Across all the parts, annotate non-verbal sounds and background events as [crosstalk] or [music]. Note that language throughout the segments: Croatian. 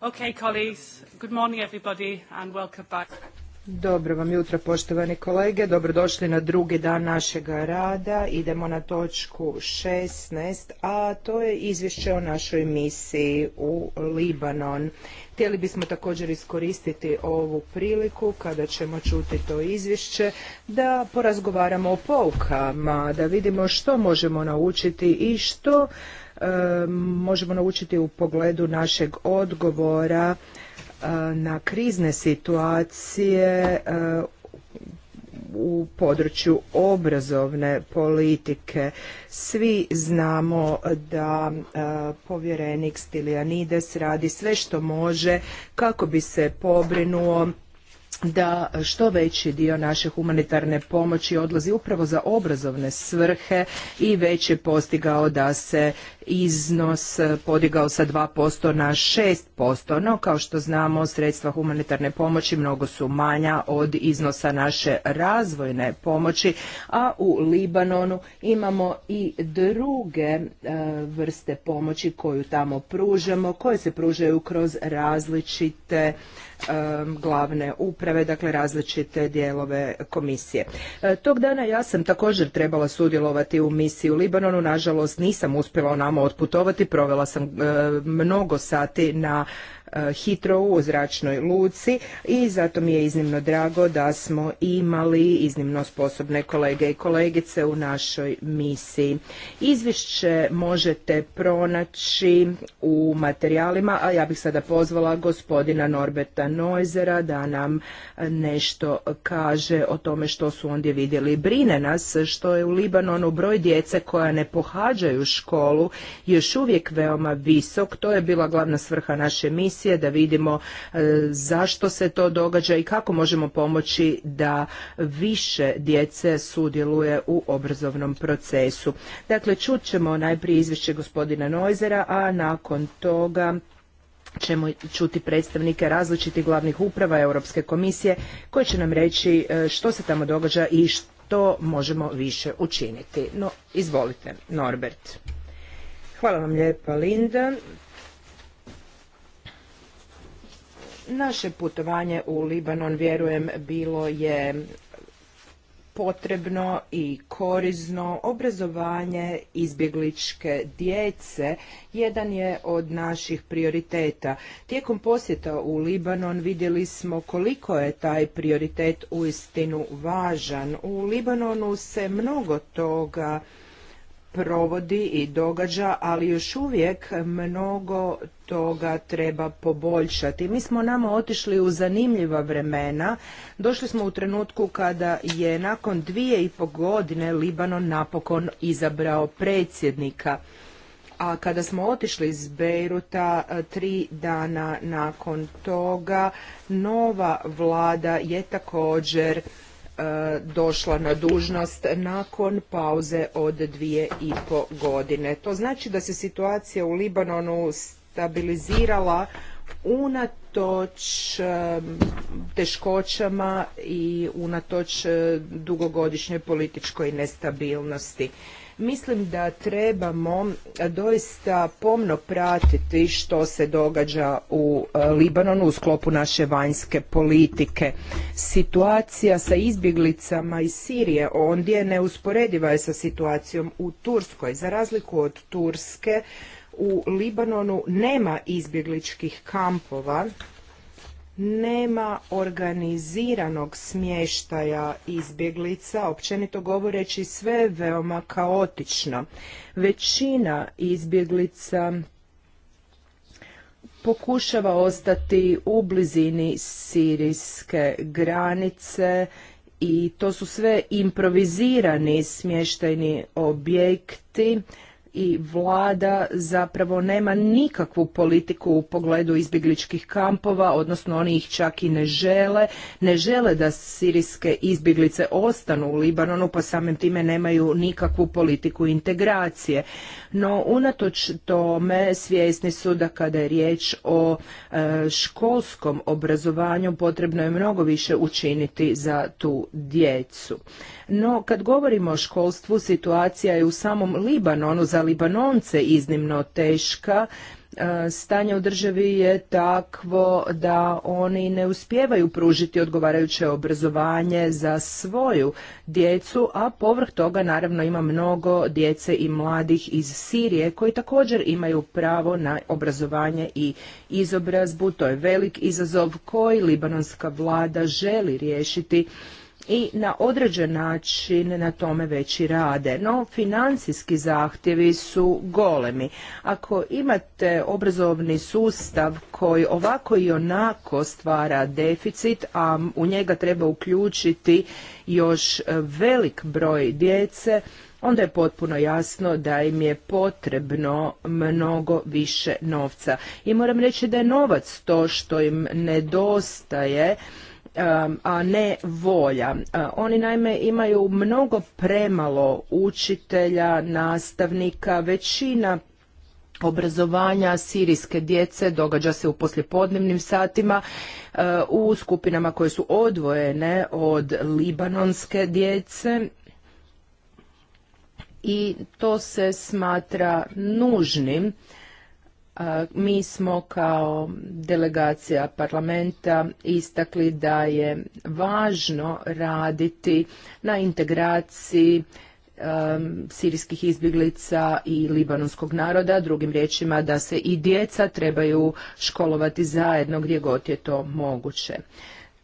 Okay, colleagues. Good morning Dobro vam jutro poštovani kolege, dobrodošli na drugi dan našeg rada. Idemo na točku 16, a to je izvješće o našoj misiji u Libanon. Htjeli bismo također iskoristiti ovu priliku kada ćemo čuti to izvješće da porazgovaramo o poukama, da vidimo što možemo naučiti i što možemo naučiti u pogledu našeg odgovora eh, na krizne situacije eh, u području obrazovne politike. Svi znamo da eh, povjerenik Stilijanides radi sve što može kako bi se pobrinuo da što veći dio naše humanitarne pomoći odlazi upravo za obrazovne svrhe i već je postigao da se iznos e, podigao sa 2% na 6%, no kao što znamo sredstva humanitarne pomoći mnogo su manja od iznosa naše razvojne pomoći, a u Libanonu imamo i druge e, vrste pomoći koju tamo pružamo, koje se pružaju kroz različite glavne uprave, dakle različite dijelove komisije. E, tog dana ja sam također trebala sudjelovati u misiji u Libanonu, nažalost nisam uspjela onamo otputovati, provela sam mnogo sati na E, hitro u zračnoj luci i zato mi je iznimno drago da smo imali iznimno sposobne kolege i kolegice u našoj misiji. Izvješće možete pronaći u materijalima, a ja bih sada pozvala gospodina Norberta Noizera da nam nešto kaže o tome što su ondje vidjeli. Brine nas što je u Libanonu broj djece koja ne pohađaju školu još uvijek veoma visok. To je bila glavna svrha naše misije da vidimo e, zašto se to događa i kako možemo pomoći da više djece sudjeluje u obrazovnom procesu. Dakle, čut ćemo najprije izvješće gospodina Nojzera, a nakon toga ćemo čuti predstavnike različitih glavnih uprava Europske komisije koji će nam reći e, što se tamo događa i što možemo više učiniti. No, izvolite, Norbert. Hvala vam lijepa, Linda. Naše putovanje u Libanon, vjerujem, bilo je potrebno i korizno obrazovanje izbjegličke djece jedan je od naših prioriteta. Tijekom posjeta u Libanon vidjeli smo koliko je taj prioritet uistinu važan. U Libanonu se mnogo toga provodi i događa, ali još uvijek mnogo toga treba poboljšati. Mi smo nama otišli u zanimljiva vremena. Došli smo u trenutku kada je nakon dvije i po godine Libanon napokon izabrao predsjednika. A kada smo otišli iz Beiruta, eh, tri dana nakon toga, nova vlada je također E, došla na dužnost nakon pauze od dvije i po godine. To znači da se situacija u Libanonu stabilizirala unatoč e, teškoćama i unatoč e, dugogodišnjoj političkoj nestabilnosti. Mislim da trebamo e, doista pomno pratiti što se događa u e, Libanonu u sklopu naše vanjske politike. Situacija sa izbjeglicama iz Sirije ondje neusporediva je sa situacijom u Turskoj. Za razliku od Turske u Libanonu nema izbjegličkih kampova nema organiziranog smještaja izbjeglica, općenito govoreći sve je veoma kaotično. Većina izbjeglica pokušava ostati u blizini sirijske granice i to su sve improvizirani smještajni objekti i vlada zapravo nema nikakvu politiku u pogledu izbjegličkih kampova, odnosno oni ih čak i ne žele. Ne žele da sirijske izbjeglice ostanu u Libanonu, pa samim time nemaju nikakvu politiku integracije. No, unatoč tome svjesni su da kada je riječ o e, školskom obrazovanju potrebno je mnogo više učiniti za tu djecu. No, kad govorimo o školstvu, situacija je u samom Libanonu za Libanonce iznimno teška e, stanje u državi je takvo da oni ne uspijevaju pružiti odgovarajuće obrazovanje za svoju djecu, a povrh toga naravno ima mnogo djece i mladih iz Sirije koji također imaju pravo na obrazovanje i izobrazbu. To je velik izazov koji libanonska vlada želi riješiti i na određen način na tome već i rade. No, financijski zahtjevi su golemi. Ako imate obrazovni sustav koji ovako i onako stvara deficit, a u njega treba uključiti još velik broj djece, onda je potpuno jasno da im je potrebno mnogo više novca. I moram reći da je novac to što im nedostaje a ne volja. Oni naime imaju mnogo premalo učitelja, nastavnika, većina obrazovanja sirijske djece događa se u poslijepodnevnim satima eh, u skupinama koje su odvojene od libanonske djece i to se smatra nužnim mi smo kao delegacija parlamenta istakli da je važno raditi na integraciji um, sirijskih izbjeglica i libanonskog naroda, drugim riječima da se i djeca trebaju školovati zajedno gdje god je to moguće.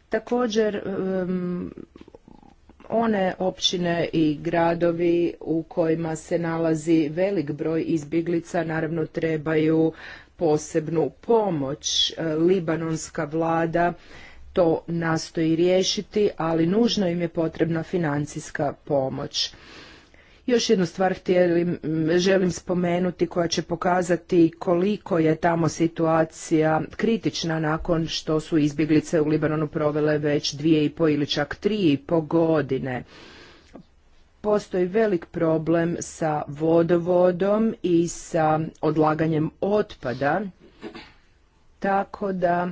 Također um, one općine i gradovi u kojima se nalazi velik broj izbjeglica naravno trebaju posebnu pomoć. E, libanonska vlada to nastoji riješiti, ali nužno im je potrebna financijska pomoć. Još jednu stvar želim spomenuti koja će pokazati koliko je tamo situacija kritična nakon što su izbjeglice u Libanonu provele već dvije i po ili čak tri i po godine postoji velik problem sa vodovodom i sa odlaganjem otpada, tako da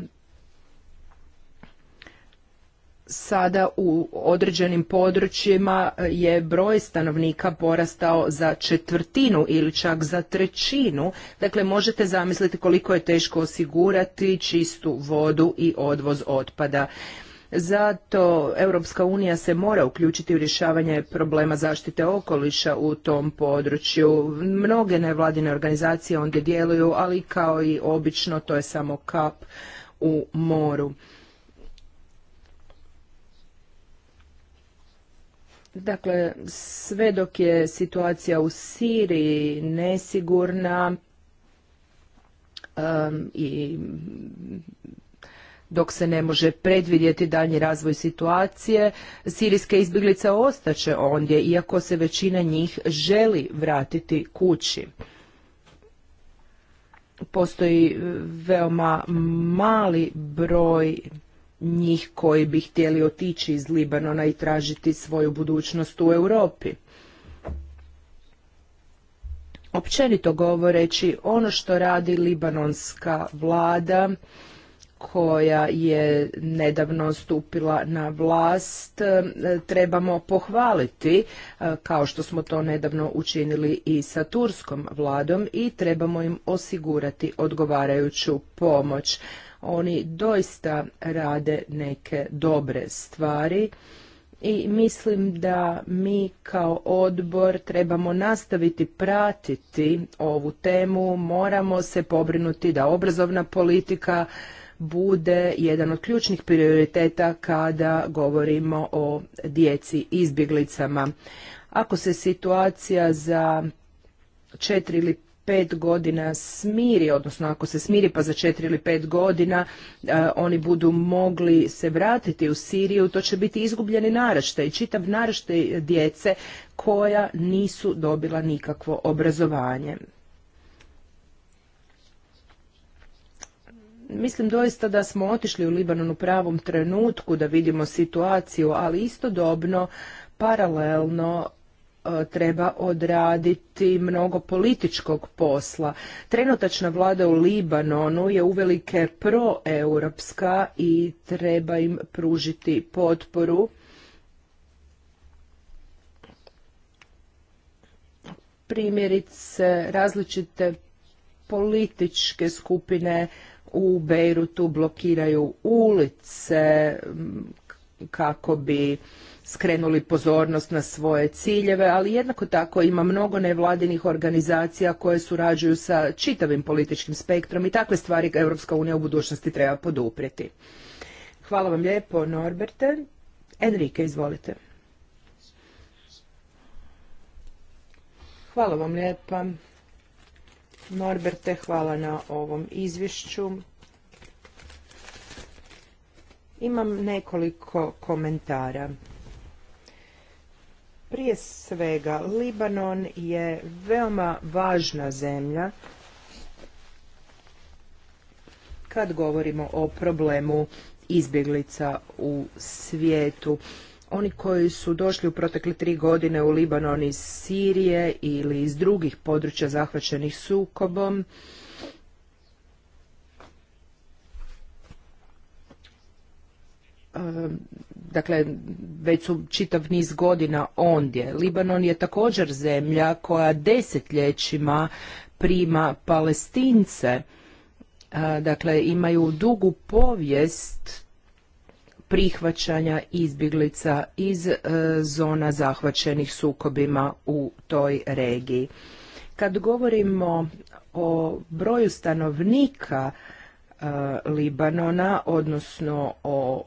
sada u određenim područjima e, je broj stanovnika porastao za četvrtinu ili čak za trećinu. Dakle, možete zamisliti koliko je teško osigurati čistu vodu i odvoz otpada. Zato Europska unija se mora uključiti u rješavanje problema zaštite okoliša u tom području. Mnoge nevladine organizacije ondje djeluju, ali kao i obično to je samo kap u moru. Dakle, sve dok je situacija u Siriji nesigurna um, i dok se ne može predvidjeti daljnji razvoj situacije, sirijske izbjeglice ostaće ondje, iako se većina njih želi vratiti kući. Postoji veoma mali broj njih koji bi htjeli otići iz Libanona i tražiti svoju budućnost u Europi. Općenito govoreći, ono što radi libanonska vlada koja je nedavno stupila na vlast e, trebamo pohvaliti e, kao što smo to nedavno učinili i sa turskom vladom i trebamo im osigurati odgovarajuću pomoć oni doista rade neke dobre stvari i mislim da mi kao odbor trebamo nastaviti pratiti ovu temu, moramo se pobrinuti da obrazovna politika bude jedan od ključnih prioriteta kada govorimo o djeci izbjeglicama. Ako se situacija za četiri ili pet godina smiri, odnosno ako se smiri pa za četiri ili pet godina e, oni budu mogli se vratiti u Siriju, to će biti izgubljeni naraštaj, čitav naraštaj djece koja nisu dobila nikakvo obrazovanje. Mislim doista da smo otišli u Libanon u pravom trenutku da vidimo situaciju, ali istodobno paralelno E, treba odraditi mnogo političkog posla. Trenutačna vlada u Libanonu je uvelike proeuropska i treba im pružiti potporu. Primjerice različite političke skupine u Bejrutu blokiraju ulice kako bi skrenuli pozornost na svoje ciljeve, ali jednako tako ima mnogo nevladinih organizacija koje surađuju sa čitavim političkim spektrom i takve stvari Europska unija u budućnosti treba poduprijeti. Hvala vam lijepo Norberte. Enrike, izvolite. Hvala vam lijepa. Norberte, hvala na ovom izvješću. Imam nekoliko komentara. Prije svega, Libanon je veoma važna zemlja kad govorimo o problemu izbjeglica u svijetu. Oni koji su došli u protekle tri godine u Libanon iz Sirije ili iz drugih područja zahvaćenih sukobom, Eh, dakle već su čitav niz godina ondje. Libanon je također zemlja koja desetljećima prima palestince, eh, dakle imaju dugu povijest prihvaćanja izbjeglica iz eh, zona zahvaćenih sukobima u toj regiji. Kad govorimo o broju stanovnika Libanona, odnosno o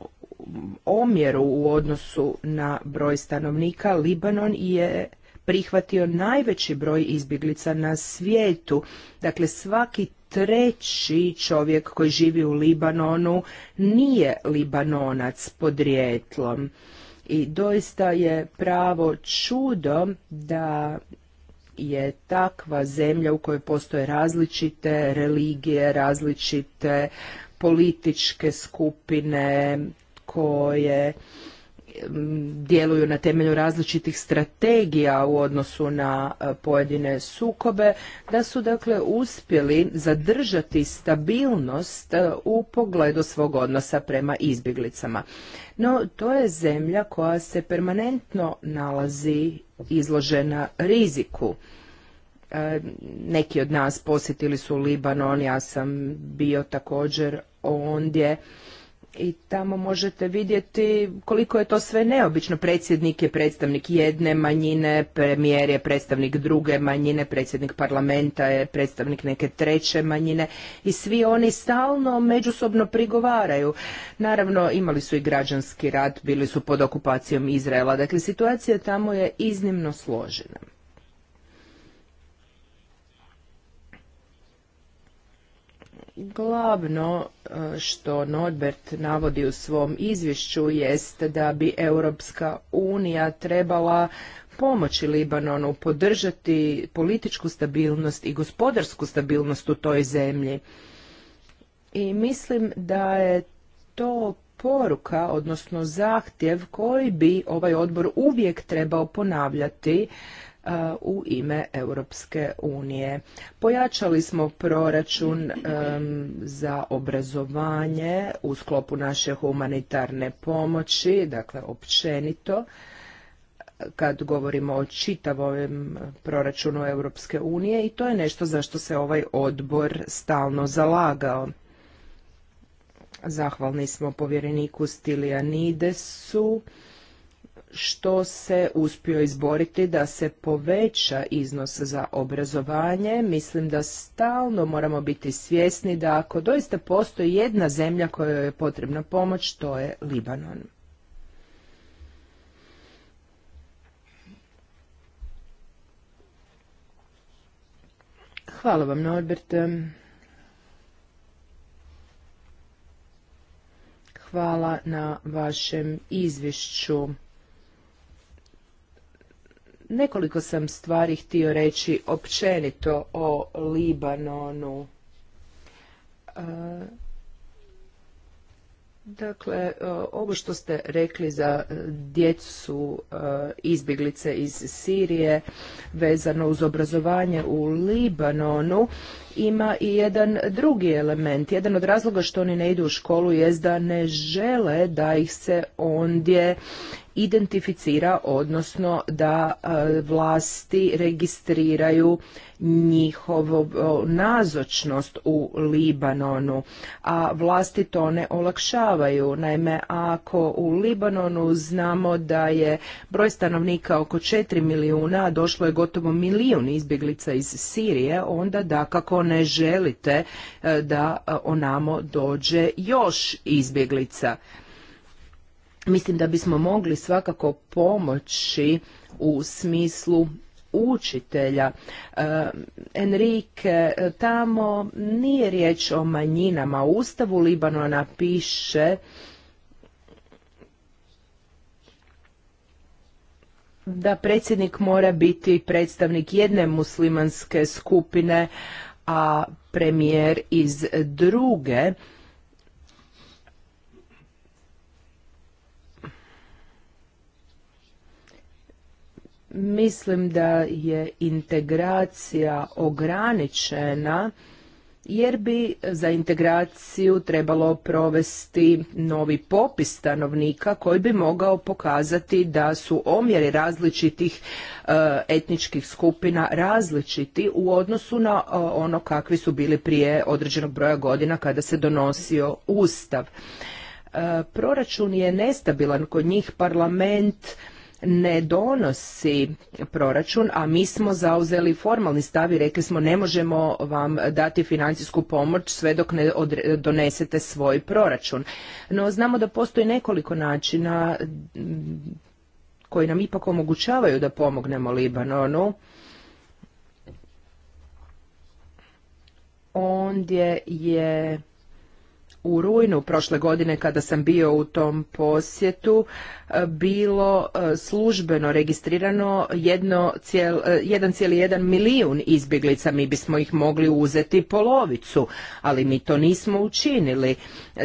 omjeru u odnosu na broj stanovnika Libanon je prihvatio najveći broj izbjeglica na svijetu. Dakle, svaki treći čovjek koji živi u Libanonu nije Libanonac podrijetlom. I doista je pravo čudo da je takva zemlja u kojoj postoje različite religije, različite političke skupine, koje djeluju na temelju različitih strategija u odnosu na e, pojedine sukobe, da su dakle uspjeli zadržati stabilnost e, u pogledu svog odnosa prema izbjeglicama. No, to je zemlja koja se permanentno nalazi izložena riziku. E, neki od nas posjetili su Libanon, ja sam bio također ondje i tamo možete vidjeti koliko je to sve neobično. Predsjednik je predstavnik jedne manjine, premijer je predstavnik druge manjine, predsjednik parlamenta je predstavnik neke treće manjine i svi oni stalno međusobno prigovaraju. Naravno, imali su i građanski rat, bili su pod okupacijom Izraela, dakle situacija tamo je iznimno složena. Glavno e, što Norbert navodi u svom izvješću jest da bi Europska unija trebala pomoći Libanonu podržati političku stabilnost i gospodarsku stabilnost u toj zemlji. I mislim da je to poruka, odnosno zahtjev koji bi ovaj odbor uvijek trebao ponavljati E, u ime Europske unije. Pojačali smo proračun e, za obrazovanje u sklopu naše humanitarne pomoći, dakle općenito kad govorimo o čitavom proračunu Europske unije i to je nešto za što se ovaj odbor stalno zalagao. Zahvalni smo povjereniku Nidesu što se uspio izboriti da se poveća iznos za obrazovanje. Mislim da stalno moramo biti svjesni da ako doista postoji jedna zemlja kojoj je potrebna pomoć, to je Libanon. Hvala vam Norbert. Hvala na vašem izvješću. Nekoliko sam stvari htio reći općenito o Libanonu. E, dakle, e, ovo što ste rekli za e, djecu izbjeglice iz Sirije vezano uz obrazovanje u Libanonu ima i jedan drugi element. Jedan od razloga što oni ne idu u školu je da ne žele da ih se ondje identificira, odnosno da e, vlasti registriraju njihovu nazočnost u Libanonu, a vlasti to ne olakšavaju. Naime, ako u Libanonu znamo da je broj stanovnika oko 4 milijuna, a došlo je gotovo milijun izbjeglica iz Sirije, onda da kako ne želite e, da e, onamo dođe još izbjeglica mislim da bismo mogli svakako pomoći u smislu učitelja. Enrike, Enrique, tamo nije riječ o manjinama. U Ustavu Libanona piše da predsjednik mora biti predstavnik jedne muslimanske skupine, a premijer iz druge. Mislim da je integracija ograničena jer bi za integraciju trebalo provesti novi popis stanovnika koji bi mogao pokazati da su omjeri različitih e, etničkih skupina različiti u odnosu na e, ono kakvi su bili prije određenog broja godina kada se donosio ustav. E, proračun je nestabilan kod njih parlament ne donosi proračun, a mi smo zauzeli formalni stav i rekli smo ne možemo vam dati financijsku pomoć sve dok ne donesete svoj proračun. No znamo da postoji nekoliko načina mm, koji nam ipak omogućavaju da pomognemo Libanonu. Ondje je u rujnu prošle godine kada sam bio u tom posjetu E, bilo e, službeno registrirano 1,1 e, milijun izbjeglica, mi bismo ih mogli uzeti polovicu, ali mi to nismo učinili.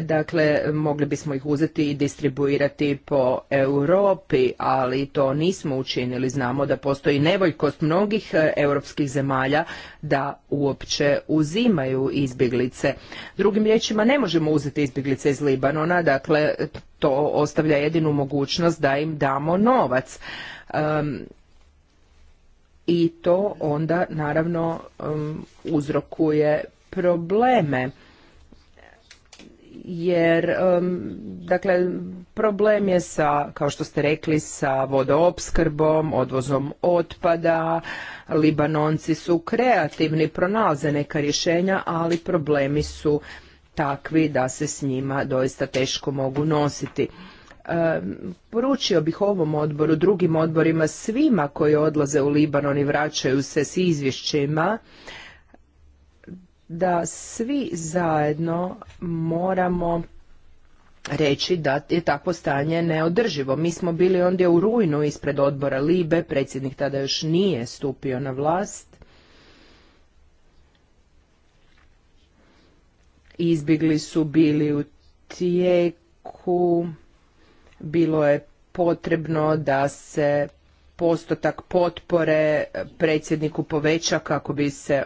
Dakle, mogli bismo ih uzeti i distribuirati po Europi, ali to nismo učinili. Znamo da postoji nevoljkost mnogih europskih zemalja da uopće uzimaju izbjeglice. Drugim riječima, ne možemo uzeti izbjeglice iz Libanona, dakle, to ostavlja jedinu mogućnost da im damo novac. I to onda naravno uzrokuje probleme jer dakle problem je sa kao što ste rekli sa vodoopskrbom, odvozom otpada, Libanonci su kreativni, pronalaze neka rješenja, ali problemi su takvi da se s njima doista teško mogu nositi. poručio bih ovom odboru, drugim odborima, svima koji odlaze u Libanon i vraćaju se s izvješćima, da svi zajedno moramo reći da je takvo stanje neodrživo. Mi smo bili ondje u rujnu ispred odbora Libe, predsjednik tada još nije stupio na vlast izbjegli su bili u tijeku, bilo je potrebno da se postotak potpore predsjedniku poveća kako bi, se,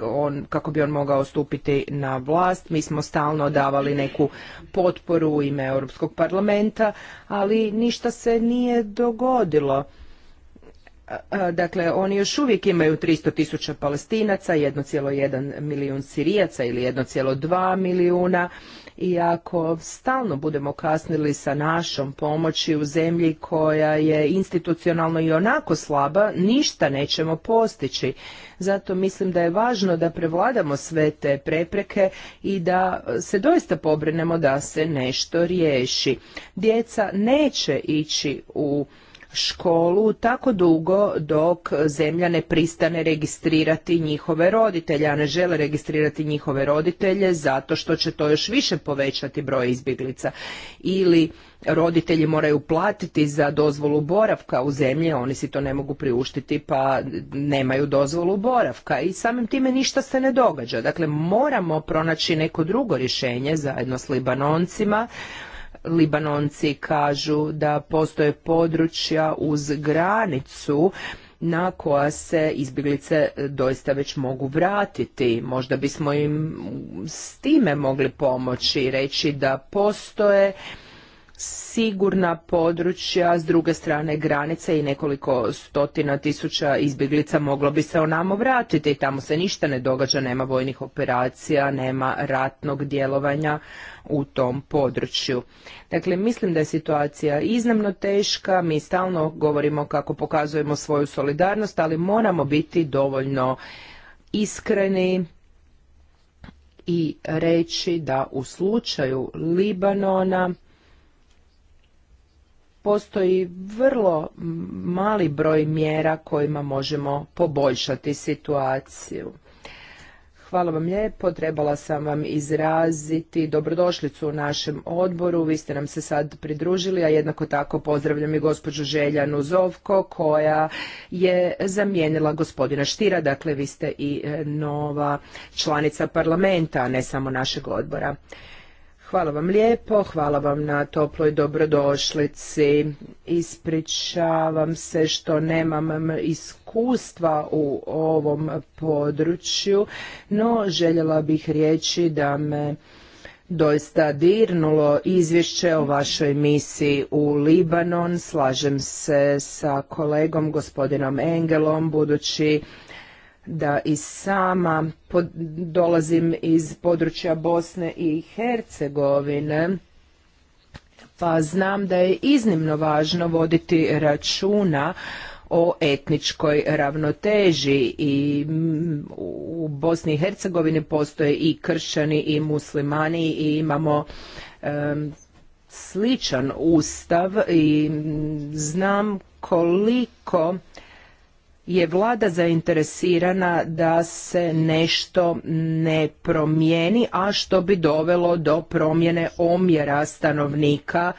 on, kako bi on mogao stupiti na vlast. Mi smo stalno davali neku potporu u ime Europskog parlamenta, ali ništa se nije dogodilo. Dakle, oni još uvijek imaju 300 tisuća palestinaca, 1,1 milijun sirijaca ili 1,2 milijuna i ako stalno budemo kasnili sa našom pomoći u zemlji koja je institucionalno i onako slaba, ništa nećemo postići. Zato mislim da je važno da prevladamo sve te prepreke i da se doista pobrinemo da se nešto riješi. Djeca neće ići u školu tako dugo dok zemlja ne pristane registrirati njihove roditelje, a ne žele registrirati njihove roditelje zato što će to još više povećati broj izbjeglica. Ili roditelji moraju platiti za dozvolu boravka u zemlji, oni si to ne mogu priuštiti pa nemaju dozvolu boravka i samim time ništa se ne događa. Dakle, moramo pronaći neko drugo rješenje zajedno s Libanoncima Libanonci kažu da postoje područja uz granicu na koja se izbjeglice doista već mogu vratiti. Možda bismo im s time mogli pomoći i reći da postoje sigurna područja s druge strane granice i nekoliko stotina tisuća izbjeglica moglo bi se onamo vratiti. Tamo se ništa ne događa, nema vojnih operacija, nema ratnog djelovanja u tom području. Dakle, mislim da je situacija iznimno teška, mi stalno govorimo kako pokazujemo svoju solidarnost, ali moramo biti dovoljno iskreni, i reći da u slučaju Libanona postoji vrlo mali broj mjera kojima možemo poboljšati situaciju. Hvala vam lijepo, trebala sam vam izraziti dobrodošlicu u našem odboru, vi ste nam se sad pridružili, a jednako tako pozdravljam i gospođu Željanu Zovko koja je zamijenila gospodina Štira, dakle vi ste i e, nova članica parlamenta, a ne samo našeg odbora. Hvala vam lijepo, hvala vam na toploj dobrodošlici. Ispričavam se što nemam iskustva u ovom području, no željela bih reći da me doista dirnulo izvješće o vašoj misiji u Libanon. Slažem se sa kolegom gospodinom Engelom, budući da i sama dolazim iz područja Bosne i Hercegovine pa znam da je iznimno važno voditi računa o etničkoj ravnoteži i u Bosni i Hercegovini postoje i kršćani i muslimani i imamo sličan ustav i znam koliko je vlada zainteresirana da se nešto ne promijeni, a što bi dovelo do promjene omjera stanovnika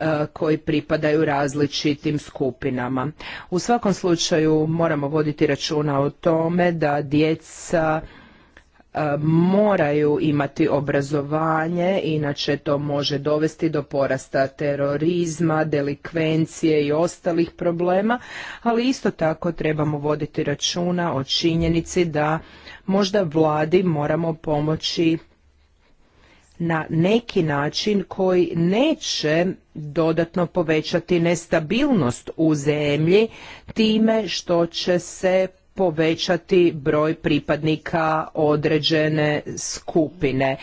e, koji pripadaju različitim skupinama. U svakom slučaju moramo voditi računa o tome da djeca E, moraju imati obrazovanje, inače to može dovesti do porasta terorizma, delikvencije i ostalih problema, ali isto tako trebamo voditi računa o činjenici da možda vladi moramo pomoći na neki način koji neće dodatno povećati nestabilnost u zemlji time što će se povećati broj pripadnika određene skupine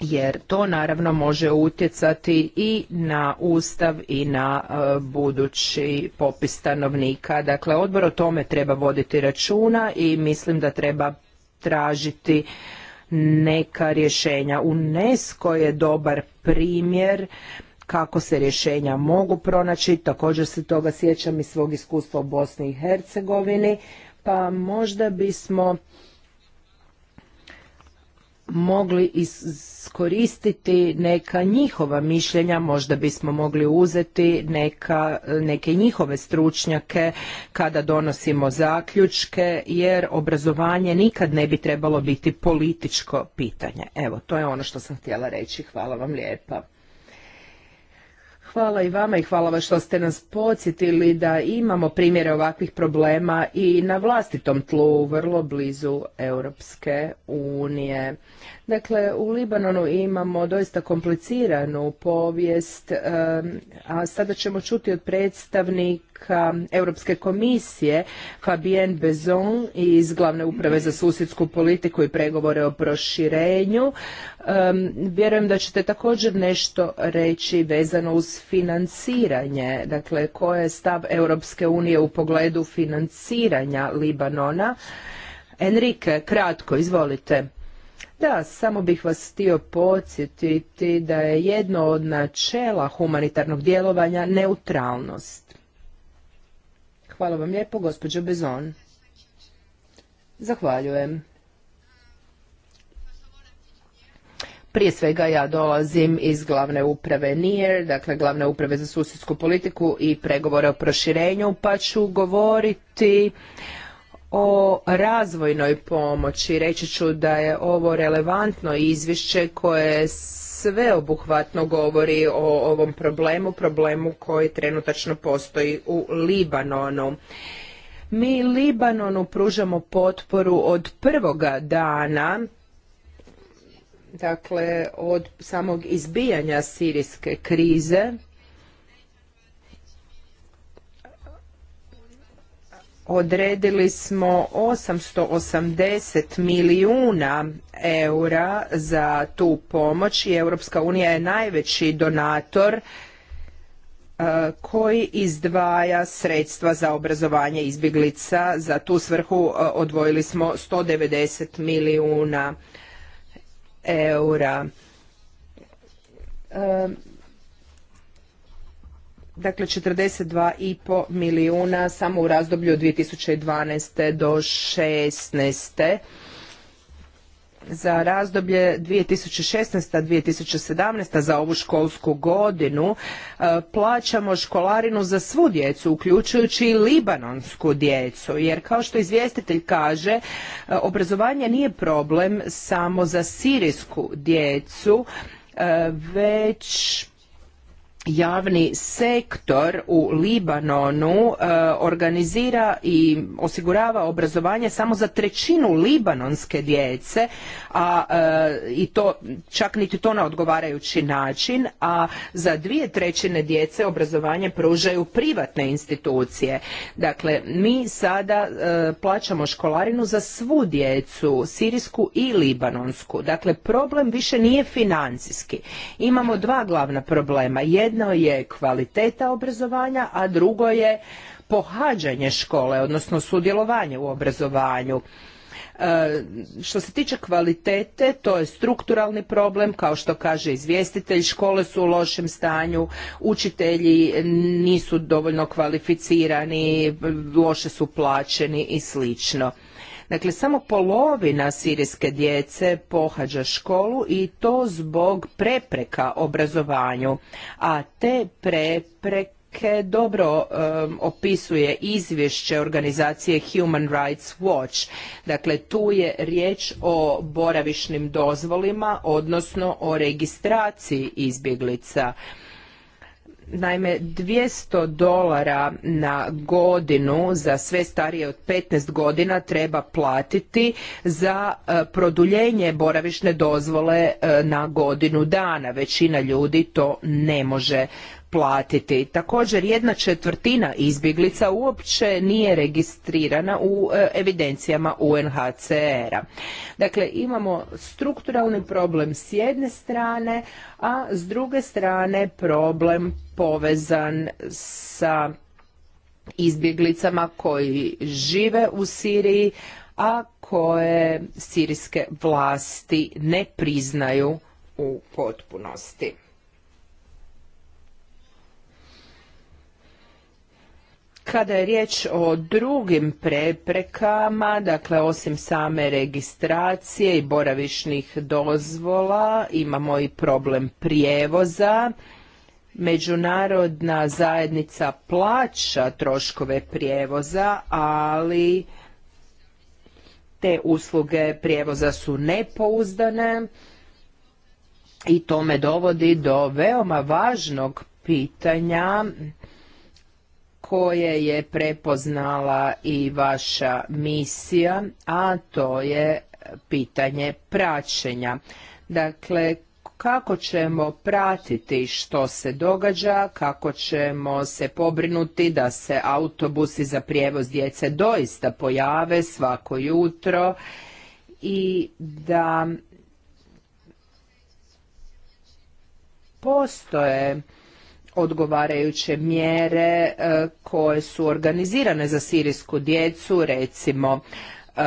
jer to naravno može utjecati i na ustav i na e, budući popis stanovnika. Dakle, odbor o tome treba voditi računa i mislim da treba tražiti neka rješenja. UNESCO je dobar primjer kako se rješenja mogu pronaći, također se toga sjećam iz svog iskustva u Bosni i Hercegovini, pa možda bismo mogli iskoristiti neka njihova mišljenja, možda bismo mogli uzeti neka, neke njihove stručnjake kada donosimo zaključke, jer obrazovanje nikad ne bi trebalo biti političko pitanje. Evo, to je ono što sam htjela reći. Hvala vam lijepa. Hvala i vama i hvala vam što ste nas podsjetili da imamo primjere ovakvih problema i na vlastitom tlu vrlo blizu Europske unije. Dakle, u Libanonu imamo doista kompliciranu povijest, a sada ćemo čuti od predstavnika Europske komisije Fabien Bezon iz Glavne uprave za susjedsku politiku i pregovore o proširenju. Vjerujem da ćete također nešto reći vezano uz financiranje, dakle koje je stav Europske unije u pogledu financiranja Libanona. Enrique, kratko, izvolite. Da, samo bih vas htio podsjetiti da je jedno od načela humanitarnog djelovanja neutralnost. Hvala vam lijepo, gospođo Bezon. Zahvaljujem. Prije svega ja dolazim iz glavne uprave NIR, dakle glavne uprave za susjedsku politiku i pregovore o proširenju, pa ću govoriti o razvojnoj pomoći. Reći ću da je ovo relevantno izvješće koje sveobuhvatno govori o ovom problemu, problemu koji trenutačno postoji u Libanonu. Mi Libanonu pružamo potporu od prvoga dana, dakle od samog izbijanja sirijske krize, odredili smo 880 milijuna eura za tu pomoć i Europska unija je najveći donator e, koji izdvaja sredstva za obrazovanje izbjeglica. Za tu svrhu e, odvojili smo 190 milijuna eura. E, dakle 42,5 milijuna samo u razdoblju od 2012. do 2016. Za razdoblje 2016-2017 za ovu školsku godinu e, plaćamo školarinu za svu djecu, uključujući i libanonsku djecu. Jer kao što izvjestitelj kaže, e, obrazovanje nije problem samo za sirijsku djecu, e, već javni sektor u Libanonu e, organizira i osigurava obrazovanje samo za trećinu libanonske djece a e, i to čak niti to na odgovarajući način a za dvije trećine djece obrazovanje pružaju privatne institucije dakle mi sada e, plaćamo školarinu za svu djecu sirijsku i libanonsku dakle problem više nije financijski imamo dva glavna problema jedan jedno je kvaliteta obrazovanja, a drugo je pohađanje škole, odnosno sudjelovanje u obrazovanju. E, što se tiče kvalitete, to je strukturalni problem, kao što kaže izvjestitelj, škole su u lošem stanju, učitelji nisu dovoljno kvalificirani, loše su plaćeni i slično. Dakle, samo polovina sirijske djece pohađa školu i to zbog prepreka obrazovanju, a te prepreke dobro opisuje izvješće organizacije Human Rights Watch. Dakle, tu je riječ o boravišnim dozvolima, odnosno o registraciji izbjeglica. Naime, 200 dolara na godinu za sve starije od 15 godina treba platiti za e, produljenje boravišne dozvole e, na godinu dana. Većina ljudi to ne može platiti. Također jedna četvrtina izbjeglica uopće nije registrirana u e, evidencijama UNHCR-a. Dakle, imamo strukturalni problem s jedne strane, a s druge strane problem povezan sa izbjeglicama koji žive u Siriji, a koje sirijske vlasti ne priznaju u potpunosti. Kada je riječ o drugim preprekama, dakle osim same registracije i boravišnih dozvola, imamo i problem prijevoza. Međunarodna zajednica plaća troškove prijevoza, ali te usluge prijevoza su nepouzdane i to me dovodi do veoma važnog pitanja koje je prepoznala i vaša misija, a to je pitanje praćenja. Dakle, kako ćemo pratiti što se događa, kako ćemo se pobrinuti da se autobusi za prijevoz djece doista pojave svako jutro i da postoje odgovarajuće mjere e, koje su organizirane za sirijsku djecu, recimo e,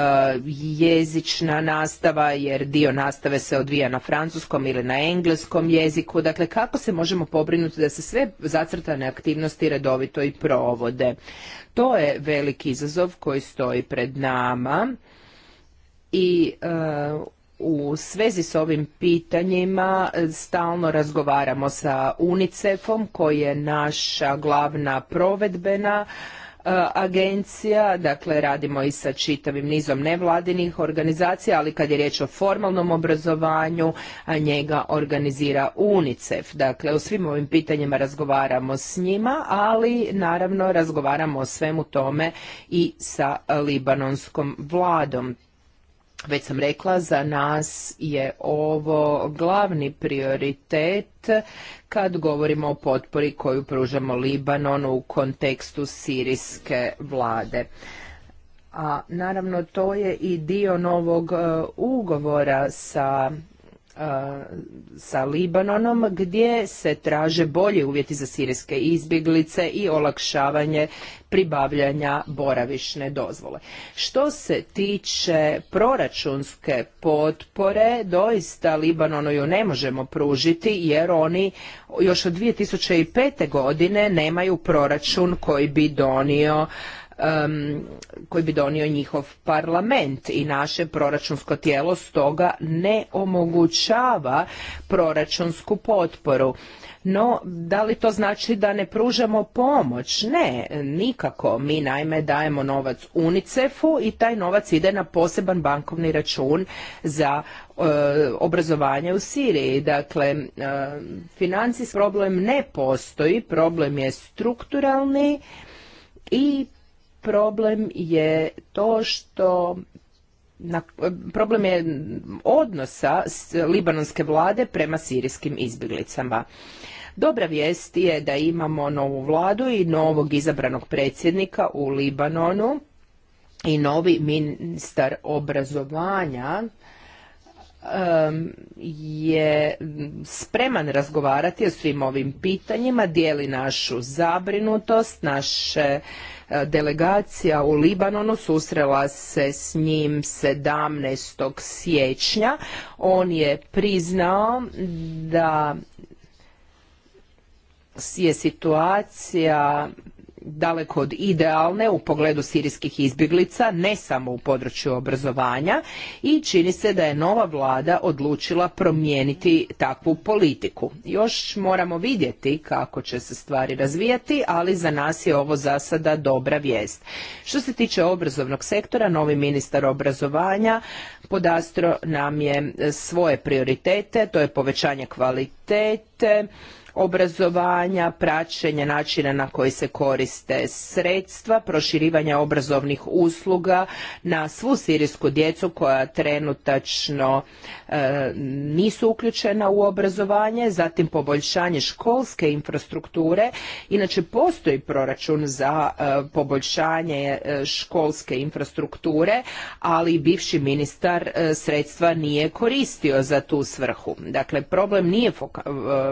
jezična nastava jer dio nastave se odvija na francuskom ili na engleskom jeziku. Dakle, kako se možemo pobrinuti da se sve zacrtane aktivnosti redovito i provode? To je veliki izazov koji stoji pred nama i e, u svezi s ovim pitanjima e, stalno razgovaramo sa UNICEF-om koji je naša glavna provedbena e, agencija, dakle radimo i sa čitavim nizom nevladinih organizacija, ali kad je riječ o formalnom obrazovanju, a njega organizira UNICEF. Dakle, o svim ovim pitanjima razgovaramo s njima, ali naravno razgovaramo o svemu tome i sa libanonskom vladom već sam rekla, za nas je ovo glavni prioritet kad govorimo o potpori koju pružamo Libanonu u kontekstu sirijske vlade. A naravno to je i dio novog e, ugovora sa sa Libanonom gdje se traže bolji uvjeti za sirijske izbjeglice i olakšavanje pribavljanja boravišne dozvole. Što se tiče proračunske potpore, doista Libanonu ju ne možemo pružiti jer oni još od 2005. godine nemaju proračun koji bi donio um, koji bi donio njihov parlament i naše proračunsko tijelo stoga ne omogućava proračunsku potporu. No, da li to znači da ne pružamo pomoć? Ne, nikako. Mi naime dajemo novac UNICEF-u i taj novac ide na poseban bankovni račun za e, obrazovanje u Siriji. Dakle, e, financijski problem ne postoji, problem je strukturalni i problem je to što na, problem je odnosa libanonske vlade prema sirijskim izbjeglicama. Dobra vijest je da imamo novu vladu i novog izabranog predsjednika u Libanonu i novi ministar obrazovanja je spreman razgovarati o svim ovim pitanjima, dijeli našu zabrinutost, naše E, delegacija u Libanonu susrela se s njim 17. siječnja. On je priznao da je situacija daleko od idealne u pogledu sirijskih izbjeglica, ne samo u području obrazovanja i čini se da je nova vlada odlučila promijeniti takvu politiku. Još moramo vidjeti kako će se stvari razvijati, ali za nas je ovo za sada dobra vijest. Što se tiče obrazovnog sektora, novi ministar obrazovanja podastro nam je svoje prioritete, to je povećanje kvalitete, obrazovanja, praćenja načina na koji se koriste sredstva, proširivanja obrazovnih usluga na svu sirijsku djecu koja trenutačno e, nisu uključena u obrazovanje, zatim poboljšanje školske infrastrukture. Inače postoji proračun za e, poboljšanje e, školske infrastrukture, ali bivši ministar sredstva nije koristio za tu svrhu. Dakle, problem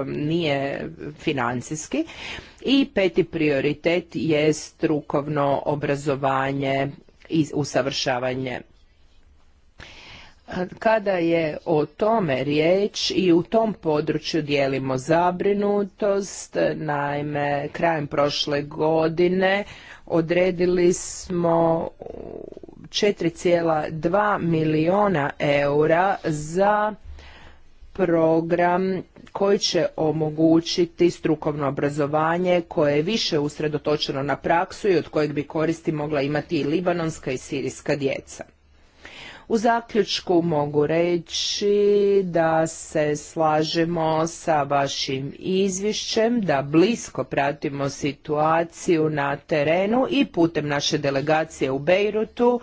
nije financijski. I peti prioritet je strukovno obrazovanje i usavršavanje. Kada je o tome riječ i u tom području dijelimo zabrinutost, naime krajem prošle godine odredili smo 4,2 miliona eura za program koji će omogućiti strukovno obrazovanje koje je više usredotočeno na praksu i od kojeg bi koristi mogla imati i libanonska i sirijska djeca. U zaključku mogu reći da se slažemo sa vašim izvješćem, da blisko pratimo situaciju na terenu i putem naše delegacije u Bejrutu,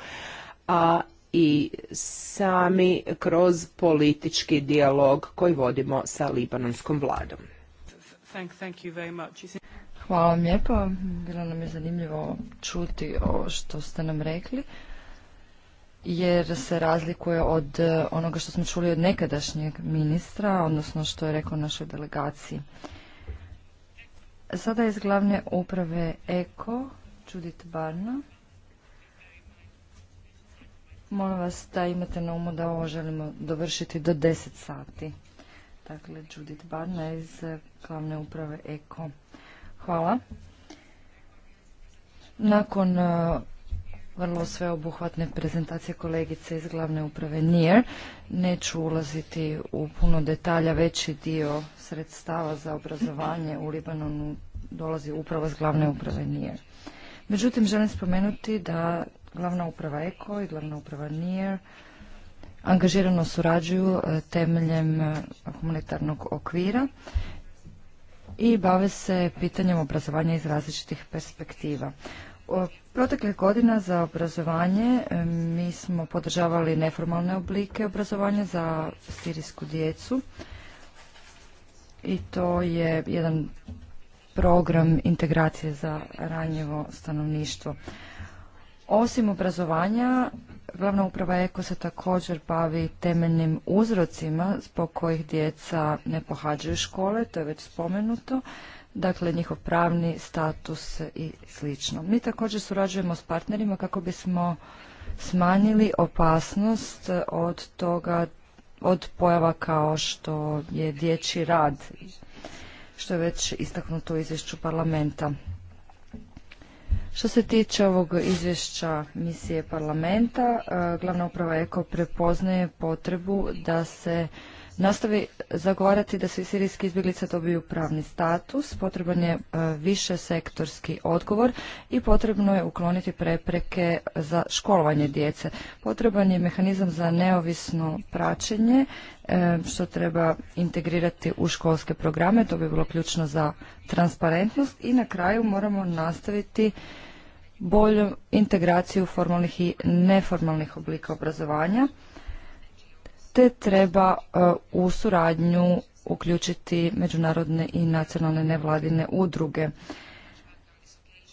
a i sami kroz politički dijalog koji vodimo sa libanonskom vladom. Hvala vam lijepo. Bilo nam je zanimljivo čuti ovo što ste nam rekli jer se razlikuje od e, onoga što smo čuli od nekadašnjeg ministra, odnosno što je rekao našoj delegaciji. Sada iz glavne uprave EKO, Judith Barna. Molim vas da imate na umu da ovo želimo dovršiti do 10 sati. Dakle, Judith Barna iz eh, glavne uprave EKO. Hvala. Nakon eh, vrlo sveobuhvatne prezentacije kolegice iz glavne uprave NIR. Neću ulaziti u puno detalja, veći dio sredstava za obrazovanje u Libanonu dolazi upravo iz glavne uprave NIR. Međutim, želim spomenuti da glavna uprava EKO i glavna uprava NIR angažirano surađuju e, temeljem e, humanitarnog okvira i bave se pitanjem obrazovanja iz različitih perspektiva. proteklih godina za obrazovanje e, mi smo podržavali neformalne oblike obrazovanja za sirijsku djecu i to je jedan program integracije za ranjivo stanovništvo. Osim obrazovanja, glavna uprava Eko se također bavi temeljnim uzrocima zbog kojih djeca ne pohađaju škole, to je već spomenuto, dakle njihov pravni status i slično. Mi također surađujemo s partnerima kako bismo smanjili opasnost od toga, od pojava kao što je dječji rad, što je već istaknuto u izvješću parlamenta. Što se tiče ovog izvješća misije parlamenta, e, glavna uprava EKO prepoznaje potrebu da se nastavi zagovarati da svi sirijski izbjeglice dobiju pravni status, potreban je e, više sektorski odgovor i potrebno je ukloniti prepreke za školovanje djece. Potreban je mehanizam za neovisno praćenje e, što treba integrirati u školske programe, to bi bilo ključno za transparentnost i na kraju moramo nastaviti bolju integraciju formalnih i neformalnih oblika obrazovanja te treba e, u suradnju uključiti međunarodne i nacionalne nevladine udruge.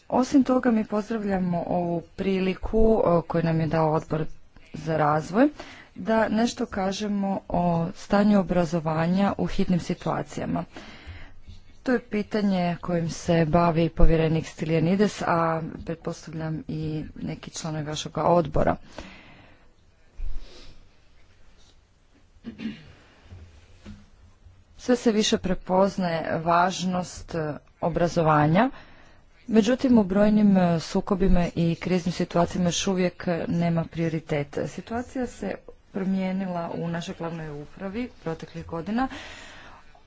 Osim toga mi pozdravljamo ovu priliku e, koju nam je dao odbor za razvoj da nešto kažemo o stanju obrazovanja u hitnim situacijama. To je pitanje kojim se bavi povjerenik Stiljanides, a pretpostavljam i neki članovi vašeg odbora. sve se više prepoznaje važnost e, obrazovanja. Međutim, u brojnim e, sukobima i kriznim situacijama još uvijek e, nema prioriteta. Situacija se promijenila u našoj glavnoj upravi proteklih godina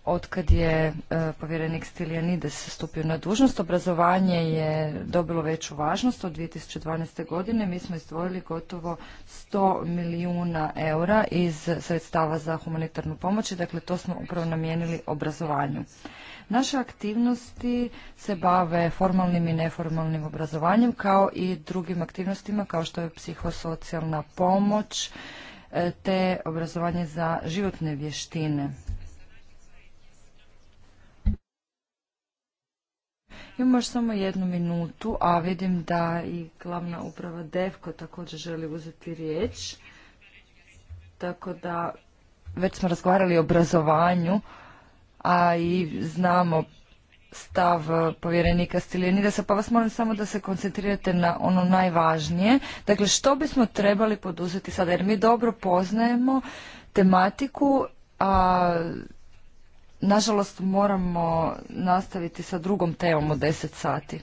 otkad je e, povjerenik Stiljanides stupio na dužnost, obrazovanje je dobilo veću važnost od 2012. godine. Mi smo izdvojili gotovo 100 milijuna eura iz sredstava za humanitarnu pomoć i dakle to smo upravo namijenili obrazovanju. Naše aktivnosti se bave formalnim i neformalnim obrazovanjem kao i drugim aktivnostima kao što je psihosocijalna pomoć e, te obrazovanje za životne vještine. Imamo još samo jednu minutu, a vidim da i glavna uprava DEVKO također želi uzeti riječ. Tako da već smo razgovarali o obrazovanju, a i znamo stav povjerenika Stiljenidesa, pa vas molim samo da se koncentrirate na ono najvažnije. Dakle, što bismo trebali poduzeti sada? Jer mi dobro poznajemo tematiku, a Nažalost, moramo nastaviti sa drugom temom od 10 sati.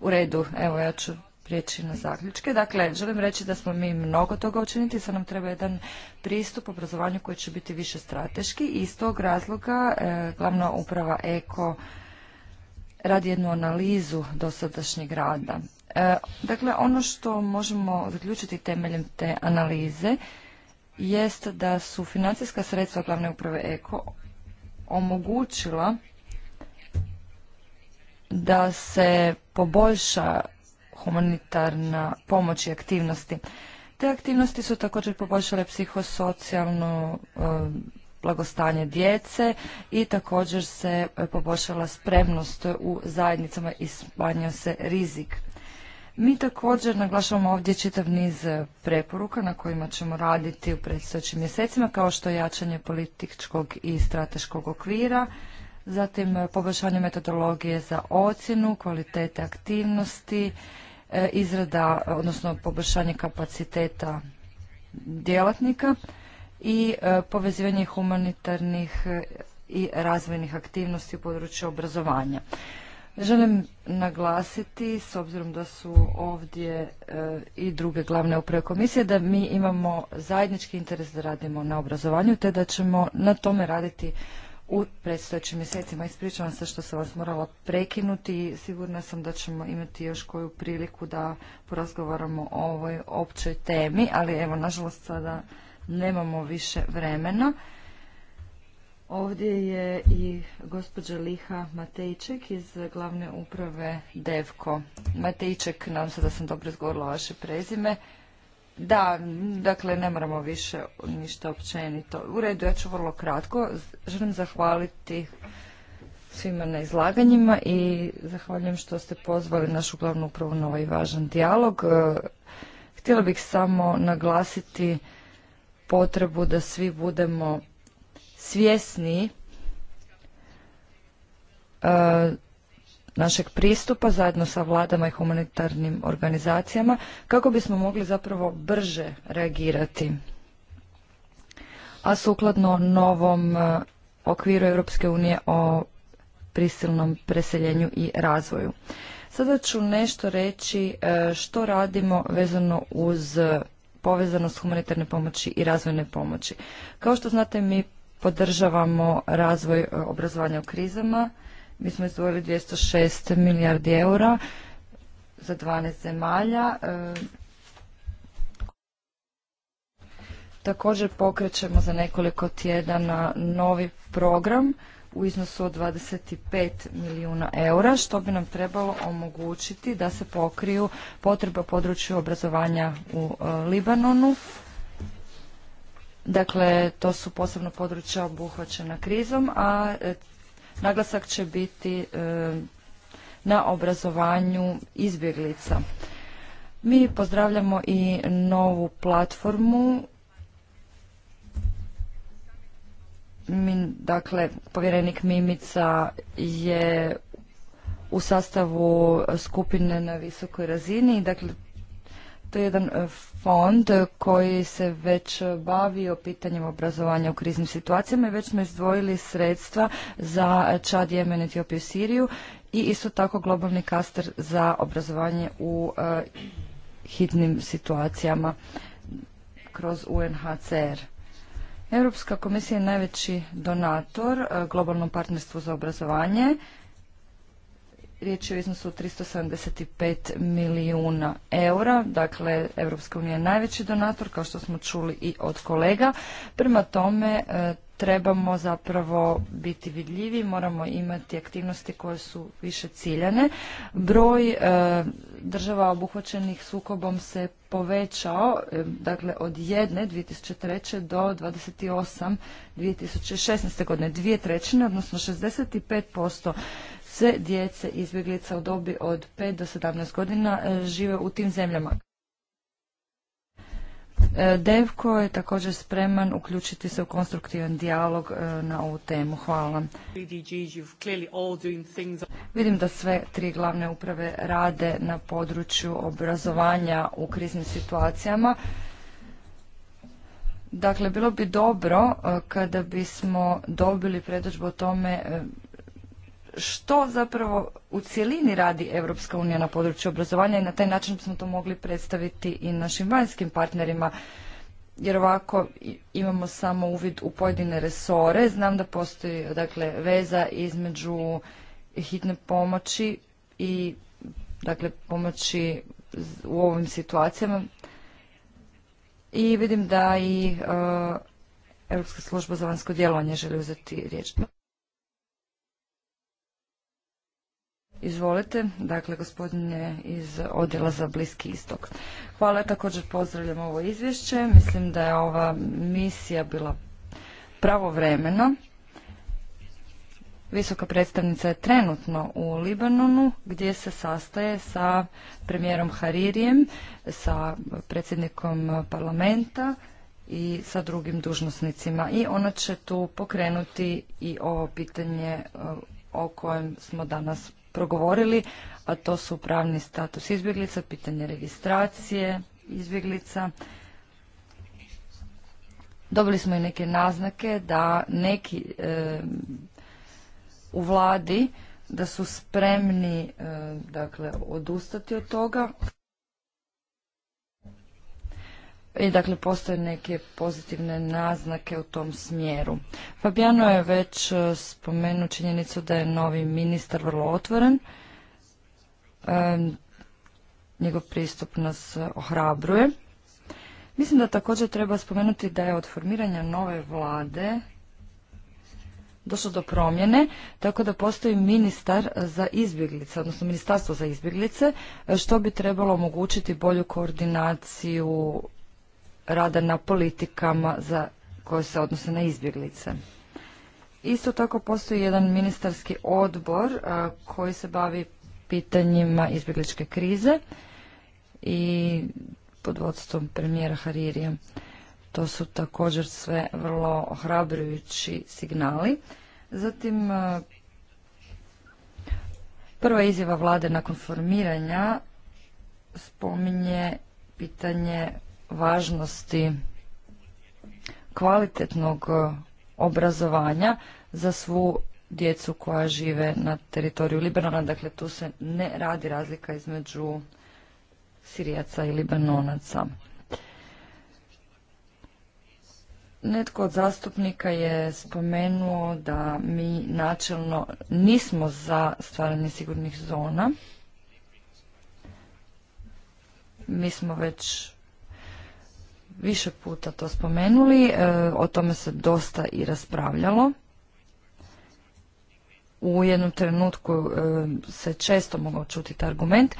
U redu, evo ja ću prijeći na zaključke. Dakle, želim reći da smo mi mnogo toga učiniti, sa nam treba jedan pristup obrazovanju koji će biti više strateški i iz tog razloga e, glavna uprava EKO radi jednu analizu dosadašnjeg rada. E, dakle, ono što možemo zaključiti temeljem te analize jest da su financijska sredstva glavne uprave EKO omogućila da se poboljša humanitarna pomoć i aktivnosti. Te aktivnosti su također poboljšale psihosocijalno e, blagostanje djece i također se poboljšala spremnost u zajednicama i smanjio se rizik mi također naglašavamo ovdje čitav niz e, preporuka na kojima ćemo raditi u predstojećim mjesecima, kao što je jačanje političkog i strateškog okvira, zatim e, poboljšanje metodologije za ocjenu, kvalitete aktivnosti, e, izrada, odnosno poboljšanje kapaciteta djelatnika i povezivanje humanitarnih i razvojnih aktivnosti u području obrazovanja. Želim naglasiti, s obzirom da su ovdje e, i druge glavne uprave komisije, da mi imamo zajednički interes da radimo na obrazovanju, te da ćemo na tome raditi u predstojećim mjesecima. Ispričavam se što sam vas morala prekinuti i sigurna sam da ćemo imati još koju priliku da porazgovaramo o ovoj općoj temi, ali evo, nažalost, sada nemamo više vremena. Ovdje je i gospođa Liha Matejček iz glavne uprave Devko. Matejček, nadam se da sam dobro izgovorila vaše prezime. Da, dakle, ne moramo više ništa općenito. U redu, ja ću vrlo kratko. Želim zahvaliti svima na izlaganjima i zahvaljujem što ste pozvali našu glavnu upravu na ovaj važan dijalog. Htjela bih samo naglasiti potrebu da svi budemo svjesni e, našeg pristupa zajedno sa vladama i humanitarnim organizacijama kako bismo mogli zapravo brže reagirati. A sukladno novom e, okviru Europske unije o prisilnom preseljenju i razvoju. Sada ću nešto reći e, što radimo vezano uz povezanost humanitarne pomoći i razvojne pomoći. Kao što znate, mi podržavamo razvoj e, obrazovanja u krizama. Mi smo izdvojili 206 milijardi eura za 12 zemalja. E, također pokrećemo za nekoliko tjedana novi program u iznosu od 25 milijuna eura, što bi nam trebalo omogućiti da se pokriju potrebe području obrazovanja u e, Libanonu, Dakle, to su posebno područja obuhvaćena krizom, a e, naglasak će biti e, na obrazovanju izbjeglica. Mi pozdravljamo i novu platformu dakle, povjerenik Mimica je u sastavu skupine na visokoj razini, dakle, to je jedan e, fond koji se već bavio pitanjem obrazovanja u kriznim situacijama i već smo izdvojili sredstva za Čad, Jemen, Etiopiju Siriju i isto tako globalni kaster za obrazovanje u e, hitnim situacijama kroz UNHCR. Europska komisija je najveći donator e, globalnom partnerstvu za obrazovanje Riječ je o iznosu 375 milijuna eura, dakle Europska unija je najveći donator, kao što smo čuli i od kolega. Prema tome e, trebamo zapravo biti vidljivi, moramo imati aktivnosti koje su više ciljane. Broj e, država obuhvaćenih sukobom se povećao, e, dakle od jedne 2003. do 28 2016. godine. Dvije trećine, odnosno 65% sve djece izbjeglica u dobi od 5 do 17 godina e, žive u tim zemljama. E, Devko je također spreman uključiti se u konstruktivan dijalog e, na ovu temu. Hvala. Vidim da sve tri glavne uprave rade na području obrazovanja u kriznim situacijama. Dakle, bilo bi dobro kada bismo dobili predođbu o tome što zapravo u cjelini radi Europska unija na području obrazovanja i na taj način smo to mogli predstaviti i našim vanjskim partnerima jer ovako imamo samo uvid u pojedine resore. Znam da postoji dakle veza između hitne pomoći i dakle pomoći u ovim situacijama. I vidim da i e, Europska služba za vanjsko djelovanje želi uzeti riječ. Izvolite, dakle je iz odjela za Bliski istok. Hvala, također pozdravljam ovo izvješće. Mislim da je ova misija bila pravovremena. Visoka predstavnica je trenutno u Libanonu gdje se sastaje sa premijerom Haririjem, sa predsjednikom parlamenta i sa drugim dužnosnicima. I ona će tu pokrenuti i ovo pitanje e, o kojem smo danas progovorili, a to su pravni status izbjeglica, pitanje registracije izbjeglica. Dobili smo i neke naznake da neki u vladi da su spremni dakle odustati od toga i dakle postoje neke pozitivne naznake u tom smjeru. Fabiano je već e, spomenuo činjenicu da je novi ministar vrlo otvoren. E, njegov pristup nas ohrabruje. Mislim da također treba spomenuti da je od formiranja nove vlade došlo do promjene, tako da postoji ministar za izbjeglice, odnosno ministarstvo za izbjeglice, što bi trebalo omogućiti bolju koordinaciju rada na politikama za koje se odnose na izbjeglice. Isto tako postoji jedan ministarski odbor koji se bavi pitanjima izbjegličke krize i pod vodstvom premijera Haririja. To su također sve vrlo ohrabrujući signali. Zatim, prva izjava vlade nakon formiranja spominje pitanje važnosti kvalitetnog e, obrazovanja za svu djecu koja žive na teritoriju Libanona. Dakle, tu se ne radi razlika između Sirijaca i Libanonaca. Netko od zastupnika je spomenuo da mi načelno nismo za stvaranje sigurnih zona. Mi smo već više puta to spomenuli, e, o tome se dosta i raspravljalo. U jednom trenutku e, se često mogao čuti argument,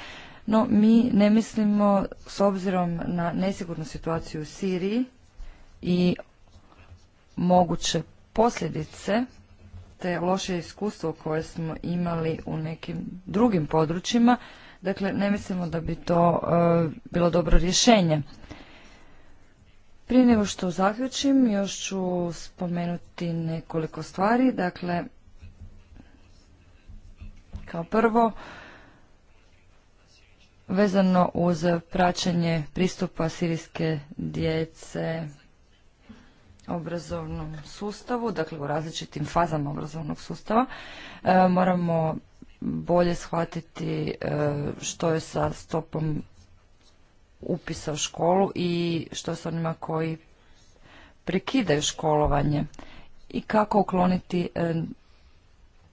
no mi ne mislimo s obzirom na nesigurnu situaciju u Siriji i moguće posljedice te loše iskustvo koje smo imali u nekim drugim područjima, dakle ne mislimo da bi to e, bilo dobro rješenje prije nego što zaključim, još ću spomenuti nekoliko stvari. Dakle, kao prvo, vezano uz praćenje pristupa sirijske djece obrazovnom sustavu, dakle u različitim fazama obrazovnog sustava, e, moramo bolje shvatiti e, što je sa stopom upisa u školu i što s onima koji prekidaju školovanje i kako ukloniti e,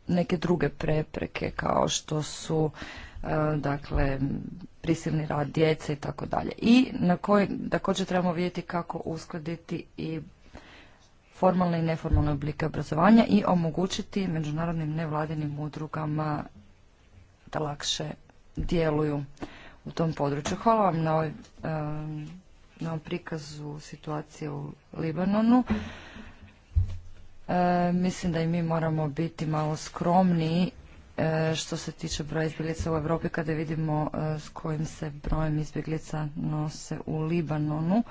neke druge prepreke kao što su e, dakle prisilni rad djece i tako dalje. I na koji također trebamo vidjeti kako uskladiti i formalne i neformalne oblike obrazovanja i omogućiti međunarodnim nevladinim udrugama da lakše djeluju u tom području. Hvala vam na, na ovom prikazu situacije u Libanonu. mislim da i mi moramo biti malo skromniji eh, što se tiče broja izbjeglica u Europi kada vidimo eh, s kojim se brojem izbjeglica nose u Libanonu.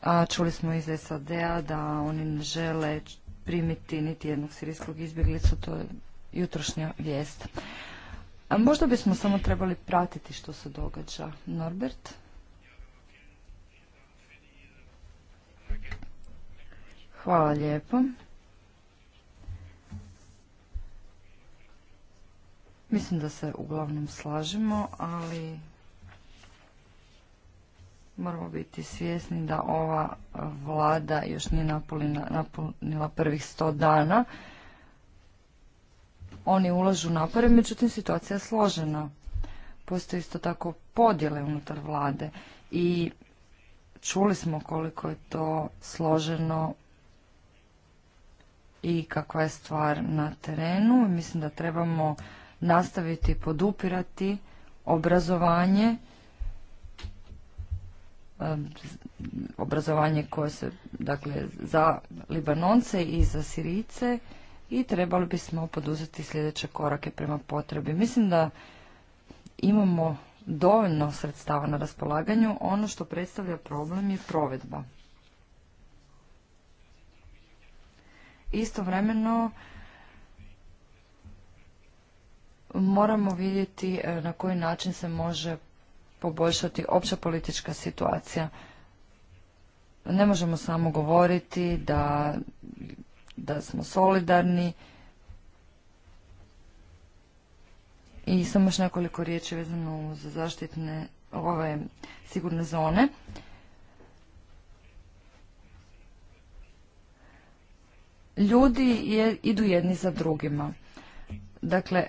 A čuli smo iz SAD-a da oni ne žele primiti niti jednog sirijskog izbjeglica. to je jutrošnja vijest. Možda bismo samo trebali pratiti što se događa. Norbert? Hvala lijepo. Mislim da se uglavnom slažemo, ali moramo biti svjesni da ova vlada još nije napunila prvih sto dana oni ulažu napore, međutim situacija je složena. Postoje isto tako podjele unutar vlade i čuli smo koliko je to složeno i kakva je stvar na terenu. Mislim da trebamo nastaviti podupirati obrazovanje obrazovanje koje se dakle za Libanonce i za Sirice i trebali bismo poduzeti sljedeće korake prema potrebi. Mislim da imamo dovoljno sredstava na raspolaganju, ono što predstavlja problem je provedba. Istovremeno moramo vidjeti e, na koji način se može poboljšati opća politička situacija. Ne možemo samo govoriti da da smo solidarni. I samo još nekoliko riječi vezano za zaštitne ove sigurne zone. Ljudi je, idu jedni za drugima. Dakle,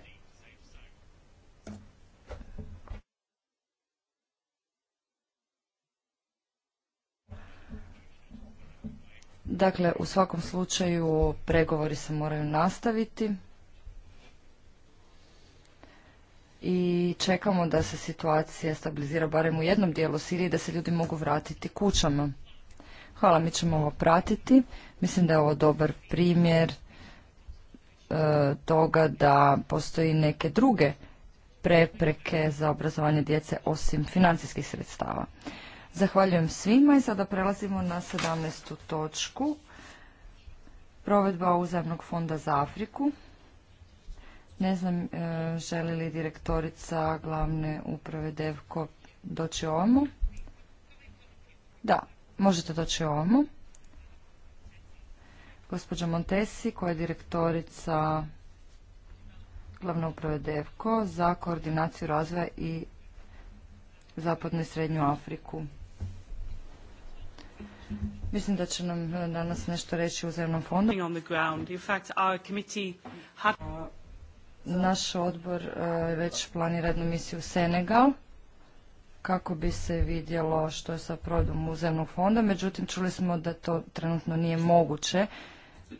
Dakle, u svakom slučaju pregovori se moraju nastaviti i čekamo da se situacija stabilizira barem u jednom dijelu Sirije da se ljudi mogu vratiti kućama. Hvala, mi ćemo ovo pratiti. Mislim da je ovo dobar primjer e, toga da postoji neke druge prepreke za obrazovanje djece osim financijskih sredstava. Zahvaljujem svima i sada prelazimo na 17. točku. Provedba uzajamnog fonda za Afriku. Ne znam e, želi li direktorica glavne uprave Devko doći ovamo. Da, možete doći ovamo. Gospođa Montesi koja je direktorica glavne uprave Devko za koordinaciju razvoja i zapadnu i srednju Afriku. Mislim da će nam e, danas nešto reći o zemnom fondu. Naš odbor e, već planira jednu misiju u Senegal kako bi se vidjelo što je sa u uzemnog fonda. Međutim, čuli smo da to trenutno nije moguće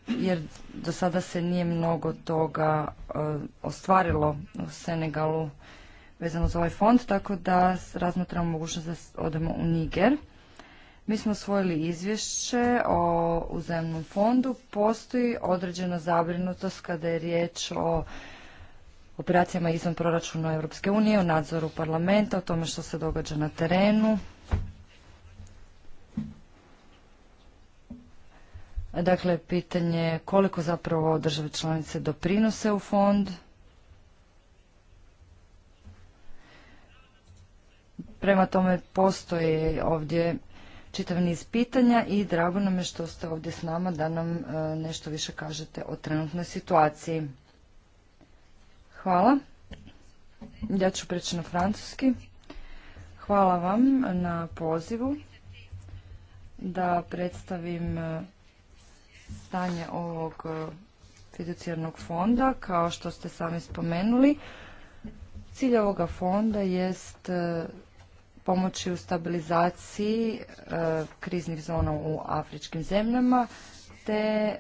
jer do sada se nije mnogo toga e, ostvarilo u Senegalu vezano za ovaj fond, tako da razmatramo mogućnost da odemo u Niger. Mi smo osvojili izvješće o uzajemnom fondu. Postoji određena zabrinutost kada je riječ o operacijama izvan proračuna Europske unije, o nadzoru parlamenta, o tome što se događa na terenu. Dakle, pitanje koliko zapravo države članice doprinose u fond. Prema tome postoji ovdje čitav niz pitanja i drago nam je što ste ovdje s nama da nam e, nešto više kažete o trenutnoj situaciji. Hvala. Ja ću preći na francuski. Hvala vam na pozivu da predstavim e, stanje ovog e, fiducijarnog fonda, kao što ste sami spomenuli. Cilj ovoga fonda jest pomoći u stabilizaciji e, kriznih zona u afričkim zemljama, te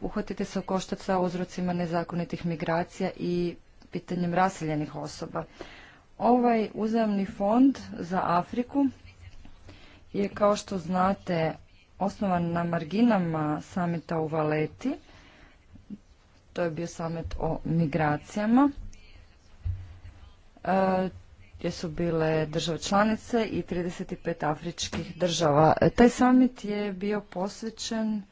uhvatiti se u koštac sa uzrocima nezakonitih migracija i pitanjem raseljenih osoba. Ovaj uzajamni fond za Afriku je, kao što znate, osnovan na marginama samita u Valeti. To je bio samet o migracijama. E, gdje su bile države članice i 35 afričkih država. E, taj summit je bio posvećen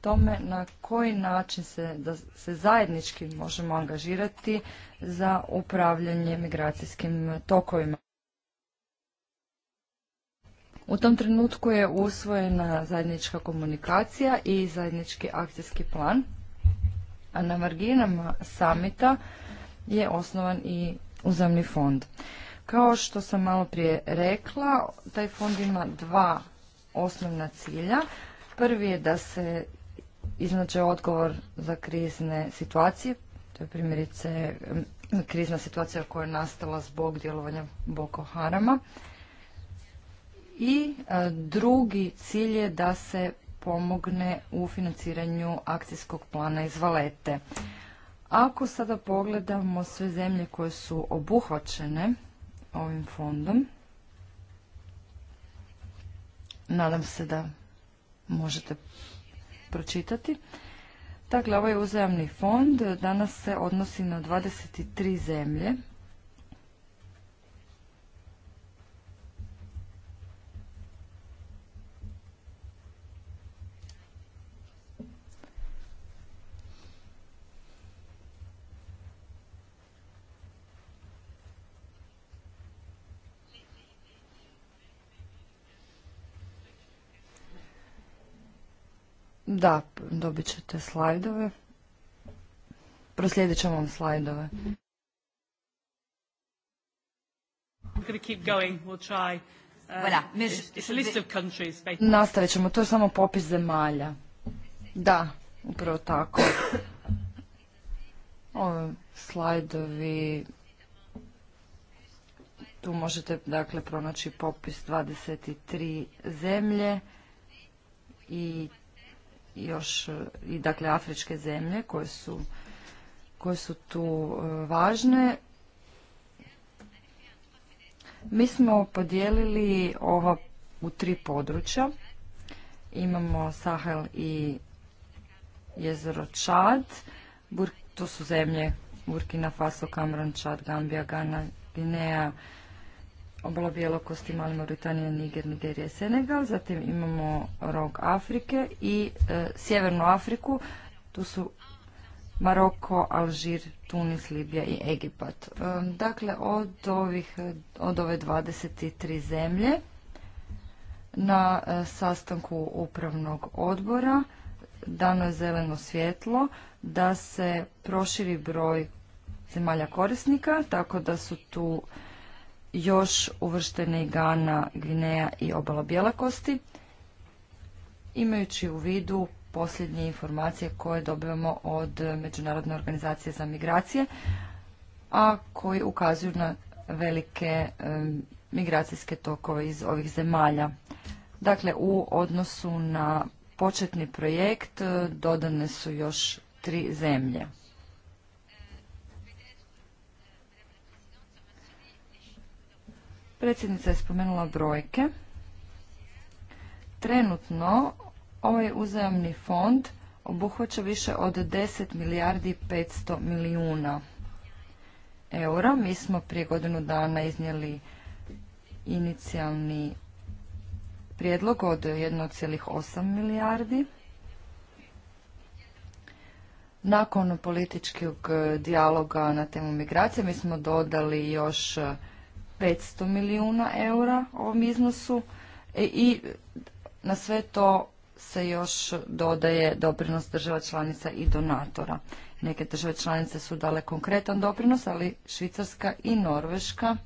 tome na koji način se, da se zajednički možemo angažirati za upravljanje migracijskim tokovima. U tom trenutku je usvojena zajednička komunikacija i zajednički akcijski plan, a na marginama samita je osnovan i uzemni fond. Kao što sam malo prije rekla, taj fond ima dva osnovna cilja. Prvi je da se iznađe odgovor za krizne situacije, to je primjerice krizna situacija koja je nastala zbog djelovanja Boko Harama. I e, drugi cilj je da se pomogne u financiranju akcijskog plana iz Valete. Ako sada pogledamo sve zemlje koje su obuhvaćene ovim fondom. Nadam se da možete pročitati. Dakle, ovaj uzajamni fond danas se odnosi na 23 zemlje Da, dobit ćete slajdove. Proslijedit ćemo vam slajdove. Nastavit ćemo, to je samo popis zemalja. Da, upravo tako. slajdovi, tu možete dakle pronaći popis 23 zemlje i još e, i dakle afričke zemlje koje su, koje su tu e, važne. Mi smo podijelili ova u tri područja. Imamo Sahel i jezero Čad. To su zemlje Burkina Faso, Kamran, Čad, Gambija, Gana, Gineja, obala bijelokosti Mali Mauritanija, Niger, Nigerija i Senegal. Zatim imamo rog Afrike i e, Sjevernu Afriku. Tu su Maroko, Alžir, Tunis, Libija i Egipat. E, dakle, od, ovih, od ove 23 zemlje na e, sastanku upravnog odbora dano je zeleno svjetlo da se proširi broj zemalja korisnika, tako da su tu još uvrštene i Gana, Gvineja i obala Bjelakosti, imajući u vidu posljednje informacije koje dobivamo od Međunarodne organizacije za migracije, a koji ukazuju na velike migracijske tokove iz ovih zemalja. Dakle, u odnosu na početni projekt dodane su još tri zemlje. Predsjednica je spomenula brojke. Trenutno ovaj uzajamni fond obuhvaća više od 10 milijardi 500 milijuna eura. Mi smo prije godinu dana iznijeli inicijalni prijedlog od 1,8 milijardi. Nakon političkog dijaloga na temu migracije mi smo dodali još 500 milijuna eura ovom iznosu e, i na sve to se još dodaje doprinos država članica i donatora. Neke države članice su dale konkretan doprinos, ali Švicarska i Norveška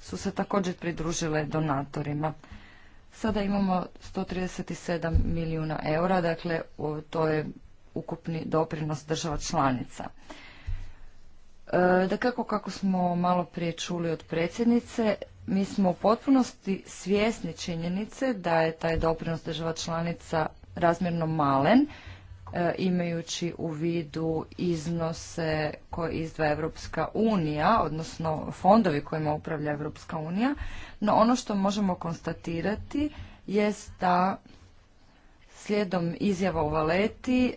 su se također pridružile donatorima. Sada imamo 137 milijuna eura, dakle to je ukupni doprinos država članica. E, da kako kako smo malo prije čuli od predsjednice, mi smo u potpunosti svjesni činjenice da je taj doprinos država članica razmjerno malen, e, imajući u vidu iznose koje izdva Evropska unija, odnosno fondovi kojima upravlja Evropska unija. No ono što možemo konstatirati jest da slijedom izjava u Valeti e,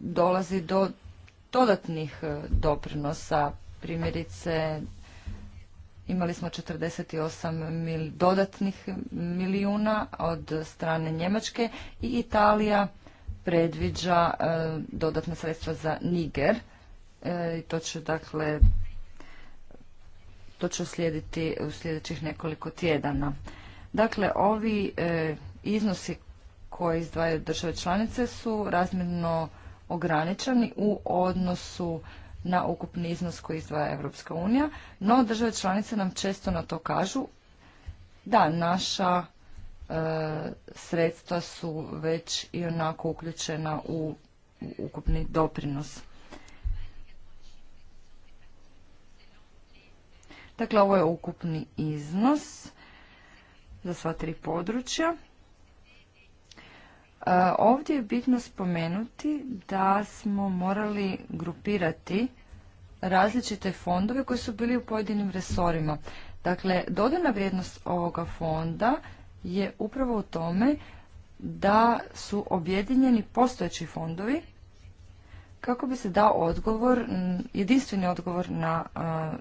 dolazi do dodatnih e, doprinosa. Primjerice, imali smo 48 mil, dodatnih milijuna od strane Njemačke i Italija predviđa dodatne dodatna sredstva za Niger. E, to će dakle to će slijediti u sljedećih nekoliko tjedana. Dakle, ovi e, iznosi koje izdvajaju države članice su razmjerno ograničeni u odnosu na ukupni iznos koji izdvaja Europska unija, no države članice nam često na to kažu da naša e, sredstva su već i onako uključena u ukupni doprinos. Dakle, ovo je ukupni iznos za sva tri područja. E, ovdje je bitno spomenuti da smo morali grupirati različite fondove koji su bili u pojedinim resorima. Dakle, dodana vrijednost ovoga fonda je upravo u tome da su objedinjeni postojeći fondovi kako bi se dao odgovor, jedinstveni odgovor na, e,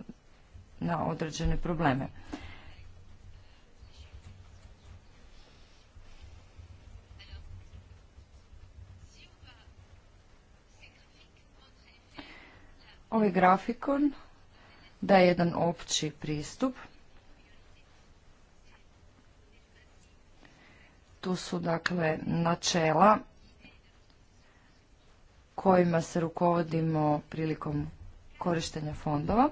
na određene probleme. Ovaj grafikon daje jedan opći pristup. Tu su dakle načela kojima se rukovodimo prilikom korištenja fondova.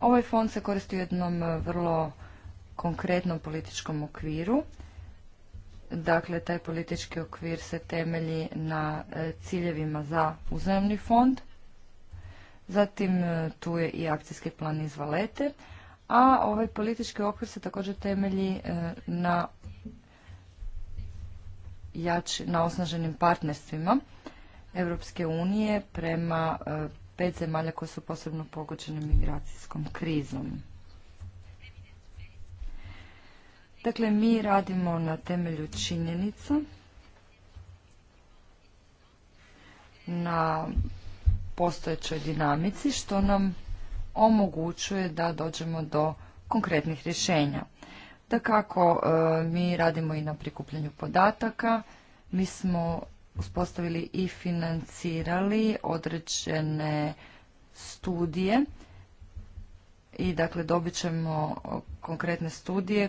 Ovaj fond se koristi u jednom vrlo konkretnom političkom okviru. Dakle, taj politički okvir se temelji na e, ciljevima za uzemni fond, Zatim e, tu je i akcijski plan iz Valete, a ovaj politički okvir se također temelji e, na jači na osnaženim partnerstvima Europske unije prema e, pet zemalja koje su posebno pogođene migracijskom krizom. Dakle, mi radimo na temelju činjenica, na postojećoj dinamici što nam omogućuje da dođemo do konkretnih rješenja. Da kako e, mi radimo i na prikupljanju podataka, mi smo uspostavili i financirali određene studije i dakle dobit ćemo konkretne studije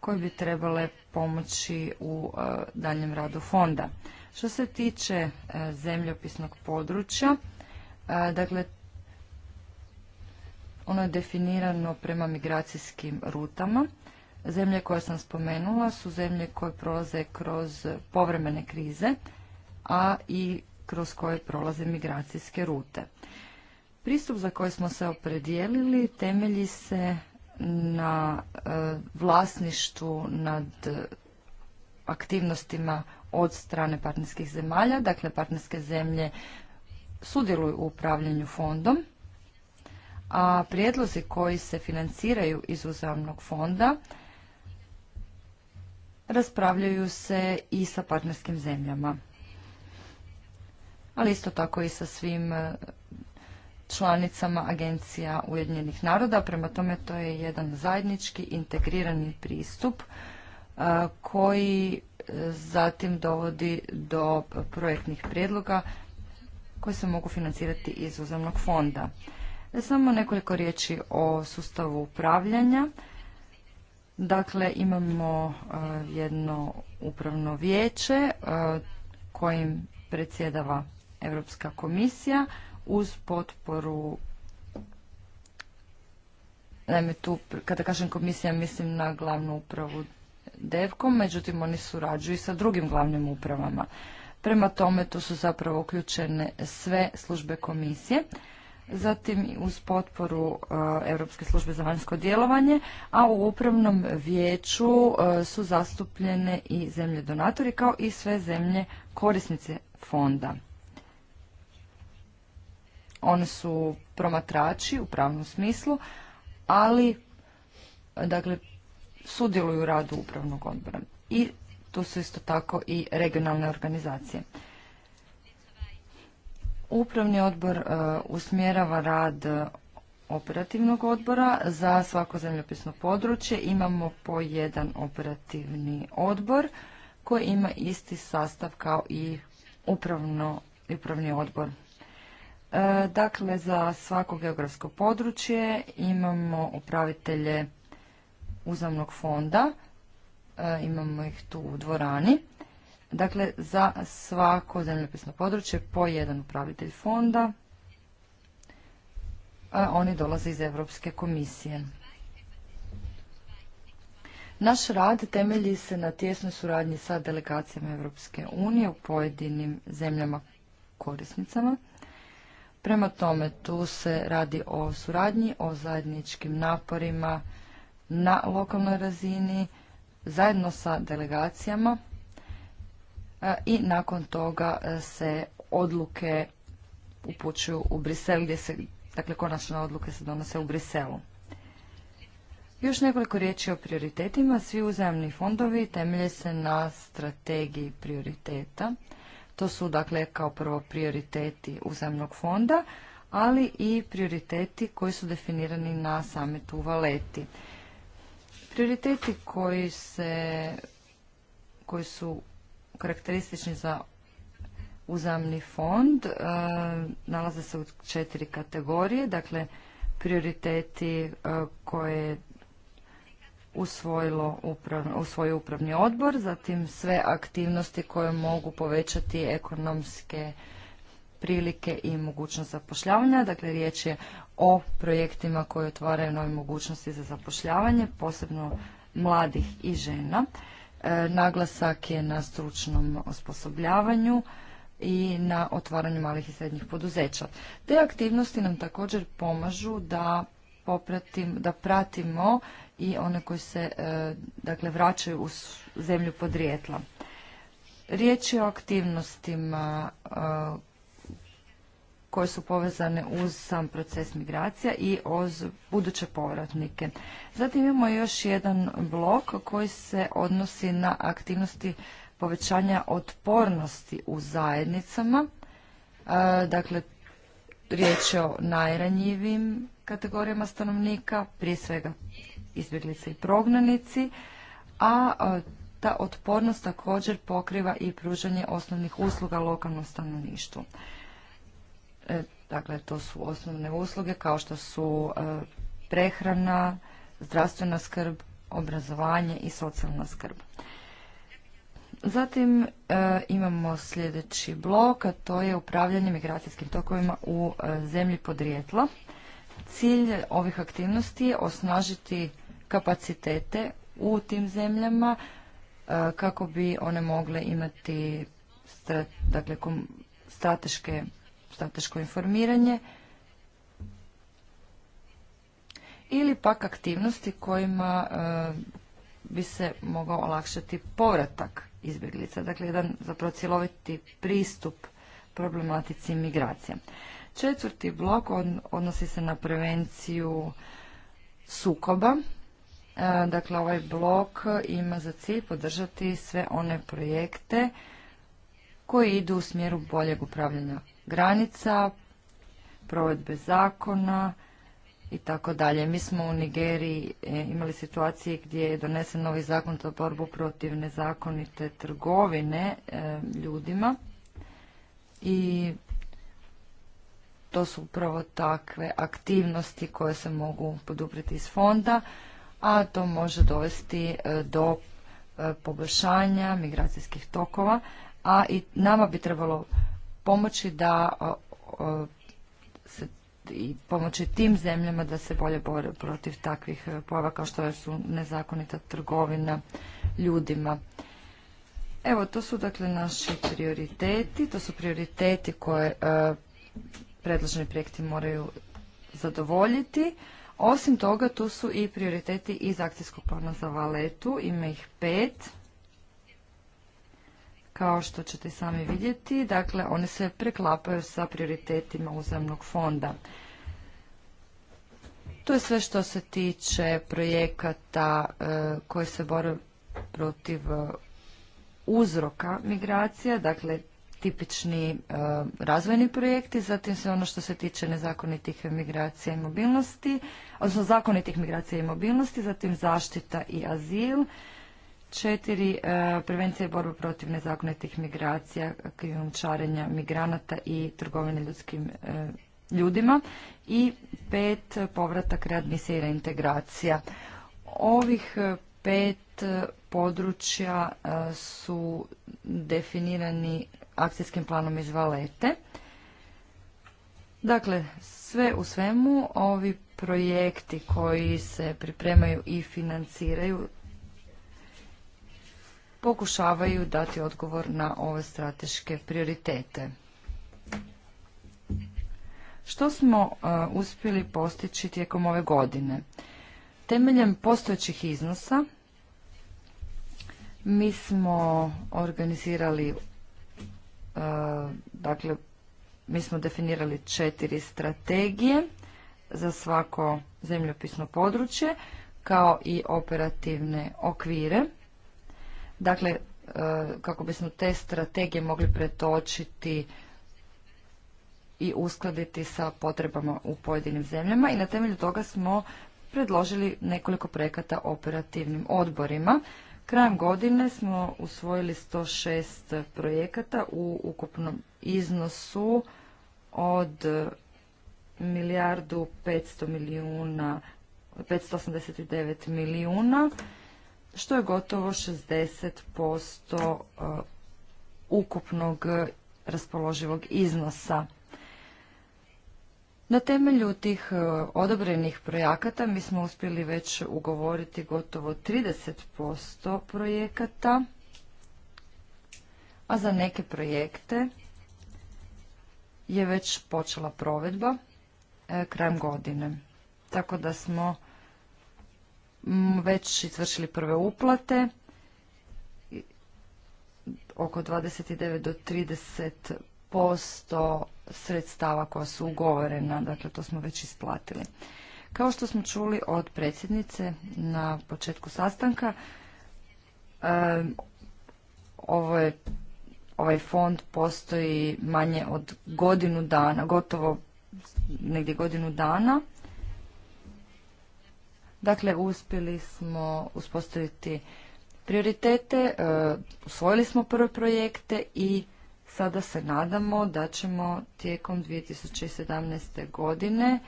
koje bi trebale pomoći u e, daljem radu fonda. Što se tiče e, zemljopisnog područja, e, dakle, ono je definirano prema migracijskim rutama. Zemlje koje sam spomenula su zemlje koje prolaze kroz povremene krize, a i kroz koje prolaze migracijske rute. Pristup za koji smo se opredijelili temelji se na e, vlasništvu nad aktivnostima od strane partnerskih zemalja. Dakle, partnerske zemlje sudjeluju u upravljanju fondom, a prijedlozi koji se financiraju iz uzavnog fonda raspravljaju se i sa partnerskim zemljama. Ali isto tako i sa svim e, članicama Agencija Ujedinjenih naroda. Prema tome to je jedan zajednički integrirani pristup e, koji zatim dovodi do projektnih prijedloga koji se mogu financirati iz uzemnog fonda. Samo nekoliko riječi o sustavu upravljanja. Dakle, imamo e, jedno upravno vijeće e, kojim predsjedava Europska komisija uz potporu Naime, tu kada kažem komisija mislim na glavnu upravu devkom, međutim oni surađuju i sa drugim glavnim upravama. Prema tome tu su zapravo uključene sve službe komisije. Zatim uz potporu e, Europske službe za vanjsko djelovanje, a u upravnom vijeću e, su zastupljene i zemlje donatori kao i sve zemlje korisnice fonda. One su promatrači u pravnom smislu, ali dakle sudjeluju u radu upravnog odbora. I tu su isto tako i regionalne organizacije. Upravni odbor e, usmjerava rad e, operativnog odbora. Za svako zemljopisno područje imamo po jedan operativni odbor koji ima isti sastav kao i upravno, upravni odbor. E, dakle, za svako geografsko područje imamo upravitelje uzemnog fonda. E, imamo ih tu u dvorani. Dakle, za svako zemljopisno područje po jedan upravitelj fonda. oni dolaze iz Europske komisije. Naš rad temelji se na tjesnoj suradnji sa delegacijama Europske unije u pojedinim zemljama korisnicama. Prema tome, tu se radi o suradnji, o zajedničkim naporima na lokalnoj razini zajedno sa delegacijama e, i nakon toga e, se odluke upućuju u Brisel gdje se, dakle konačne odluke se donose u Briselu. Još nekoliko riječi o prioritetima. Svi uzajamni fondovi temelje se na strategiji prioriteta. To su dakle kao prvo prioriteti uzajamnog fonda, ali i prioriteti koji su definirani na samitu u Valeti. Prioriteti koji se koji su karakteristični za uzamni fond e, nalaze se u četiri kategorije, dakle prioriteti e, koje je usvojio upravni odbor, zatim sve aktivnosti koje mogu povećati ekonomske prilike i mogućnost zapošljavanja. Dakle, riječ je o projektima koji otvaraju nove mogućnosti za zapošljavanje, posebno mladih i žena. E, naglasak je na stručnom osposobljavanju i na otvaranju malih i srednjih poduzeća. Te aktivnosti nam također pomažu da popratim, da pratimo i one koji se e, dakle vraćaju u zemlju podrijetla. Riječ je o aktivnostima e, koje su povezane uz sam proces migracija i uz buduće povratnike. Zatim imamo još jedan blok koji se odnosi na aktivnosti povećanja otpornosti u zajednicama. E, dakle, riječ je o najranjivim kategorijama stanovnika, prije svega izbjeglice i prognanici, a e, ta otpornost također pokriva i pružanje osnovnih usluga lokalnom stanovništvu. E, dakle, to su osnovne usluge kao što su e, prehrana, zdravstvena skrb, obrazovanje i socijalna skrb. Zatim e, imamo sljedeći blok, a to je upravljanje migracijskim tokovima u zemlji podrijetla. Cilj ovih aktivnosti je osnažiti kapacitete u tim zemljama kako bi one mogle imati dakle, strateške strateško informiranje ili pak aktivnosti kojima e, bi se mogao olakšati povratak izbjeglica. Dakle, jedan zapravo cjeloviti pristup problematici migracija. Četvrti blok odnosi se na prevenciju sukoba. E, dakle, ovaj blok ima za cilj podržati sve one projekte koji idu u smjeru boljeg upravljanja granica, provedbe zakona i tako dalje. Mi smo u Nigeriji e, imali situacije gdje je donesen novi zakon za borbu protiv nezakonite trgovine e, ljudima i to su upravo takve aktivnosti koje se mogu poduprijeti iz fonda, a to može dovesti e, do poboljšanja migracijskih tokova, a i nama bi trebalo pomoći da se i pomoći tim zemljama da se bolje bore protiv takvih e, pojava kao što su nezakonita trgovina ljudima. Evo, to su dakle naši prioriteti, to su prioriteti koje e, predloženi projekti moraju zadovoljiti. Osim toga, tu su i prioriteti iz akcijskog plana za valetu, ima ih pet kao što ćete sami vidjeti, dakle one se preklapaju sa prioritetima uzemnog fonda. To je sve što se tiče projekata e, koji se bore protiv e, uzroka migracija, dakle tipični e, razvojni projekti, zatim se ono što se tiče nezakonitih migracija i mobilnosti, odnosno zakonitih migracija i mobilnosti, zatim zaštita i azil, četiri e, prevencija i borba protiv nezakonitih migracija, krijumčarenja migranata i trgovine ljudskim e, ljudima i pet povratak readmisija i reintegracija. Ovih e, pet područja su definirani akcijskim planom iz Valete. Dakle, sve u svemu ovi projekti koji se pripremaju i financiraju pokušavaju dati odgovor na ove strateške prioritete. Što smo e, uspjeli postići tijekom ove godine? Temeljem postojećih iznosa mi smo organizirali e, dakle mi smo definirali četiri strategije za svako zemljopisno područje kao i operativne okvire Dakle, e, kako bismo te strategije mogli pretočiti i uskladiti sa potrebama u pojedinim zemljama i na temelju toga smo predložili nekoliko projekata operativnim odborima. Krajem godine smo usvojili 106 projekata u ukupnom iznosu od milijardu 500 milijuna 589 milijuna što je gotovo 60% uh, ukupnog raspoloživog iznosa. Na temelju tih uh, odobrenih projekata mi smo uspjeli već ugovoriti gotovo 30% projekata, a za neke projekte je već počela provedba uh, krajem godine. Tako da smo već izvršili prve uplate oko 29 do 30 posto sredstava koja su ugovorena, dakle to smo već isplatili. Kao što smo čuli od predsjednice na početku sastanka, ovaj fond postoji manje od godinu dana, gotovo negdje godinu dana Dakle, uspjeli smo uspostaviti prioritete, e, usvojili smo prve projekte i sada se nadamo da ćemo tijekom 2017. godine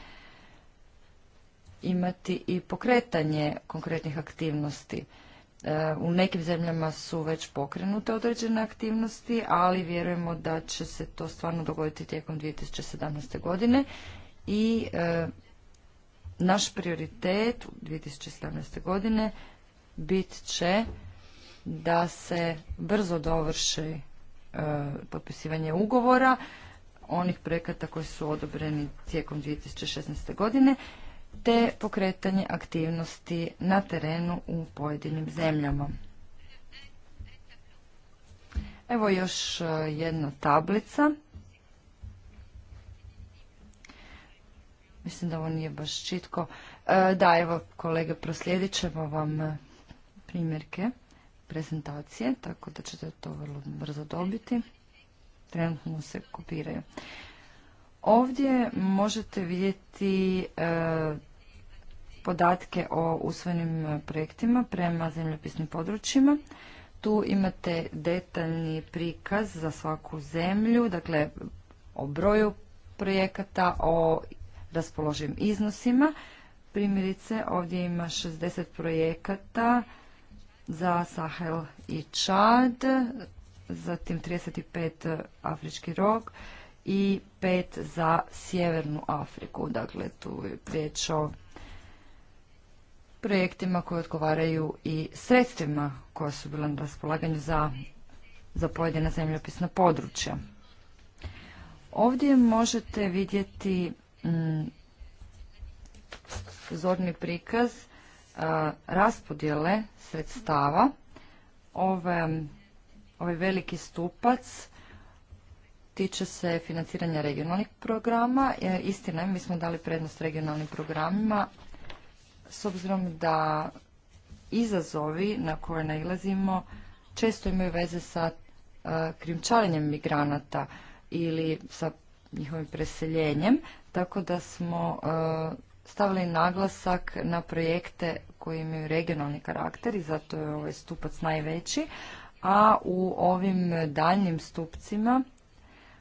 imati i pokretanje konkretnih aktivnosti. E, u nekim zemljama su već pokrenute određene aktivnosti, ali vjerujemo da će se to stvarno dogoditi tijekom 2017. godine i e, naš prioritet u 2017. godine bit će da se brzo dovrši e, potpisivanje ugovora onih projekata koji su odobreni tijekom 2016. godine te pokretanje aktivnosti na terenu u pojedinim zemljama. Evo još e, jedna tablica Mislim da ovo nije baš čitko. E, da, evo kolege, proslijedit ćemo vam e, primjerke prezentacije, tako da ćete to vrlo brzo dobiti. Trenutno se kopiraju. Ovdje možete vidjeti e, podatke o usvojenim projektima prema zemljopisnim područjima. Tu imate detaljni prikaz za svaku zemlju, dakle o broju projekata, o raspoloživim iznosima. Primjerice, ovdje ima 60 projekata za Sahel i Čad, zatim 35 Afrički rok i 5 za Sjevernu Afriku. Dakle, tu je priječ o projektima koji odgovaraju i sredstvima koja su bila na raspolaganju za, za pojedina zemljopisna područja. Ovdje možete vidjeti Mm, zorni prikaz raspodjele sredstava. ovaj veliki stupac tiče se financiranja regionalnih programa. E, istina je, mi smo dali prednost regionalnim programima s obzirom da izazovi na koje nailazimo često imaju veze sa krimčarenjem migranata ili sa njihovim preseljenjem, tako da smo e, stavili naglasak na projekte koji imaju regionalni karakter i zato je ovaj stupac najveći, a u ovim daljnim stupcima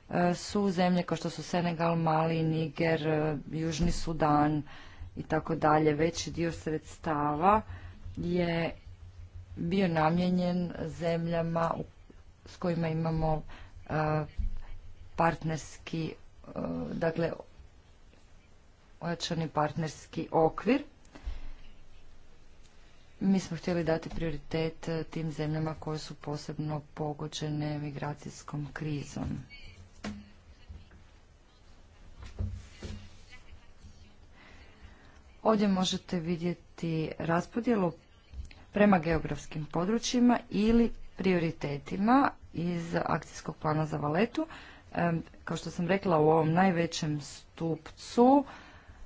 e, su zemlje kao što su Senegal, Mali, Niger, e, Južni Sudan i tako dalje. Veći dio sredstava je bio namjenjen zemljama s kojima imamo partnerski, e, dakle, ojačani partnerski okvir. Mi smo htjeli dati prioritet e, tim zemljama koje su posebno pogođene migracijskom krizom. Ovdje možete vidjeti raspodjelu prema geografskim područjima ili prioritetima iz akcijskog plana za valetu kao što sam rekla, u ovom najvećem stupcu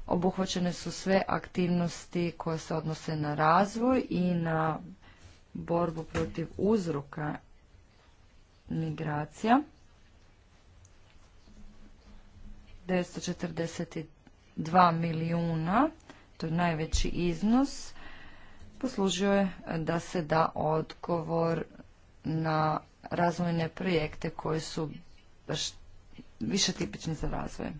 obuhvaćene su sve aktivnosti koje se odnose na razvoj i na borbu protiv uzroka migracija. 942 milijuna, to je najveći iznos, poslužio je eh, da se da odgovor na razvojne projekte koje su više tipični za razvoj.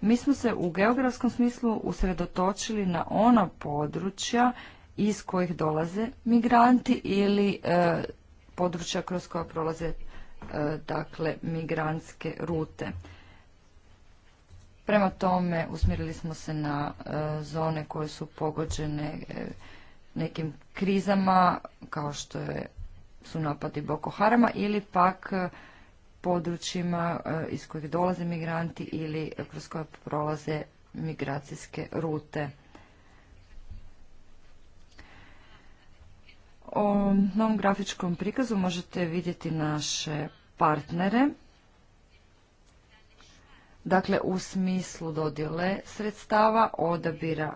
Mi smo se u geografskom smislu usredotočili na ona područja iz kojih dolaze migranti ili e, područja kroz koja prolaze e, dakle migrantske rute. Prema tome usmjerili smo se na e, zone koje su pogođene nekim krizama kao što je, su napadi Boko Harama ili pak područjima e, iz kojih dolaze migranti ili e, kroz koje prolaze migracijske rute. O novom grafičkom prikazu možete vidjeti naše partnere. Dakle, u smislu dodjele sredstava, odabira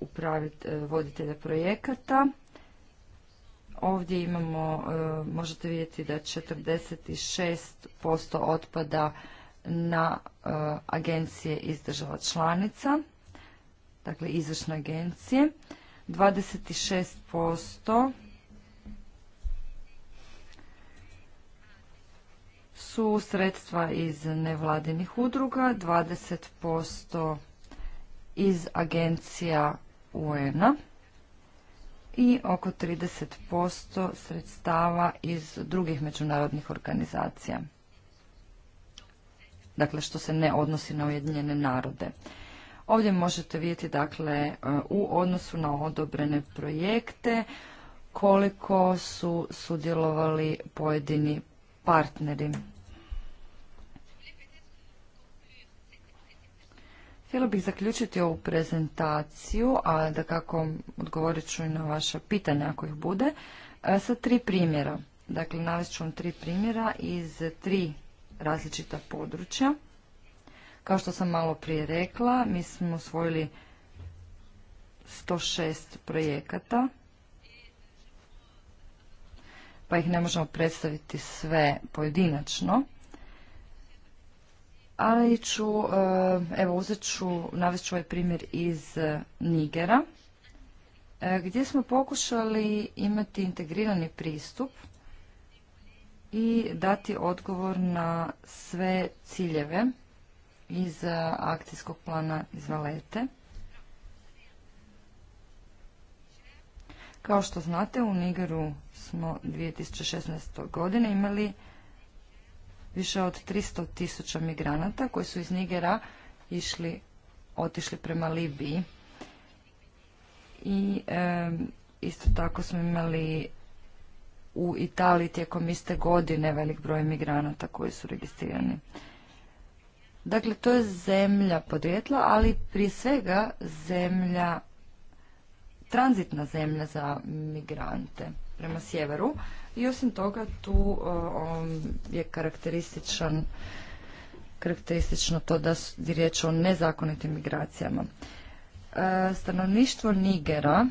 e, voditelja projekata, Ovdje imamo, e, možete vidjeti da 46% otpada na e, agencije iz država članica, dakle izvršne agencije, 26% su sredstva iz nevladinih udruga, 20% iz agencija UN-a i oko 30% sredstava iz drugih međunarodnih organizacija. Dakle, što se ne odnosi na Ujedinjene narode. Ovdje možete vidjeti, dakle, u odnosu na odobrene projekte, koliko su sudjelovali pojedini partneri Htjela bih zaključiti ovu prezentaciju, a da kako odgovorit ću i na vaša pitanja ako ih bude, e, sa tri primjera. Dakle, navest ću vam tri primjera iz tri različita područja. Kao što sam malo prije rekla, mi smo osvojili 106 projekata, pa ih ne možemo predstaviti sve pojedinačno ali ću, eh, evo uzet ću, navest ću ovaj primjer iz eh, Nigera, eh, gdje smo pokušali imati integrirani pristup i dati odgovor na sve ciljeve iz akcijskog plana iz Valete. Kao što znate, u Nigeru smo 2016. godine imali više od 300 tisuća migranata koji su iz Nigera išli, otišli prema Libiji. I isto tako smo imali u Italiji tijekom iste godine velik broj migranata koji su registrirani. Dakle, to je zemlja podrijetla, ali prije svega zemlja, tranzitna zemlja za migrante prema sjeveru i osim toga tu e, je karakterističan karakteristično to da je riječ o nezakonitim migracijama. E, stanovništvo Nigera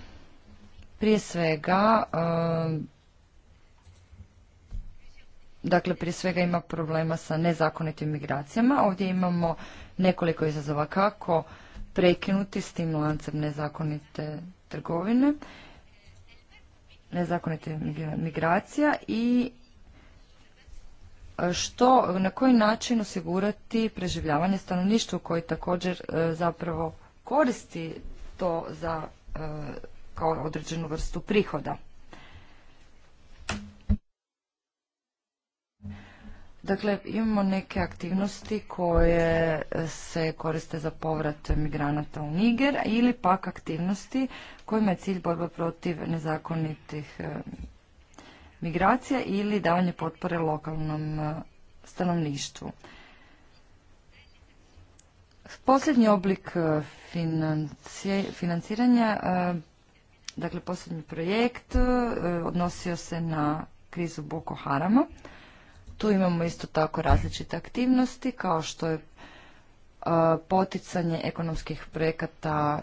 prije svega e, dakle prije svega ima problema sa nezakonitim migracijama. Ovdje imamo nekoliko izazova kako prekinuti s tim lancem nezakonite trgovine nezakonite migracija i e, što, na koji način osigurati preživljavanje stanovništvu koji također e, zapravo koristi to za e, kao određenu vrstu prihoda. Dakle, imamo neke aktivnosti koje e, se koriste za povrat migranata u Niger ili pak aktivnosti kojima je cilj borba protiv nezakonitih e, migracija ili davanje potpore lokalnom e, stanovništvu. Posljednji oblik financiranja, dakle posljednji projekt, odnosio se na krizu Boko Harama. Tu imamo isto tako različite aktivnosti kao što je e, poticanje ekonomskih projekata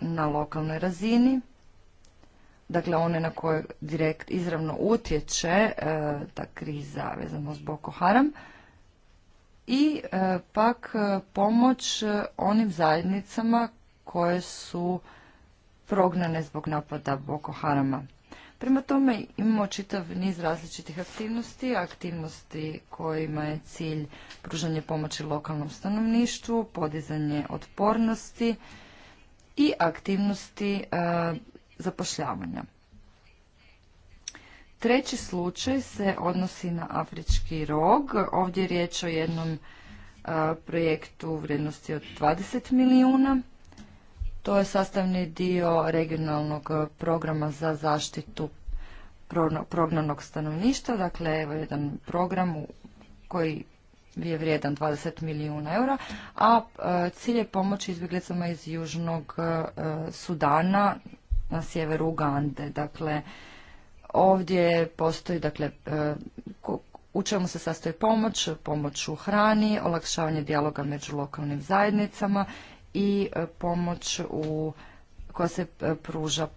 na lokalnoj razini, dakle one na koje direkt izravno utječe e, ta kriza vezano s Boko Haram i e, pak pomoć onim zajednicama koje su prognane zbog napada Boko Harama. Prema tome imamo čitav niz različitih aktivnosti, aktivnosti kojima je cilj pružanje pomoći lokalnom stanovništvu, podizanje otpornosti i aktivnosti e, zapošljavanja. Treći slučaj se odnosi na afrički rog. Ovdje je riječ o jednom projektu projektu vrijednosti od 20 milijuna to je sastavni dio regionalnog e, programa za zaštitu prognanog stanovništva. Dakle, evo jedan program koji je vrijedan 20 milijuna eura, a e, cilj je pomoći izbjeglicama iz Južnog e, Sudana na sjeveru Ugande. Dakle, ovdje postoji, dakle, u čemu se sastoji pomoć, pomoć u hrani, olakšavanje dijaloga među lokalnim zajednicama i e, pomoć u, koja se e, pruža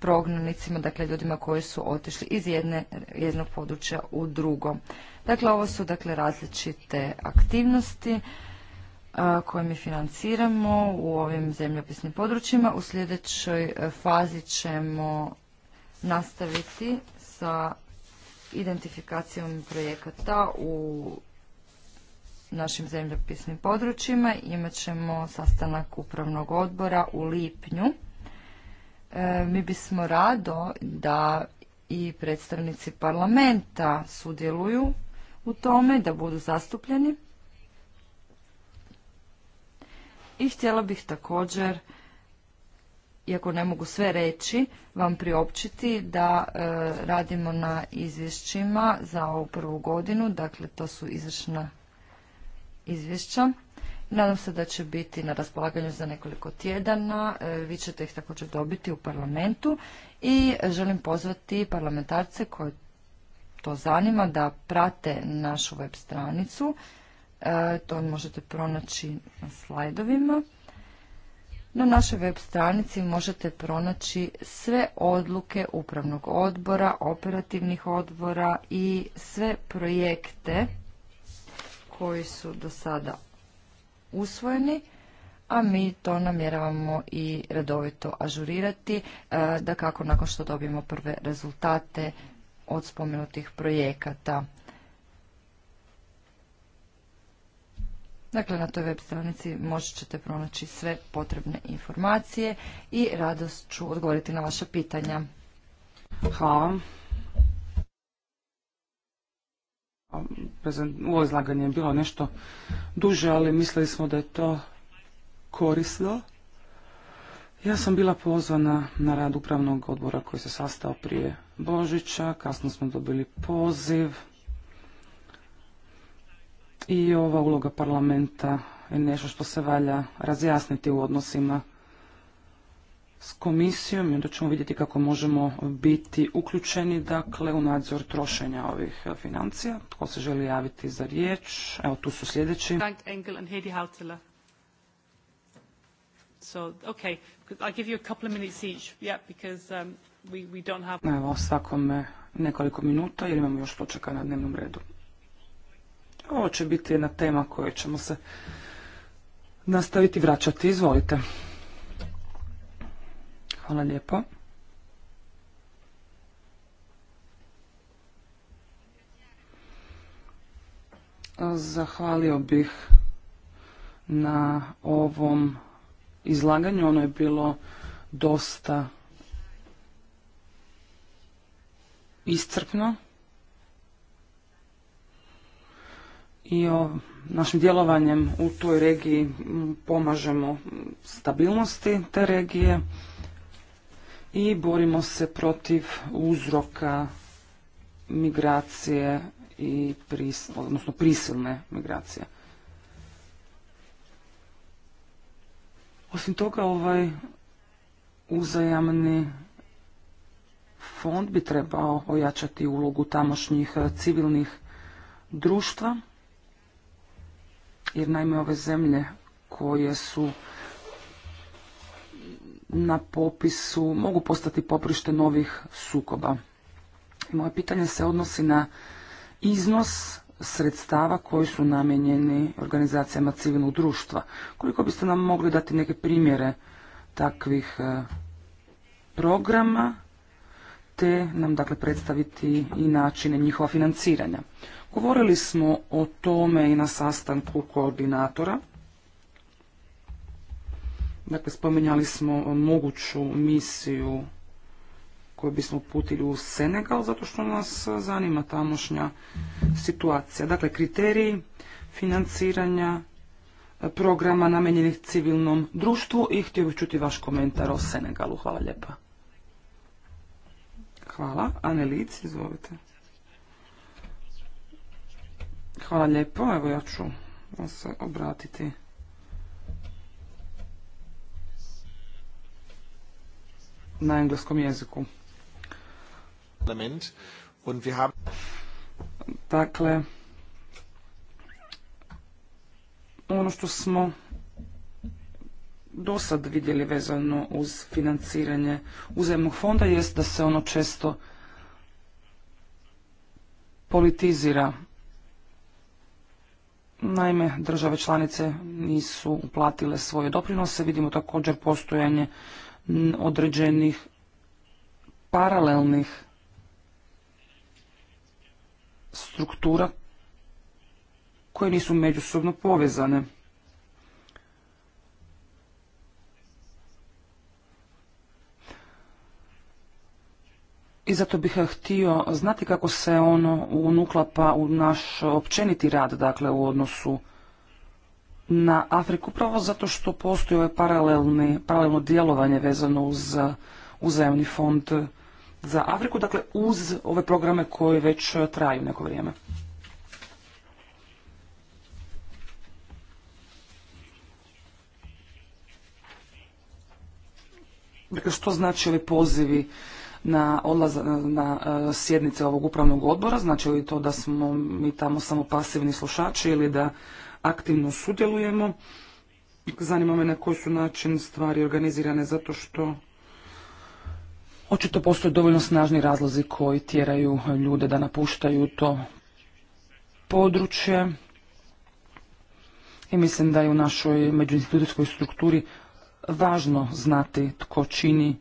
prognanicima, dakle ljudima koji su otišli iz jedne, jednog područja u drugo. Dakle, ovo su dakle različite aktivnosti e, koje mi financiramo u ovim zemljopisnim područjima. U sljedećoj fazi ćemo nastaviti sa identifikacijom projekata u našim zemljopisnim područjima. Imat ćemo sastanak upravnog odbora u lipnju. E, mi bismo rado da i predstavnici parlamenta sudjeluju u tome, da budu zastupljeni. I htjela bih također, iako ne mogu sve reći, vam priopćiti da e, radimo na izvješćima za ovu prvu godinu, dakle to su izvršna izvješća. Nadam se da će biti na raspolaganju za nekoliko tjedana. E, vi ćete ih također dobiti u parlamentu i želim pozvati parlamentarce koje to zanima da prate našu web stranicu. E, to možete pronaći na slajdovima. Na našoj web stranici možete pronaći sve odluke upravnog odbora, operativnih odbora i sve projekte koji su do sada usvojeni, a mi to namjeravamo i redovito ažurirati, e, da kako nakon što dobijemo prve rezultate od spomenutih projekata. Dakle, na toj web stranici možete ćete pronaći sve potrebne informacije i radost ću odgovoriti na vaša pitanja. Hvala ovo izlaganje je bilo nešto duže, ali mislili smo da je to korisno. Ja sam bila pozvana na rad upravnog odbora koji se sastao prije Božića, kasno smo dobili poziv i ova uloga parlamenta je nešto što se valja razjasniti u odnosima s komisijom i onda ćemo vidjeti kako možemo biti uključeni dakle u nadzor trošenja ovih e, financija. Tko se želi javiti za riječ? Evo tu su sljedeći. Evo svakome nekoliko minuta jer imamo još točaka na dnevnom redu. Ovo će biti jedna tema koju ćemo se nastaviti vraćati. Izvolite. Hvala lijepo. Zahvalio bih na ovom izlaganju. Ono je bilo dosta iscrpno. I o našim djelovanjem u toj regiji pomažemo stabilnosti te regije i borimo se protiv uzroka migracije i odnosno prisilne migracije. Osim toga, ovaj uzajamni fond bi trebao ojačati ulogu tamošnjih civilnih društva, jer naime ove zemlje koje su na popisu mogu postati poprište novih sukoba. Moje pitanje se odnosi na iznos sredstava koji su namijenjeni organizacijama civilnog društva. Koliko biste nam mogli dati neke primjere takvih e, programa, te nam dakle predstaviti i načine njihova financiranja. Govorili smo o tome i na sastanku koordinatora Dakle, spominjali smo moguću misiju koju bismo uputili u Senegal, zato što nas zanima tamošnja situacija. Dakle, kriteriji financiranja e, programa namenjenih civilnom društvu i htio bih čuti vaš komentar o Senegalu. Hvala lijepa. Hvala. Anelic, izvolite. Hvala lijepo. Evo ja ću vam se obratiti. na engleskom jeziku. Dakle, ono što smo do sad vidjeli vezano uz financiranje uzemnog fonda jest da se ono često politizira. Naime, države članice nisu uplatile svoje doprinose, vidimo također postojanje određenih paralelnih struktura koje nisu međusobno povezane. I zato bih eh, htio znati kako se ono unuklapa u naš općeniti rad, dakle u odnosu na Afriku, upravo zato što postoji ove ovaj paralelni, paralelno djelovanje vezano uz uh, uzajemni fond za Afriku, dakle uz ove programe koji već uh, traju neko vrijeme. Dakle, što znači ovi pozivi na na uh, sjednice ovog upravnog odbora? Znači li to da smo mi tamo samo pasivni slušači ili da aktivno sudjelujemo. Zanima me na koji su način stvari organizirane zato što očito postoje dovoljno snažni razlozi koji tjeraju ljude da napuštaju to područje i mislim da je u našoj međuinstitucijskoj strukturi važno znati tko čini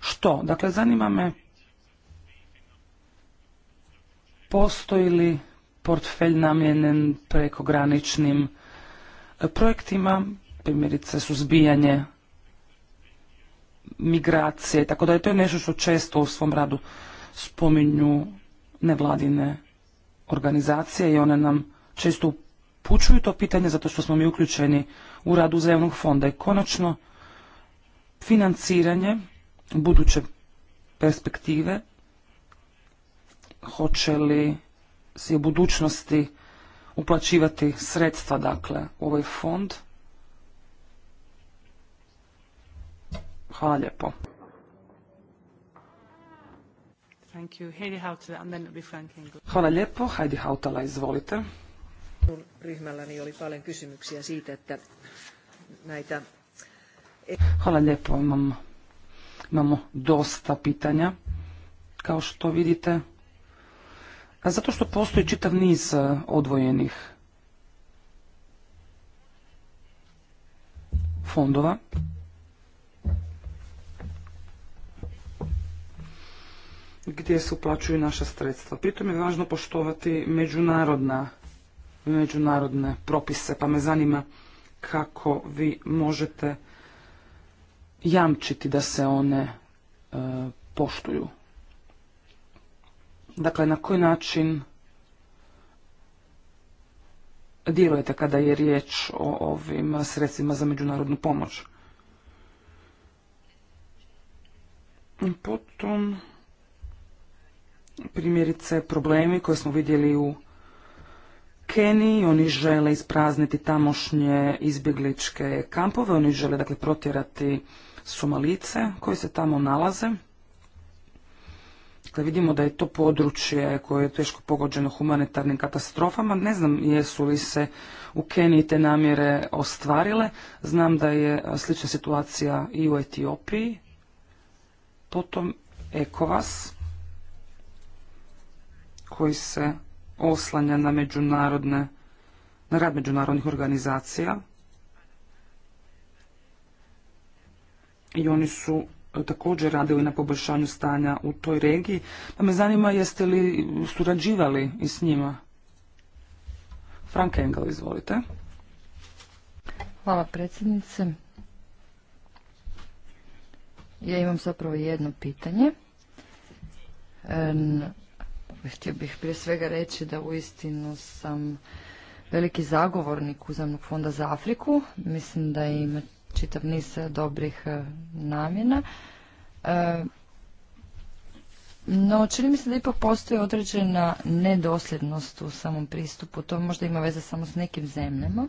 što. Dakle, zanima me postoji li portfelj namijenjen prekograničnim e, projektima, primjerice suzbijanje migracije, tako da je to nešto što često u svom radu spominju nevladine organizacije i one nam često upućuju to pitanje zato što smo mi uključeni u radu uzajemnog fonda. I konačno, financiranje buduće perspektive, hoće li si u budućnosti uplaćivati sredstva dakle u ovaj fond. Hvala lijepo. Hvala lijepo. Heidi Hautala, izvolite. Ryhmälläni oli kysymyksiä siitä, että näitä... Hvala lijepo. imamo dosta pitanja. Kao što vidite, a Zato što postoji čitav niz e, odvojenih fondova. gdje se uplaćuju naša sredstva. Pritom je važno poštovati međunarodne propise, pa me zanima kako vi možete jamčiti da se one e, poštuju. Dakle, na koji način djelujete kada je riječ o ovim sredstvima za međunarodnu pomoć? Potom, primjerice, problemi koje smo vidjeli u Keniji, oni žele isprazniti tamošnje izbjegličke kampove, oni žele dakle protjerati Somalice koji se tamo nalaze. Dakle, vidimo da je to područje koje je teško pogođeno humanitarnim katastrofama. Ne znam jesu li se u Keniji te namjere ostvarile. Znam da je slična situacija i u Etiopiji. Potom ECOVAS koji se oslanja na međunarodne na rad međunarodnih organizacija i oni su također radili na poboljšanju stanja u toj regiji. Pa me zanima jeste li surađivali i s njima? Frank Engel, izvolite. Hvala predsjednice. Ja imam zapravo jedno pitanje. Htio bih prije svega reći da uistinu sam veliki zagovornik Uzemnog fonda za Afriku. Mislim da ima čitav niz e, dobrih e, namjena. E, no, čini mi se da ipak postoji određena nedosljednost u samom pristupu. To možda ima veze samo s nekim zemljama.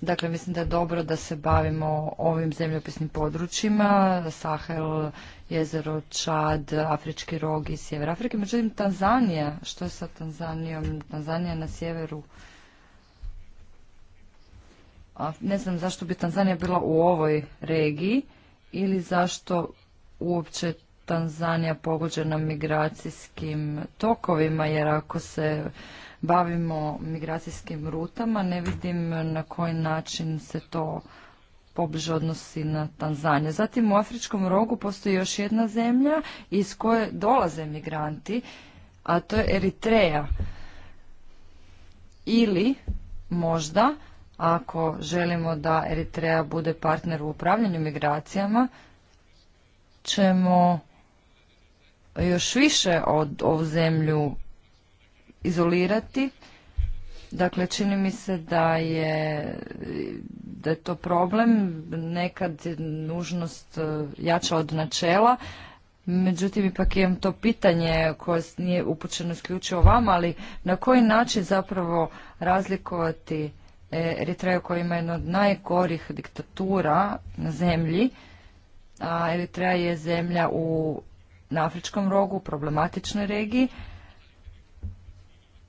Dakle, mislim da je dobro da se bavimo ovim zemljopisnim područjima, Sahel, jezero Čad, Afrički rog i Sjever Afrike. Međutim, Tanzanija, što je sa Tanzanijom? Tanzanija na sjeveru ne znam zašto bi Tanzanija bila u ovoj regiji ili zašto uopće Tanzanija pogođena migracijskim tokovima, jer ako se bavimo migracijskim rutama, ne vidim na koji način se to pobliže odnosi na Tanzaniju. Zatim u Afričkom rogu postoji još jedna zemlja iz koje dolaze migranti, a to je Eritreja. Ili možda ako želimo da Eritreja bude partner u upravljanju migracijama, ćemo još više od ovu zemlju izolirati. Dakle, čini mi se da je, da je to problem. Nekad je nužnost e, jača od načela. Međutim, ipak imam to pitanje koje nije upućeno isključivo vama, ali na koji način zapravo razlikovati E, Eritreju koja ima jednu od najgorih diktatura na zemlji, a Eritreja je zemlja u, na Afričkom rogu, u problematičnoj regiji,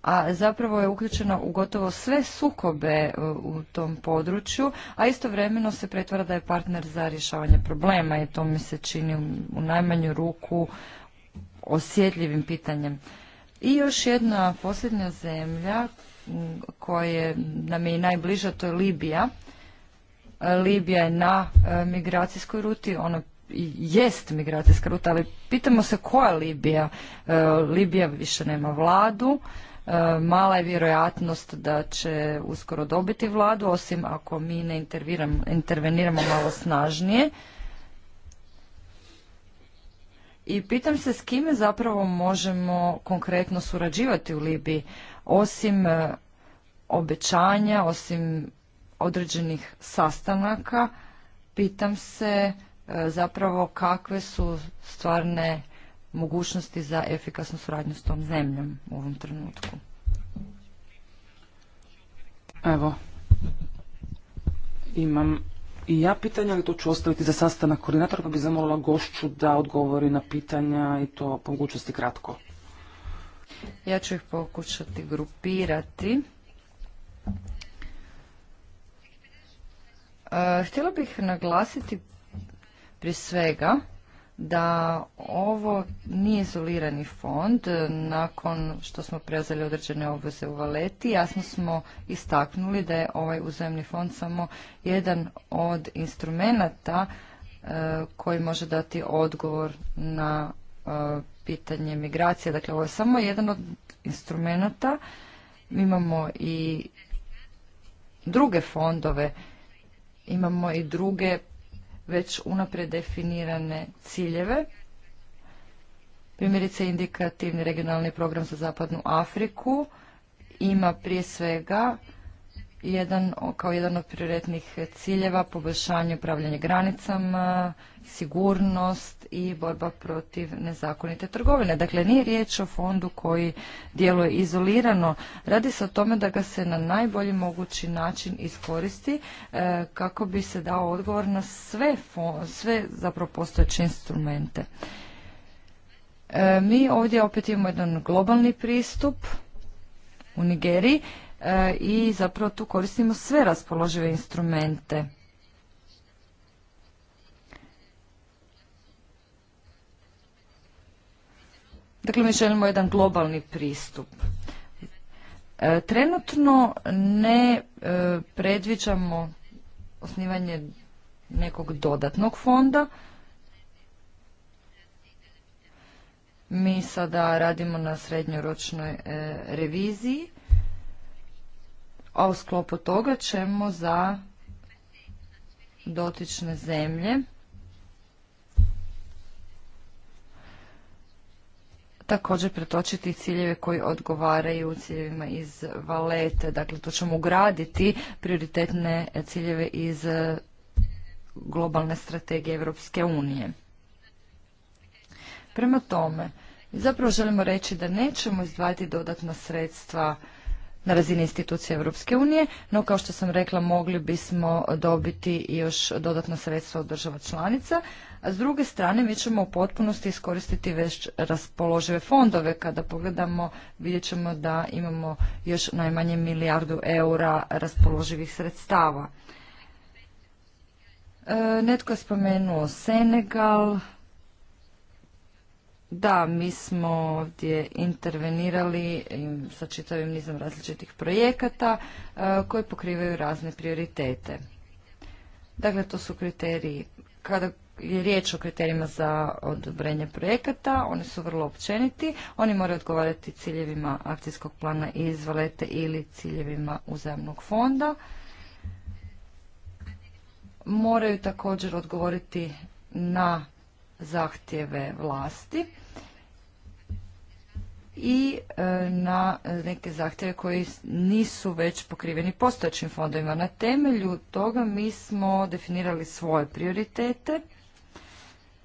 a zapravo je uključena u gotovo sve sukobe e, u tom području, a istovremeno se pretvara da je partner za rješavanje problema i to mi se čini u najmanju ruku osjetljivim pitanjem. I još jedna posljednja zemlja koje nam je i najbliža, to je Libija. Libija je na e, migracijskoj ruti, ona jest migracijska ruta, ali pitamo se koja Libija. E, Libija više nema vladu, e, mala je vjerojatnost da će uskoro dobiti vladu, osim ako mi ne interveniramo malo snažnije. I pitam se s kime zapravo možemo konkretno surađivati u Libiji osim e, obećanja, osim određenih sastanaka, pitam se e, zapravo kakve su stvarne mogućnosti za efikasnu suradnju s tom zemljom u ovom trenutku. Evo, imam i ja pitanja, ali to ću ostaviti za sastanak koordinatora, pa bi zamolila gošću da odgovori na pitanja i to po mogućnosti kratko. Ja ću ih pokušati grupirati. E, htjela bih naglasiti prije svega da ovo nije izolirani fond. Nakon što smo preuzeli određene obveze u Valeti, jasno smo istaknuli da je ovaj uzemni fond samo jedan od instrumenata e, koji može dati odgovor na e, pitanje migracije. Dakle, ovo je samo jedan od instrumenata. Imamo i druge fondove, imamo i druge već unaprijed definirane ciljeve. Primjerice indikativni regionalni program za zapadnu Afriku ima prije svega jedan, kao jedan od prioritetnih ciljeva poboljšanje upravljanja granicama, sigurnost i borba protiv nezakonite trgovine. Dakle, nije riječ o fondu koji djeluje izolirano. Radi se o tome da ga se na najbolji mogući način iskoristi e, kako bi se dao odgovor na sve, sve zapravo postojeće instrumente. E, mi ovdje opet imamo jedan globalni pristup u Nigeriji E, i zapravo tu koristimo sve raspoložive instrumente. Dakle, mi želimo jedan globalni pristup. E, trenutno ne e, predviđamo osnivanje nekog dodatnog fonda. Mi sada radimo na srednjoročnoj reviziji a u sklopu toga ćemo za dotične zemlje također pretočiti ciljeve koji odgovaraju ciljevima iz valete. Dakle, to ćemo ugraditi prioritetne ciljeve iz globalne strategije Europske unije. Prema tome, zapravo želimo reći da nećemo izdvajati dodatna sredstva na razini institucije Europske unije, no kao što sam rekla mogli bismo dobiti još dodatna sredstva od država članica. A s druge strane mi ćemo u potpunosti iskoristiti već raspoložive fondove. Kada pogledamo vidjet ćemo da imamo još najmanje milijardu eura raspoloživih sredstava. E, netko je spomenuo Senegal, da, mi smo ovdje intervenirali sa čitavim nizom različitih projekata e, koji pokrivaju razne prioritete. Dakle, to su kriteriji. Kada je riječ o kriterijima za odobrenje projekata, oni su vrlo općeniti. Oni moraju odgovarati ciljevima akcijskog plana iz ili ciljevima uzemnog fonda. Moraju također odgovoriti na zahtjeve vlasti i e, na neke zahtjeve koji nisu već pokriveni postojećim fondovima. Na temelju toga mi smo definirali svoje prioritete.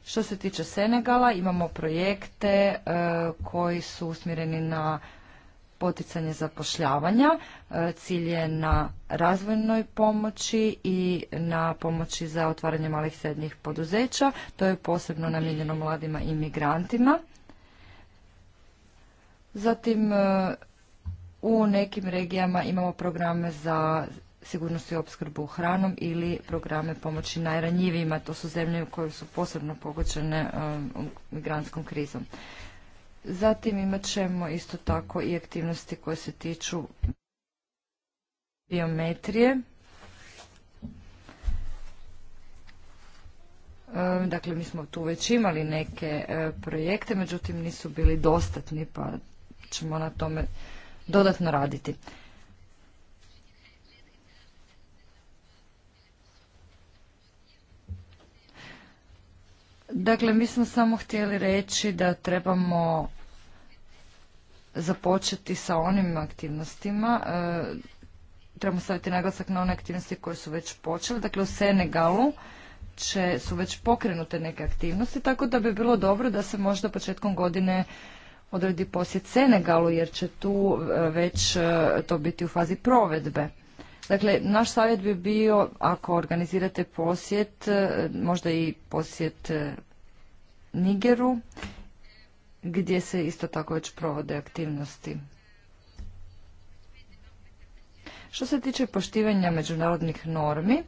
Što se tiče Senegala, imamo projekte e, koji su usmjereni na poticanje zapošljavanja, e, cilj je na razvojnoj pomoći i na pomoći za otvaranje malih srednjih poduzeća. To je posebno namijenjeno mladima i migrantima. Zatim e, u nekim regijama imamo programe za sigurnost i opskrbu hranom ili programe pomoći najranjivijima. To su zemlje koje su posebno pogoćene e, migrantskom krizom. Zatim imat ćemo isto tako i aktivnosti koje se tiču biometrije. Dakle, mi smo tu već imali neke e, projekte, međutim nisu bili dostatni, pa ćemo na tome dodatno raditi. Dakle, mi smo samo htjeli reći da trebamo započeti sa onim aktivnostima, e, trebamo staviti naglasak na one aktivnosti koje su već počele. Dakle, u Senegalu će, su već pokrenute neke aktivnosti, tako da bi bilo dobro da se možda početkom godine odredi posjet Senegalu, jer će tu e, već e, to biti u fazi provedbe. Dakle, naš savjet bi bio, ako organizirate posjet, e, možda i posjet e, Nigeru, gdje se isto tako već provode aktivnosti. Što se tiče poštivanja međunarodnih normi,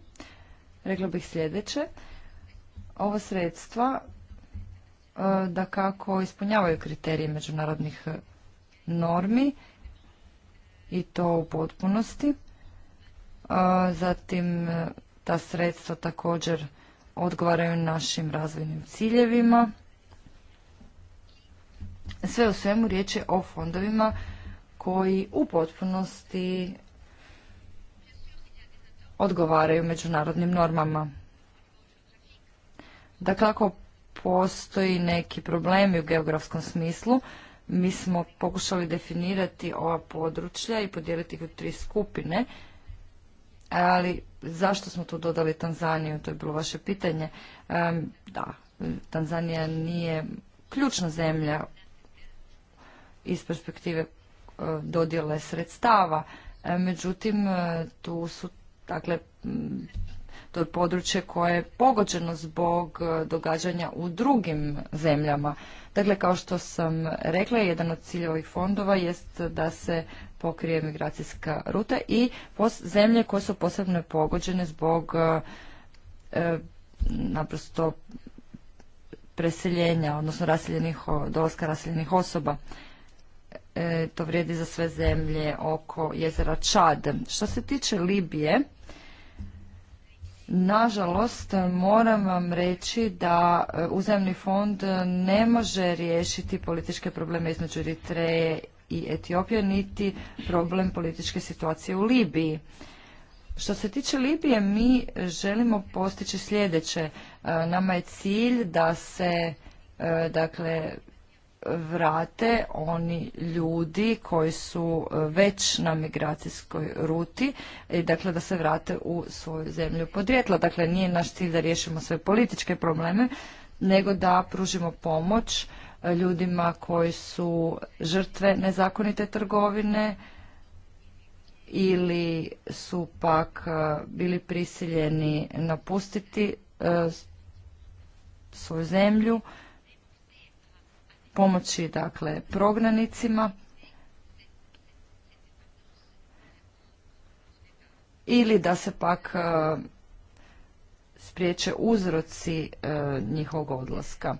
rekla bih sljedeće. Ova sredstva e, da kako ispunjavaju kriterije međunarodnih normi i to u potpunosti zatim e, ta sredstva također odgovaraju našim razvojnim ciljevima. Sve u svemu riječ je o fondovima koji u potpunosti odgovaraju međunarodnim normama. Dakle, ako postoji neki problemi u geografskom smislu, mi smo pokušali definirati ova područja i podijeliti ih u tri skupine. Ali zašto smo tu dodali Tanzaniju? To je bilo vaše pitanje. Da, Tanzanija nije ključna zemlja iz perspektive e, dodjele sredstava. E, međutim, e, tu su, dakle, to je područje koje je pogođeno zbog događanja u drugim zemljama. Dakle, kao što sam rekla, jedan od cilja ovih fondova jest da se pokrije migracijska ruta i zemlje koje su posebno pogođene zbog e, e, naprosto preseljenja, odnosno raseljenih, dolaska raseljenih osoba. E, to vrijedi za sve zemlje oko jezera Čad. Što se tiče Libije, Nažalost, moram vam reći da e, uzemni fond ne može riješiti političke probleme između Eritreje i Etiopije, niti problem političke situacije u Libiji. Što se tiče Libije, mi želimo postići sljedeće. E, nama je cilj da se e, dakle, vrate oni ljudi koji su e, već na migracijskoj ruti i dakle da se vrate u svoju zemlju podrijetla. Dakle, nije naš cilj da riješimo sve političke probleme, nego da pružimo pomoć e, ljudima koji su žrtve nezakonite trgovine ili su pak e, bili prisiljeni napustiti svoju zemlju pomoći dakle prognanicima ili da se pak e, spriječe uzroci e, njihovog odlaska.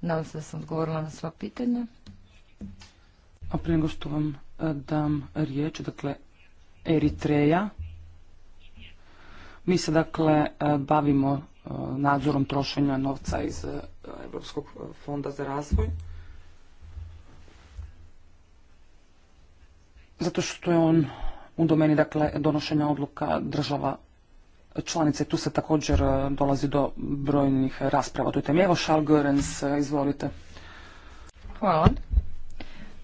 Nadam se da sam odgovorila na sva pitanja. A prije nego što vam e, dam riječ, dakle, Eritreja. Mi se dakle bavimo nadzorom trošenja novca iz e, Europskog fonda za razvoj. Zato što je on u domeni dakle, donošenja odluka država članice. Tu se također e, dolazi do brojnih rasprava. o je Evo Görens, e, izvolite. Hvala.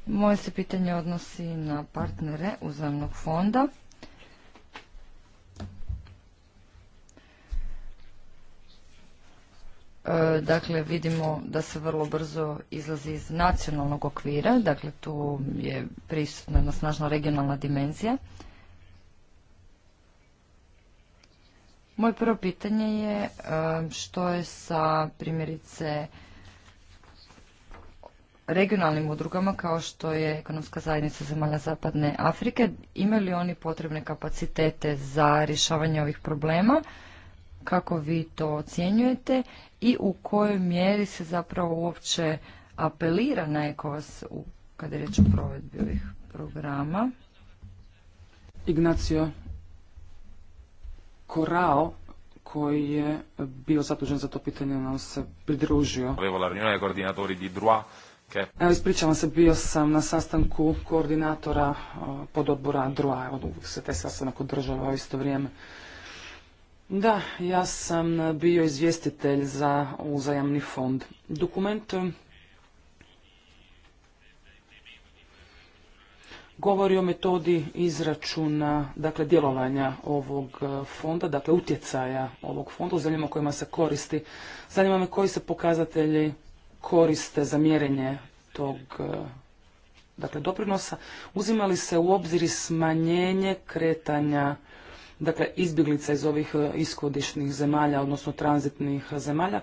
Moje se pitanje odnosi na partnere uzemnog fonda. E, dakle, vidimo da se vrlo brzo izlazi iz nacionalnog okvira, dakle tu je prisutna jedna snažna regionalna dimenzija. Moje prvo pitanje je e, što je sa primjerice regionalnim udrugama kao što je ekonomska zajednica zemalja Zapadne Afrike, imaju li oni potrebne kapacitete za rješavanje ovih problema? Kako vi to ocjenjujete i u kojoj mjeri se zapravo uopće apelira na ECOWAS u, kada je riječ o provedbi ovih programa. Ignacio Korao koji je bio zatužen za to pitanje nam se pridružio. Evo ispričavam se, bio sam na sastanku koordinatora eh, pododbora odbora DROA, uvijek se te sastanak održava u isto vrijeme. Da, ja sam bio izvjestitelj za uzajamni fond. Dokument eh, govori o metodi izračuna, dakle, djelovanja ovog eh, fonda, dakle, utjecaja ovog fonda u zemljama kojima se koristi. Zanima me koji se pokazatelji koriste za mjerenje tog eh, dakle, doprinosa. Uzimali se u obziri smanjenje kretanja dakle izbjeglica iz ovih e, iskodišnih zemalja, odnosno tranzitnih zemalja,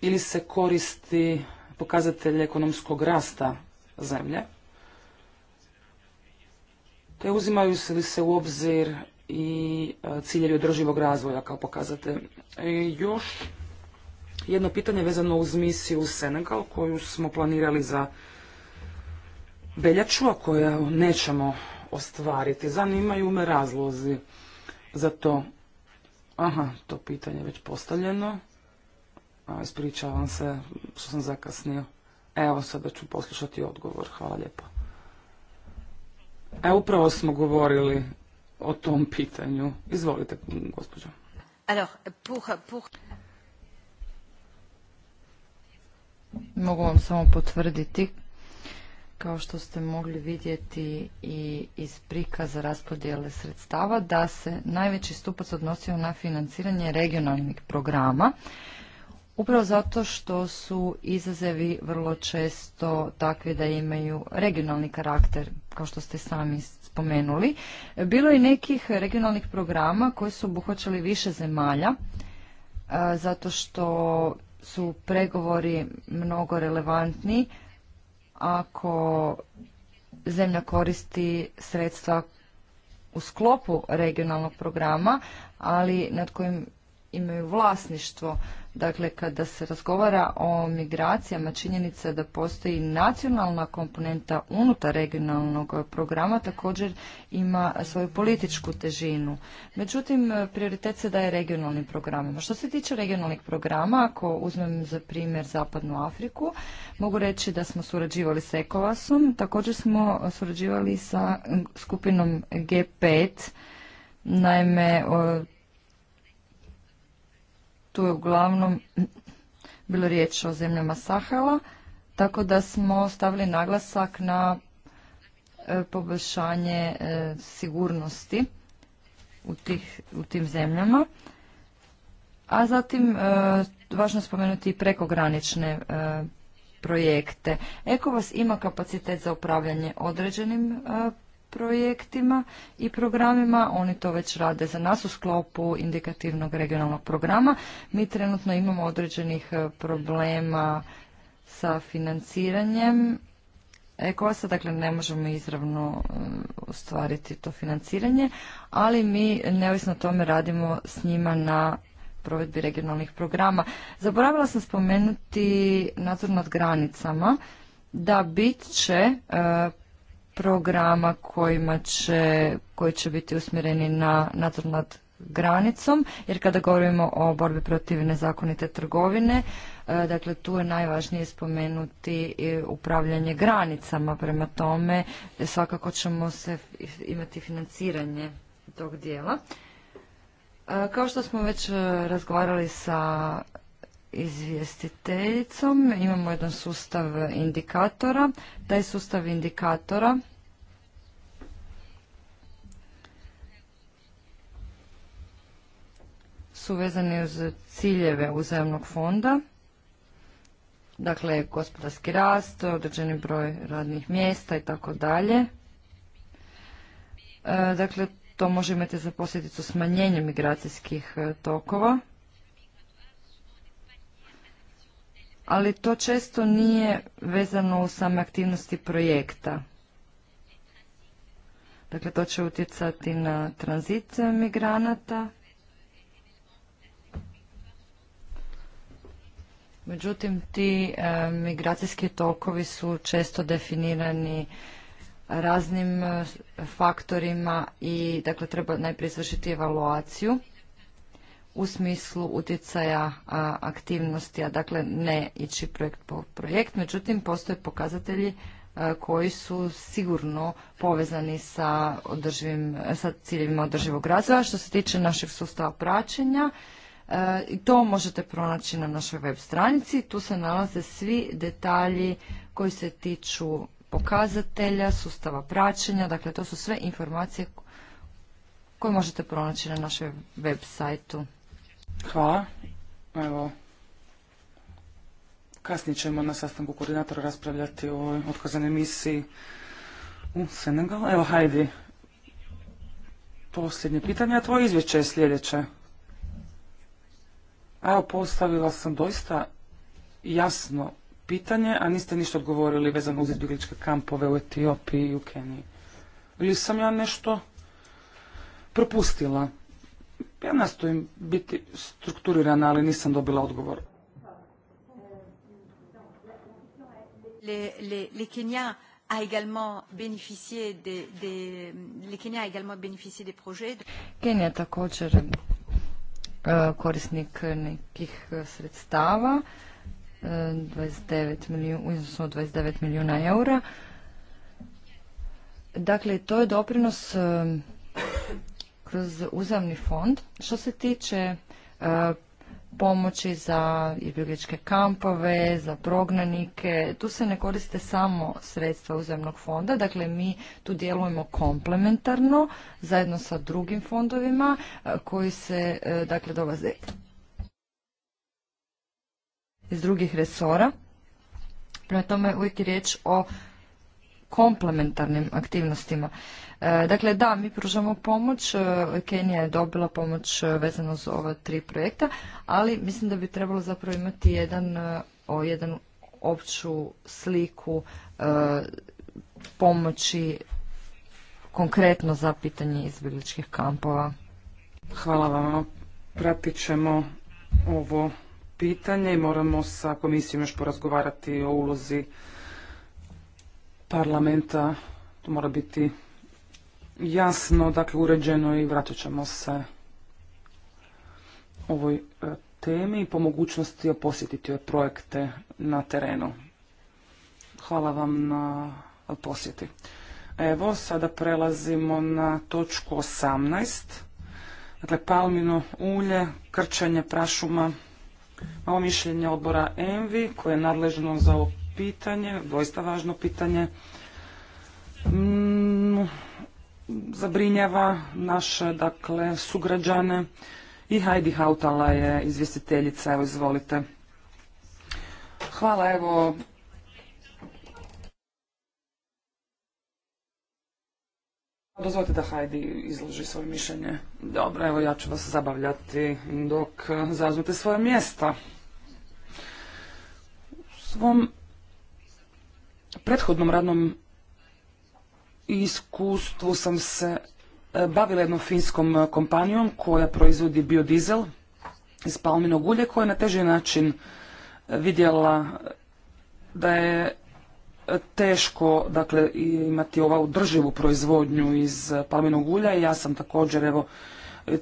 ili se koristi pokazatelj ekonomskog rasta zemlje, te uzimaju se li se u obzir i e, ciljevi održivog razvoja kao pokazatelj. E, još jedno pitanje vezano uz misiju u Senegal koju smo planirali za Beljaču a koju nećemo ostvariti. Zanimaju me razlozi za to? Aha, to pitanje je već postavljeno. A, ispričavam se što sam zakasnio. E, evo, sada ću poslušati odgovor. Hvala lijepo. E, upravo smo govorili o tom pitanju. Izvolite, gospođo. Mogu vam samo potvrditi kao što ste mogli vidjeti i iz prikaza raspodjele sredstava, da se najveći stupac odnosio na financiranje regionalnih programa, upravo zato što su izazevi vrlo često takvi da imaju regionalni karakter, kao što ste sami spomenuli. Bilo je nekih regionalnih programa koji su obuhvaćali više zemalja, e, zato što su pregovori mnogo relevantniji ako zemlja koristi sredstva u sklopu regionalnog programa, ali nad kojim imaju vlasništvo Dakle, kada se razgovara o migracijama, činjenica da postoji nacionalna komponenta unutar regionalnog programa, također ima svoju političku težinu. Međutim, prioritet se daje regionalnim programima. Što se tiče regionalnih programa, ako uzmem za primjer Zapadnu Afriku, mogu reći da smo surađivali s Ekovasom, također smo surađivali sa skupinom G5, Naime, tu je uglavnom bilo riječ o zemljama Sahela, tako da smo stavili naglasak na e, poboljšanje e, sigurnosti u, tih, u tim zemljama. A zatim, e, važno je spomenuti i prekogranične projekte. Ekovas ima kapacitet za upravljanje određenim projektima i programima. Oni to već rade za nas u sklopu indikativnog regionalnog programa. Mi trenutno imamo određenih e, problema sa financiranjem ekosa, dakle ne možemo izravno e, ostvariti to financiranje, ali mi neovisno o tome radimo s njima na provedbi regionalnih programa. Zaboravila sam spomenuti nadzor nad granicama da bit će e, programa kojima će, koji će biti usmjereni na nadzor nad granicom, jer kada govorimo o borbi protiv nezakonite trgovine, e, dakle tu je najvažnije spomenuti upravljanje granicama, prema tome svakako ćemo se imati financiranje tog dijela. E, kao što smo već e, razgovarali sa izvjestiteljicom. Imamo jedan sustav indikatora. Taj sustav indikatora su vezani uz ciljeve uzajemnog fonda. Dakle, gospodarski rast, određeni broj radnih mjesta i tako dalje. E, dakle, to može imati za posljedicu smanjenje migracijskih tokova. ali to često nije vezano u same aktivnosti projekta. Dakle, to će utjecati na tranzit migranata. Međutim, ti e, migracijski tokovi su često definirani raznim e, faktorima i dakle treba najprije izvršiti evaluaciju u smislu utjecaja aktivnosti, a dakle ne ići projekt po projekt. Međutim, postoje pokazatelji koji su sigurno povezani sa, održivim, sa ciljevima održivog razvoja. Što se tiče našeg sustava praćenja, i to možete pronaći na našoj web stranici. Tu se nalaze svi detalji koji se tiču pokazatelja, sustava praćenja. Dakle, to su sve informacije koje možete pronaći na našem web sajtu. Hvala. Evo, kasnije ćemo na sastanku koordinatora raspravljati o otkazanoj misiji u Senegal. Evo, Hajdi, posljednje pitanje, a tvoje izvješće je sljedeće. evo, postavila sam doista jasno pitanje, a niste ništa odgovorili vezano uz izbjegličke kampove u Etiopiji i u Keniji. Ili sam ja nešto propustila? Ja nastojim biti strukturirana, ali nisam dobila odgovor. Le, le, le Kenya a également bénéficié des, des, le Kenya a également bénéficié des projets. Kenija također e, korisnik nekih e, sredstava 29 e, milijuna, u od 29 milijuna eura. Dakle, to je doprinos kroz uzemni fond. Što se tiče e, pomoći za izbjegličke kampove, za prognanike. Tu se ne koriste samo sredstva uzemnog fonda, dakle mi tu djelujemo komplementarno zajedno sa drugim fondovima e, koji se e, dakle dolaze iz drugih resora. Prema tome uvijek je riječ o komplementarnim aktivnostima. E, dakle, da, mi pružamo pomoć, e, Kenija je dobila pomoć e, vezano za ova tri projekta, ali mislim da bi trebalo zapravo imati jedan, o, jedan opću sliku pomoći konkretno za pitanje izbjegličkih kampova. Hvala vam. Pratit ćemo ovo pitanje i moramo sa komisijom još porazgovarati o ulozi parlamenta. To mora biti jasno, dakle uređeno i vratit ćemo se ovoj e, temi i po mogućnosti posjetiti ove projekte na terenu. Hvala vam na posjeti. Evo, sada prelazimo na točku 18. Dakle, palmino ulje, krčanje prašuma. Ovo mišljenje odbora ENVI koje je nadležno za ovo pitanje, doista važno pitanje. Mm, zabrinjava naše, dakle, sugrađane. I Heidi Hautala je izvjestiteljica, evo izvolite. Hvala, evo, Dozvolite da Hajdi izloži svoje mišljenje. Dobro, evo ja ću vas zabavljati dok zauzmete svoje mjesta. U svom prethodnom radnom iskustvu sam se e, bavila jednom finskom e, kompanijom koja proizvodi biodizel iz palminog ulja koja je na teži način e, vidjela da je teško dakle imati ovu drživu proizvodnju iz palminog ulja i ja sam također evo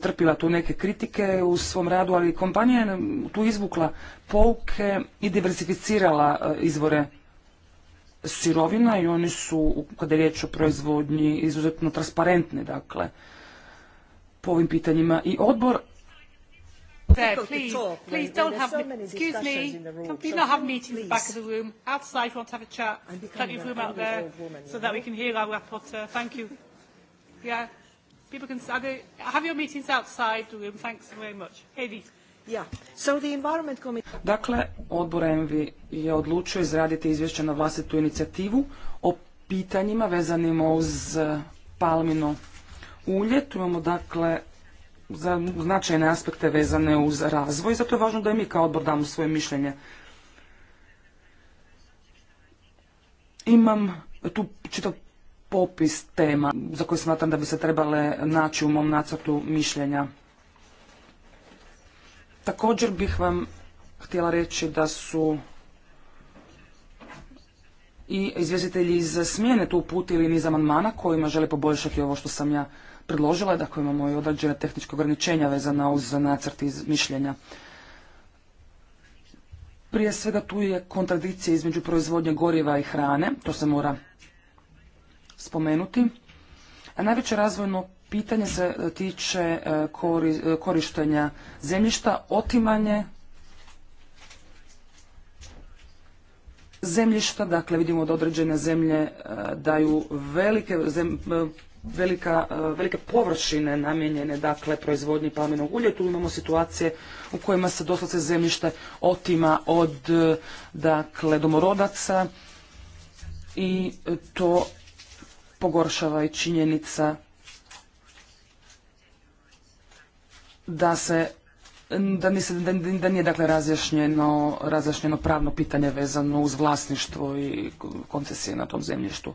trpila tu neke kritike u svom radu, ali kompanija je tu izvukla pouke i diversificirala izvore sirovina i oni su, kada je riječ o proizvodnji, izuzetno transparentni, dakle, po ovim pitanjima. I odbor There, please, please don't have, excuse me, can we not have meetings please. back of the room? Outside, we want to have a chat. Plenty of room out there so that we can hear our rapporteur. Thank you. Yeah, people can, have your meetings outside the room. Thanks very much. Hayley. Dakle, odbor ENVI je odlučio izraditi izvješće na vlastitu inicijativu o pitanjima vezanim uz eh, palmino ulje. Tu imamo dakle za značajne aspekte vezane uz razvoj, zato je važno da i mi kao odbor damo svoje mišljenje. Imam tu čitav popis tema za koje smatram da bi se trebale naći u mom nacrtu mišljenja. Također bih vam htjela reći da su i izvjestitelji iz smjene tu uputili niz amandmana kojima žele poboljšati ovo što sam ja predložila, dakle imamo i određene tehničke ograničenja vezana uz nacrt iz mišljenja. Prije svega tu je kontradikcija između proizvodnje goriva i hrane, to se mora spomenuti. A najveće razvojno pitanje se tiče e, e, korištenja zemljišta, otimanje zemljišta, dakle vidimo da određene zemlje e, daju velike, velike površine namijenjene dakle proizvodnji palminog ulje Tu imamo situacije u kojima se doslovce zemljište otima od dakle domorodaca i to pogoršava i činjenica da se da, nije dakle razjašnjeno, razjašnjeno pravno pitanje vezano uz vlasništvo i koncesije na tom zemljištu.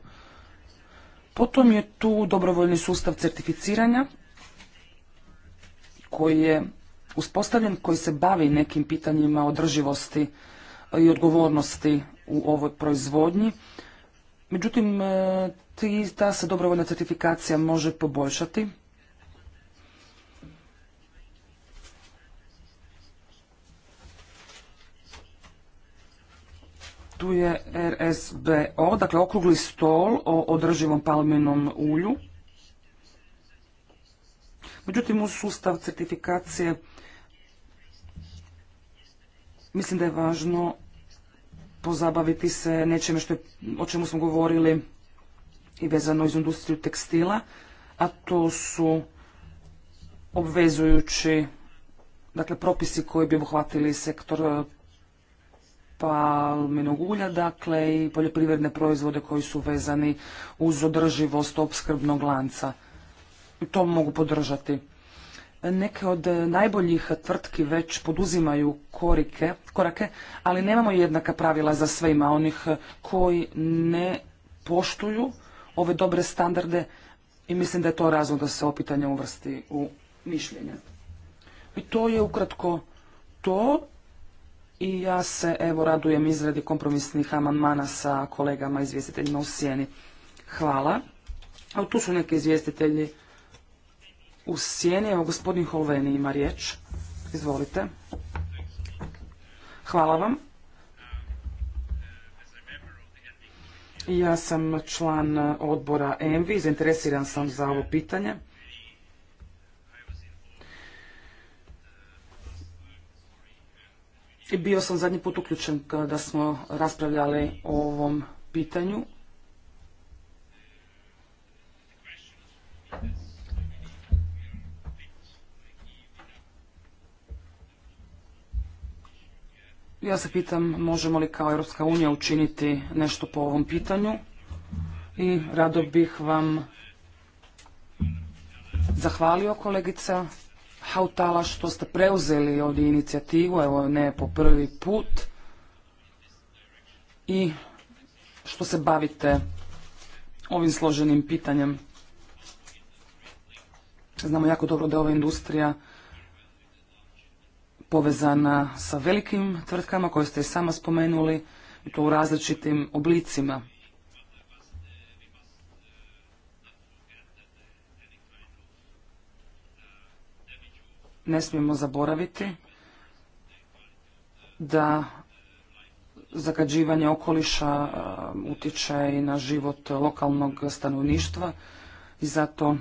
Potom je tu dobrovoljni sustav certificiranja koji je uspostavljen, koji se bavi nekim pitanjima održivosti i odgovornosti u ovoj proizvodnji. Međutim, e, ta se dobrovoljna certifikacija može poboljšati tu je RSBO, dakle okrugli stol o održivom palminom ulju. Međutim, u sustav certifikacije mislim da je važno pozabaviti se nečime što je, o čemu smo govorili i vezano iz industriju tekstila, a to su obvezujući dakle propisi koji bi obuhvatili sektor palminog ulja, dakle i poljoprivredne proizvode koji su vezani uz održivost opskrbnog lanca. To mogu podržati. Neke od najboljih tvrtki već poduzimaju korike, korake, ali nemamo jednaka pravila za sve ima onih koji ne poštuju ove dobre standarde i mislim da je to razlog da se opitanje uvrsti u mišljenje. I to je ukratko to i ja se evo radujem izradi kompromisnih amandmana sa kolegama izvjestiteljima u sjeni. Hvala. A tu su neki izvjestitelji u sjeni. Evo gospodin Holveni ima riječ. Izvolite. Hvala vam. Ja sam član odbora ENVI, zainteresiran sam za ovo pitanje. I Bio sam zadnji put uključen kada smo raspravljali o ovom pitanju. Ja se pitam možemo li kao Europska unija učiniti nešto po ovom pitanju i rado bih vam zahvalio kolegica Hautala što ste preuzeli ovdje inicijativu, evo ne po prvi put i što se bavite ovim složenim pitanjem. Znamo jako dobro da je ova industrija povezana sa velikim tvrtkama koje ste i sama spomenuli i to u različitim oblicima. Ne smijemo zaboraviti da zagađivanje okoliša utječe i na život lokalnog stanovništva i zato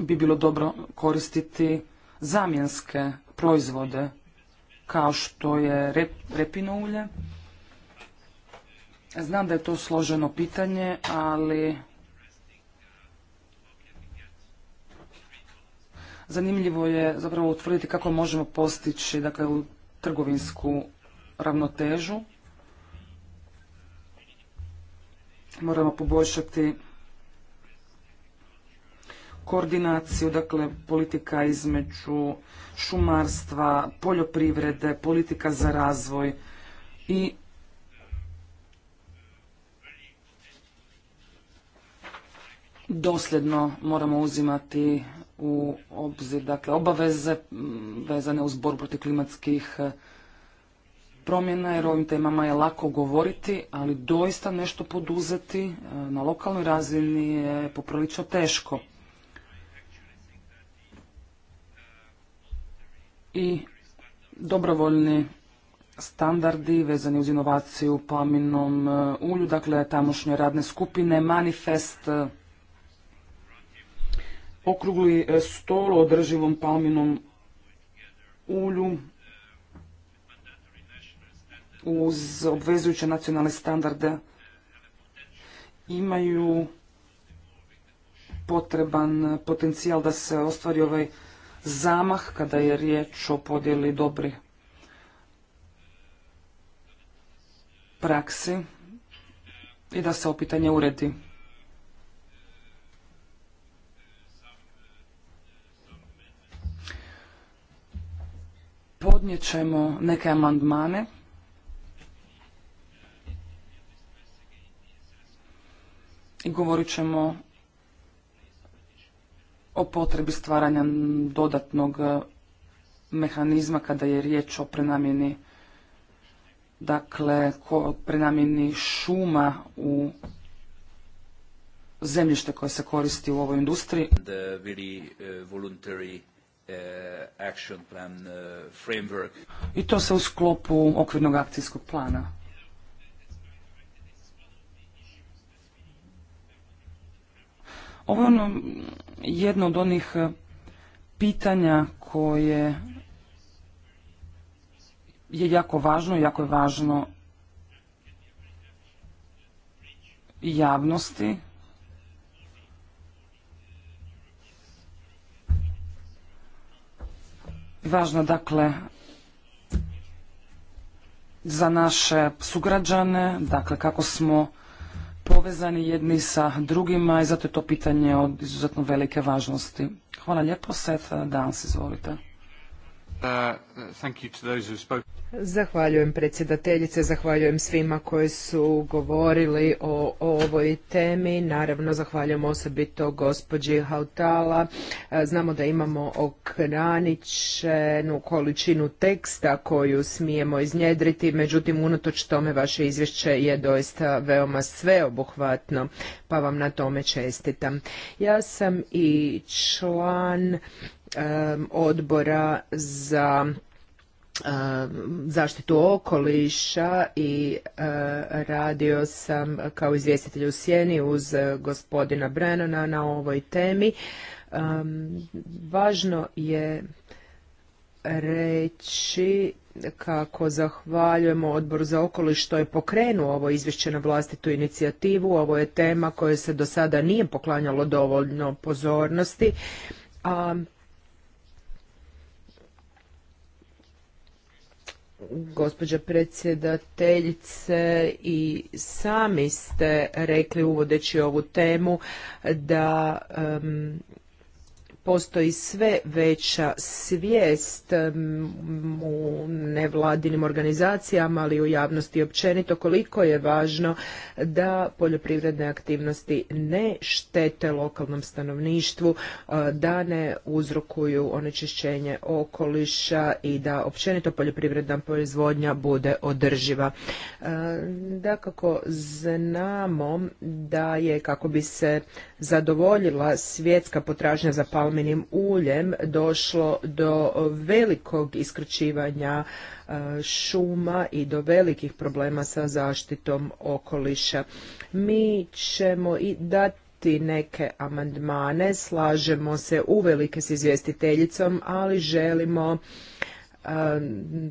bi bilo dobro koristiti zamjenske proizvode kao što je repino ulje. Znam da je to složeno pitanje, ali Zanimljivo je zapravo utvrditi kako možemo postići dakle, u trgovinsku ravnotežu. Moramo poboljšati koordinaciju, dakle politika između šumarstva, poljoprivrede, politika za razvoj i dosljedno moramo uzimati u obzir dakle, obaveze vezane uz borbu protiv klimatskih e, promjena, jer o ovim temama je lako govoriti, ali doista nešto poduzeti e, na lokalnoj razini je poprilično teško. I dobrovoljni standardi vezani uz inovaciju u e, ulju, dakle tamošnje radne skupine, manifest okrugli e, stol održivom palminom ulju uz obvezujuće nacionalne standarde imaju potreban potencijal da se ostvari ovaj zamah kada je riječ o podjeli dobri praksi i da se pitanje uredi. podnijet ćemo neke amandmane i govorit ćemo o potrebi stvaranja dodatnog e, mehanizma kada je riječ o prenamjeni dakle ko prenamjeni šuma u zemljište koje se koristi u ovoj industriji. The e, voluntary Eh, eh, I to se u sklopu okvirnog akcijskog plana. Ovo je ono, jedno od onih eh, pitanja koje je jako važno, jako je važno javnosti, važna dakle za naše sugrađane, dakle kako smo povezani jedni sa drugima i zato je to pitanje od izuzetno velike važnosti. Hvala lijepo, Seth Dans, izvolite. Zahvaljujem predsjedateljice, zahvaljujem svima koji su govorili o, ovoj temi. Naravno, zahvaljujem osobito gospođi Hautala. Znamo da imamo ograničenu količinu teksta koju smijemo iznjedriti, međutim, unatoč tome vaše izvješće je doista veoma sveobuhvatno, pa vam na tome čestitam. Ja sam i član odbora za zaštitu okoliša i eh, radio sam kao izvjestitelj u sjeni uz eh, gospodina Brenona na ovoj temi. Važno je reći kako zahvaljujemo Odboru za okoliš što je pokrenuo ovo izvješće na vlastitu inicijativu. Ovo je tema koja se do sada nije poklanjalo dovoljno pozornosti. A gospođa predsjedateljice i sami ste rekli uvodeći ovu temu da postoji sve veća svijest u nevladinim organizacijama, ali i u javnosti općenito koliko je važno da poljoprivredne aktivnosti ne štete lokalnom stanovništvu, e, da ne uzrokuju onečišćenje okoliša i da općenito poljoprivredna proizvodnja bude održiva. E, dakako, znamo da je kako bi se zadovoljila svjetska potražnja za palmenim uljem došlo do velikog iskrčivanja e, šuma i do velikih problema sa zaštitom okoliša. Mi ćemo i dati neke amandmane, slažemo se uvelike s izvjestiteljicom, ali želimo e,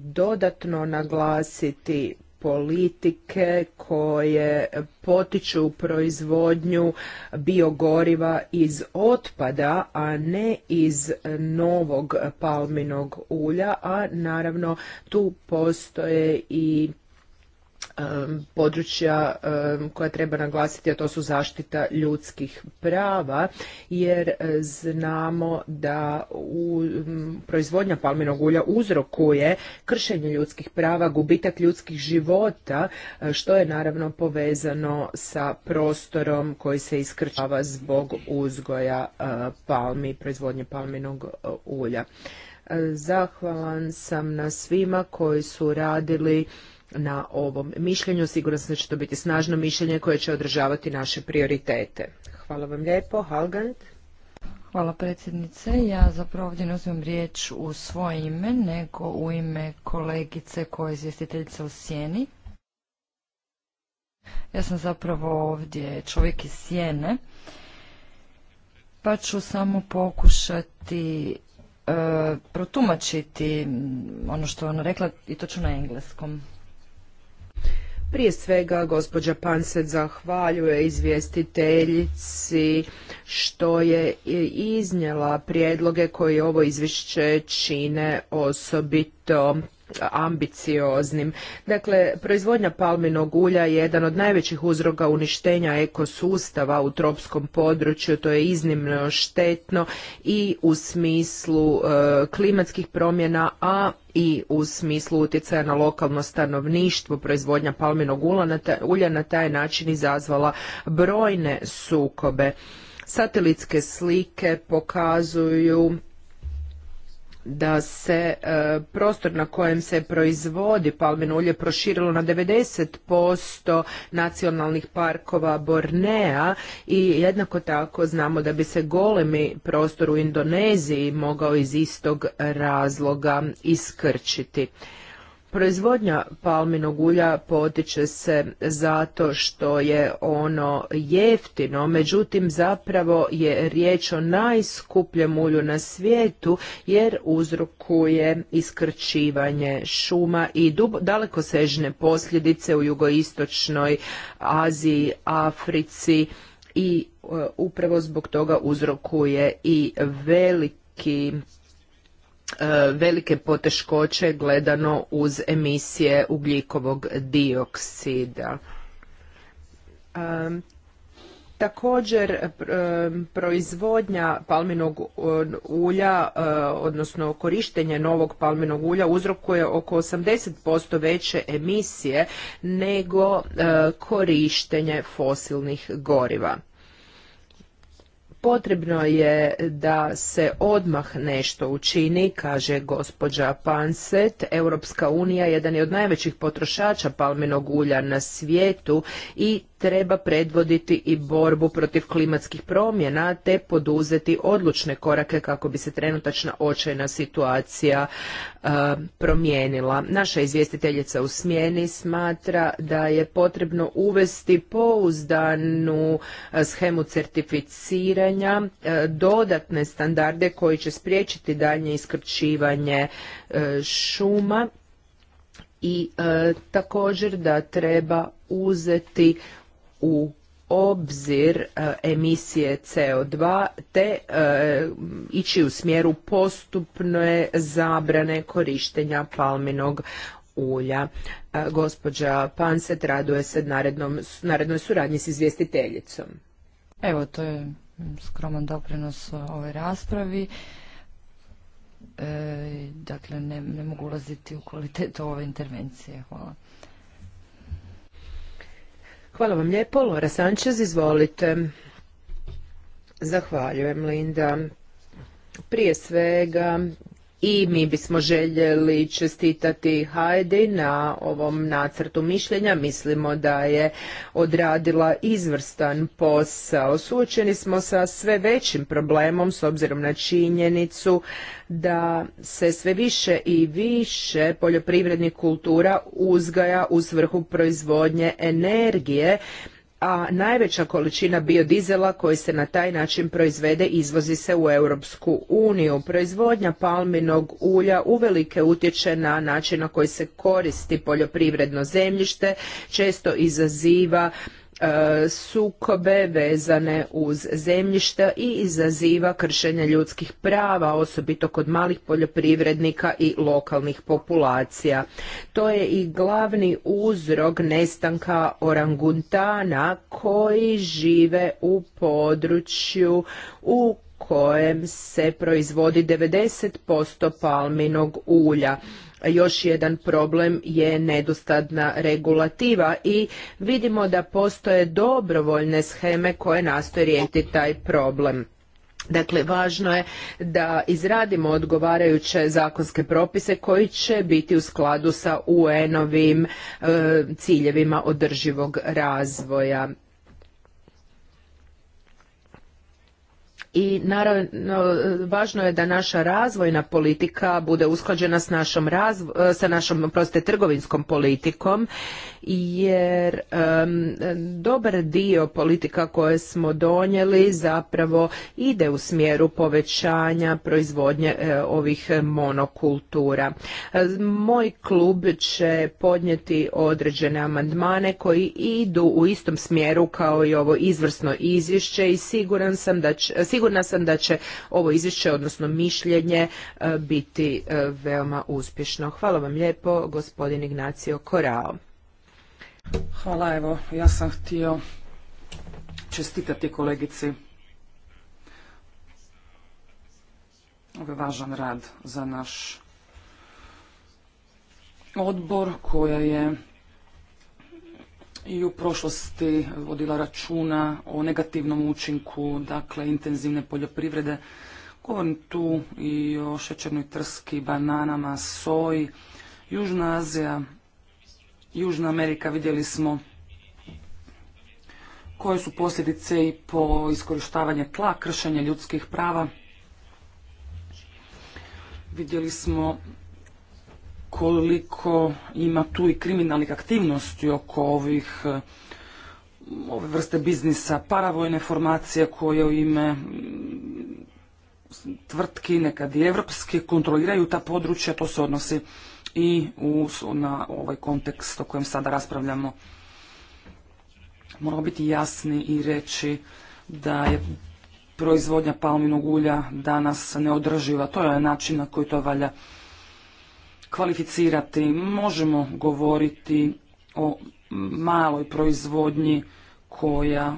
dodatno naglasiti politike koje potiču proizvodnju biogoriva iz otpada, a ne iz novog palminog ulja, a naravno tu postoje i područja koja treba naglasiti, a to su zaštita ljudskih prava, jer e, znamo da u proizvodnja palminog ulja uzrokuje kršenje ljudskih prava, gubitak ljudskih života, e, što je naravno povezano sa prostorom koji se iskrčava zbog uzgoja e, palmi, proizvodnje palminog ulja. Zahvalan sam na svima koji su radili na ovom mišljenju. Siguran se da će to biti snažno mišljenje koje će održavati naše prioritete. Hvala vam lijepo. Hvala predsjednice. Ja zapravo ovdje ne uzmem riječ u svoje ime, nego u ime kolegice koja je izvjestiteljica u Sjeni. Ja sam zapravo ovdje čovjek iz Sjene, pa ću samo pokušati e, protumačiti ono što je ona rekla i to ću na engleskom. Prije svega, gospođa Panset zahvaljuje izvjestiteljici što je iznjela prijedloge koji ovo izvješće čine osobito ambicioznim. Dakle, proizvodnja palminog ulja je jedan od najvećih uzroga uništenja ekosustava u tropskom području, to je iznimno štetno i u smislu e, klimatskih promjena, a i u smislu utjecaja na lokalno stanovništvo, proizvodnja palminog ulja na taj način izazvala brojne sukobe. Satelitske slike pokazuju da se e, prostor na kojem se proizvodi palmino ulje proširilo na 90% nacionalnih parkova Bornea i jednako tako znamo da bi se golemi prostor u Indoneziji mogao iz istog razloga iskrčiti. Proizvodnja palminog ulja potiče se zato što je ono jeftino, međutim zapravo je riječ o najskupljem ulju na svijetu jer uzrokuje iskrčivanje šuma i dalekosežne posljedice u jugoistočnoj Aziji, Africi i e, upravo zbog toga uzrokuje i veliki E, velike poteškoće gledano uz emisije ugljikovog dioksida. E, također e, proizvodnja palminog ulja, odnosno korištenje novog palminog ulja uzrokuje oko 80% veće emisije nego korištenje fosilnih goriva. Potrebno je da se odmah nešto učini, kaže gospođa Panset. Europska unija jedan je od najvećih potrošača palminog ulja na svijetu i treba predvoditi i borbu protiv klimatskih promjena te poduzeti odlučne korake kako bi se trenutačna očajna situacija e, promijenila. Naša izvjestiteljica u smjeni smatra da je potrebno uvesti pouzdanu e, schemu certificiranja E, dodatne standarde koji će spriječiti daljnje iskrčivanje e, šuma i e, također da treba uzeti u obzir emisije CO2 te ići u smjeru postupne zabrane korištenja palminog ulja. Gospodža gospođa Panset raduje se narednoj suradnji s izvjestiteljicom. Evo, to je skroman doprinos ovoj raspravi. E, dakle, ne, mogu ulaziti u kvalitetu ove intervencije. Hvala. Hvala vam lijepo. Lora izvolite. Zahvaljujem, Linda. Prije svega i mi bismo željeli čestitati Hajdi na ovom nacrtu mišljenja. Mislimo da je odradila izvrstan posao. Suočeni smo sa sve većim problemom s obzirom na činjenicu da se sve više i više poljoprivrednih kultura uzgaja u svrhu proizvodnje energije a najveća količina biodizela koji se na taj način proizvede izvozi se u Europsku uniju. Proizvodnja palminog ulja uvelike utječe na način na koji se koristi poljoprivredno zemljište, često izaziva sukobe vezane uz zemljišta i izaziva kršenje ljudskih prava, osobito kod malih poljoprivrednika i lokalnih populacija. To je i glavni uzrok nestanka oranguntana koji žive u području u kojem se proizvodi 90% palminog ulja. Još jedan problem je nedostatna regulativa i vidimo da postoje dobrovoljne sheme koje nastoje riješiti taj problem. Dakle, važno je da izradimo odgovarajuće zakonske propise koji će biti u skladu sa UN-ovim e, ciljevima održivog razvoja. i naravno važno je da naša razvojna politika bude usklađena s našom sa našom proste trgovinskom politikom jer um, dobar dio politika koje smo donijeli zapravo ide u smjeru povećanja proizvodnje e, ovih monokultura. E, moj klub će podnijeti određene amandmane koji idu u istom smjeru kao i ovo izvrsno izvješće i siguran sam da sigurna sam da će ovo izvješće, odnosno mišljenje, e, biti veoma uspješno. Hvala vam lijepo, gospodin Ignacio Korao. Hvala, evo, ja sam htio čestitati kolegici ovaj važan rad za naš odbor koja je i u prošlosti vodila računa o negativnom učinku, dakle, intenzivne poljoprivrede. Govorim tu i o šećernoj trski, bananama, soji. Južna Azija Južna Amerika vidjeli smo koje su posljedice i po iskorištavanje tla, kršenje ljudskih prava. Vidjeli smo koliko ima tu i kriminalnih aktivnosti oko ovih ove vrste biznisa, paravojne formacije koje u ime tvrtki, nekad i evropski, kontroliraju ta područja, to se odnosi i u, na ovaj kontekst o kojem sada raspravljamo. Moramo biti jasni i reći da je proizvodnja palminog ulja danas neodrživa. To je način na koji to valja kvalificirati. Možemo govoriti o maloj proizvodnji koja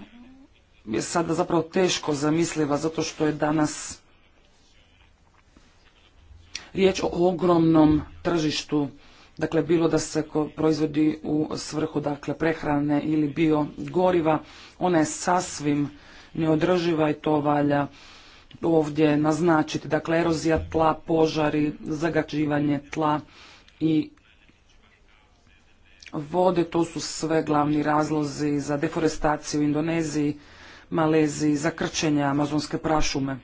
je sada zapravo teško zamisliva zato što je danas riječ o ogromnom tržištu, dakle bilo da se proizvodi u svrhu dakle prehrane ili bio goriva, ona je sasvim neodrživa i to valja ovdje naznačiti. Dakle, erozija tla, požari, zagađivanje tla i vode, to su sve glavni razlozi za deforestaciju u Indoneziji, Maleziji, za amazonske prašume.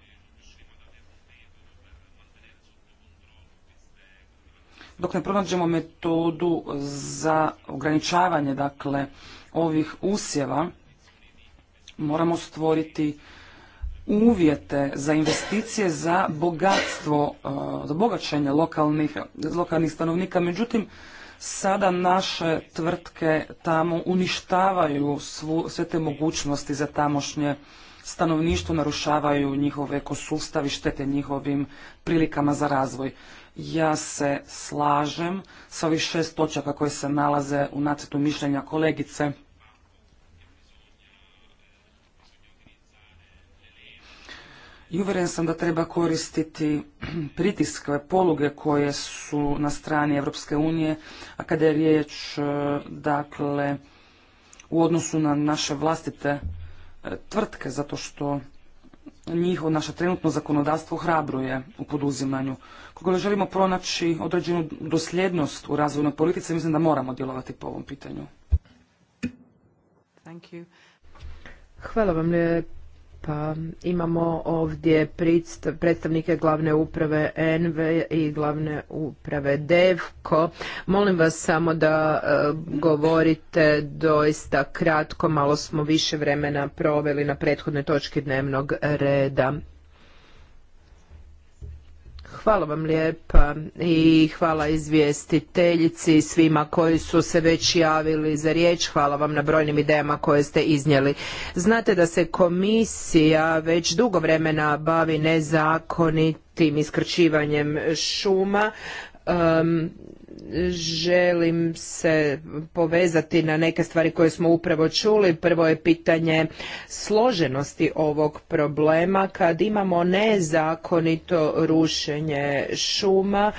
dok ne pronađemo metodu za ograničavanje dakle ovih usjeva moramo stvoriti uvjete za investicije za bogatstvo, e, za bogaćenje lokalnih, lokalnih stanovnika. Međutim, sada naše tvrtke tamo uništavaju sve te mogućnosti za tamošnje stanovništvo, narušavaju njihove ekosustavi, štete njihovim prilikama za razvoj. Ja se slažem sa ovih šest točaka koje se nalaze u nacetu mišljenja kolegice. I uvjeren sam da treba koristiti pritiske poluge koje su na strani Europske unije, a kada je riječ e, dakle u odnosu na naše vlastite e, tvrtke, zato što njihovo naše trenutno zakonodavstvo hrabruje u poduzimanju kako želimo pronaći određenu dosljednost u razvojnoj politici, mislim da moramo djelovati po ovom pitanju. Hvala vam Imamo ovdje predstavnike glavne uprave NV i glavne uprave DEVKO. Molim vas samo da e, govorite doista kratko, malo smo više vremena proveli na prethodnoj točki dnevnog reda. Hvala vam lijepa i hvala izvjestiteljici i svima koji su se već javili za riječ. Hvala vam na brojnim idejama koje ste iznijeli. Znate da se komisija već dugo vremena bavi nezakonitim iskrčivanjem šuma želim se povezati na neke stvari koje smo upravo čuli. Prvo je pitanje složenosti ovog problema kad imamo nezakonito rušenje šuma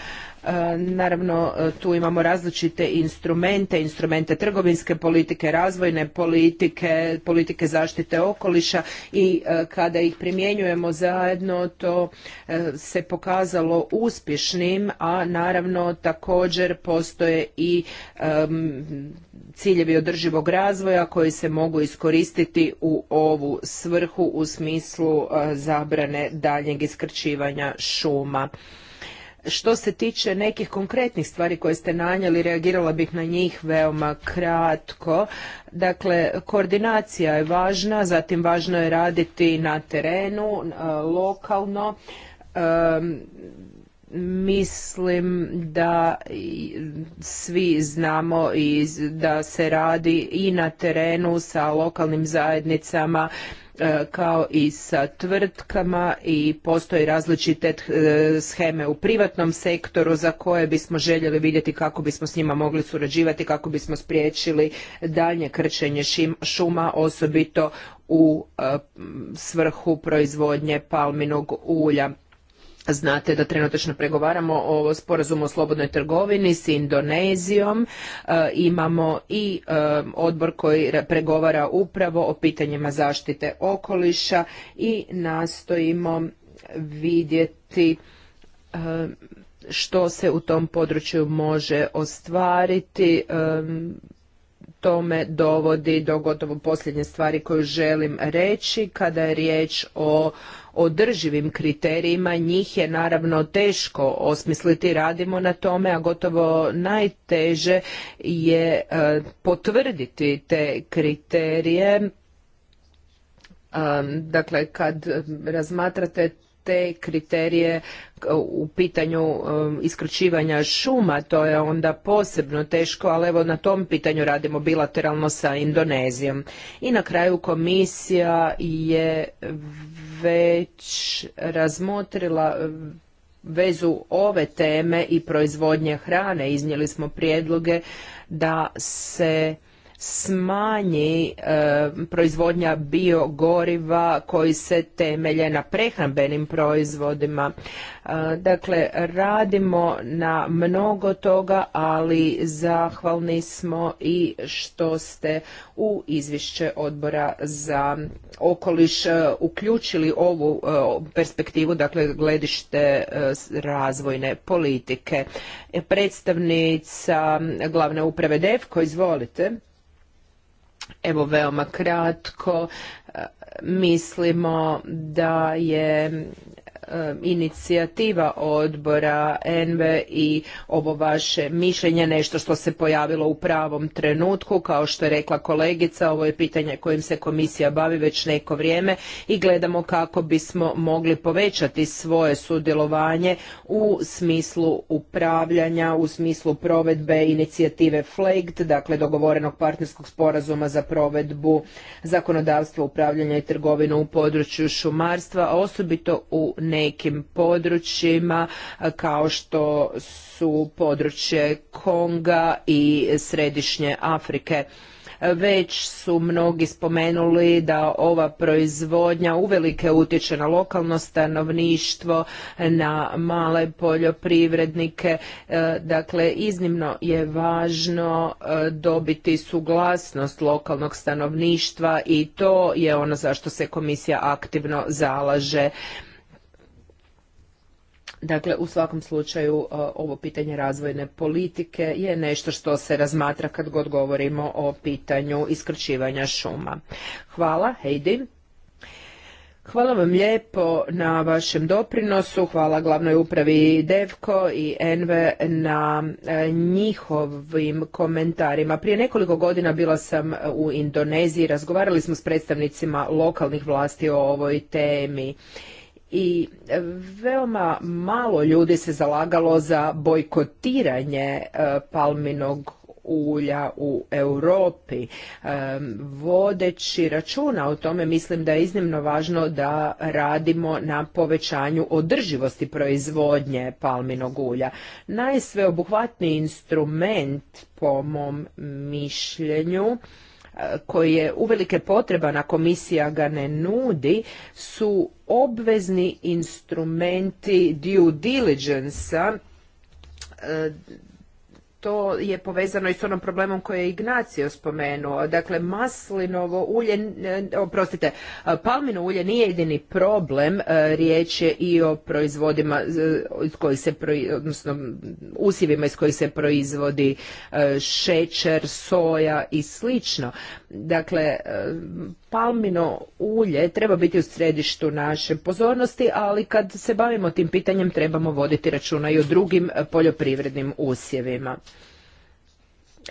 E, naravno, e, tu imamo različite instrumente, instrumente trgovinske politike, razvojne politike, politike zaštite okoliša i e, kada ih primjenjujemo zajedno, to se pokazalo uspješnim, a naravno također postoje i ciljevi održivog razvoja koji se mogu iskoristiti u ovu svrhu u smislu zabrane daljnjeg iskrčivanja šuma. Što se tiče nekih konkretnih stvari koje ste nanjeli, reagirala bih na njih veoma kratko. Dakle, koordinacija je važna, zatim važno je raditi na terenu, e, lokalno. mislim da svi znamo da se radi i na terenu sa lokalnim zajednicama E, kao i sa tvrtkama i postoje različite e, scheme u privatnom sektoru za koje bismo željeli vidjeti kako bismo s njima mogli surađivati, kako bismo spriječili daljnje krčenje šuma, osobito u e, svrhu proizvodnje palminog ulja. Znate da trenutačno pregovaramo o sporazumu o slobodnoj trgovini s Indonezijom. E, imamo i e, odbor koji pregovara upravo o pitanjima zaštite okoliša i nastojimo vidjeti e, što se u tom području može ostvariti to me dovodi do gotovo posljednje stvari koju želim reći kada je riječ o održivim kriterijima, njih je naravno teško osmisliti, radimo na tome, a gotovo najteže je e, potvrditi te kriterije. E, dakle, kad razmatrate te kriterije u pitanju um, iskrčivanja šuma, to je onda posebno teško, ali evo na tom pitanju radimo bilateralno sa Indonezijom. I na kraju komisija je već razmotrila um, vezu ove teme i proizvodnje hrane. Iznijeli smo prijedloge da se smanji e, proizvodnja biogoriva koji se temelje na prehrambenim proizvodima. E, dakle, radimo na mnogo toga, ali zahvalni smo i što ste u izvješće odbora za okoliš e, uključili ovu perspektivu, dakle gledište razvojne politike. Predstavnica glavne uprave koji izvolite. Evo veoma kratko, e, mislimo da je inicijativa odbora NV i ovo vaše mišljenje, nešto što se pojavilo u pravom trenutku, kao što je rekla kolegica, ovo je pitanje kojim se komisija bavi već neko vrijeme i gledamo kako bismo mogli povećati svoje sudjelovanje u smislu upravljanja, u smislu provedbe inicijative FLEGT, dakle dogovorenog partnerskog sporazuma za provedbu zakonodavstva upravljanja i trgovinu u području šumarstva, a osobito u ne nekim područjima kao što su područje Konga i Središnje Afrike već su mnogi spomenuli da ova proizvodnja uvelike utječe na lokalno stanovništvo, na male poljoprivrednike. E, dakle, iznimno je važno e, dobiti suglasnost lokalnog stanovništva i to je ono zašto se komisija aktivno zalaže Dakle, u svakom slučaju e, ovo pitanje razvojne politike je nešto što se razmatra kad god govorimo o pitanju iskrčivanja šuma. Hvala, Heidi. Hvala vam lijepo na vašem doprinosu, hvala glavnoj upravi Devko i Enve na e, njihovim komentarima. Prije nekoliko godina bila sam u Indoneziji, razgovarali smo s predstavnicima lokalnih vlasti o ovoj temi i veoma malo ljudi se zalagalo za bojkotiranje e, palminog ulja u Europi. E, vodeći računa o tome mislim da je iznimno važno da radimo na povećanju održivosti proizvodnje palminog ulja. Najsveobuhvatniji instrument po mom mišljenju koji je uvelike potreban, a komisija ga ne nudi, su obvezni instrumenti due diligence to je povezano i s onom problemom koje je Ignacio spomenuo. Dakle, maslinovo ulje, oprostite, palmino ulje nije jedini problem, e, riječ je i o proizvodima iz se, odnosno usjevima iz kojih se proizvodi e, šećer, soja i slično. Dakle, e, palmino ulje treba biti u središtu naše pozornosti, ali kad se bavimo tim pitanjem trebamo voditi računa i o drugim poljoprivrednim usjevima.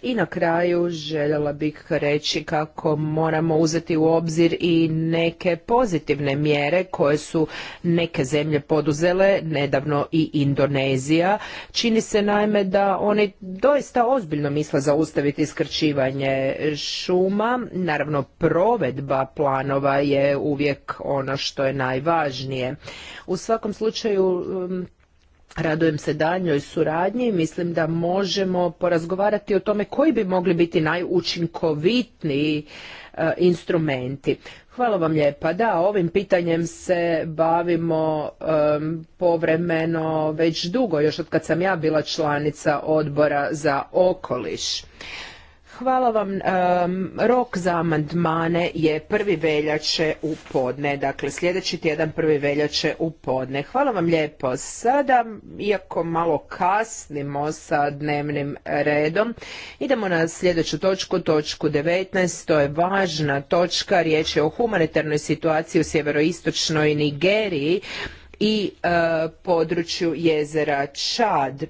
I na kraju željela bih reći kako moramo uzeti u obzir i neke pozitivne mjere koje su neke zemlje poduzele, nedavno i Indonezija. Čini se najme da oni doista ozbiljno misle zaustaviti iskrčivanje šuma. Naravno, provedba planova je uvijek ono što je najvažnije. U svakom slučaju um, Radujem se daljnjoj suradnji i mislim da možemo porazgovarati o tome koji bi mogli biti najučinkovitniji e, instrumenti. Hvala vam lijepa. Da, ovim pitanjem se bavimo e, povremeno već dugo, još od kad sam ja bila članica odbora za okoliš. Hvala vam. rok za amandmane je prvi veljače u podne, dakle sljedeći tjedan prvi veljače u podne. Hvala vam lijepo. Sada, iako malo kasnimo sa dnevnim redom, idemo na sljedeću točku, točku 19. To je važna točka, riječ je o humanitarnoj situaciji u sjeveroistočnoj Nigeriji i eh, području jezera Čad.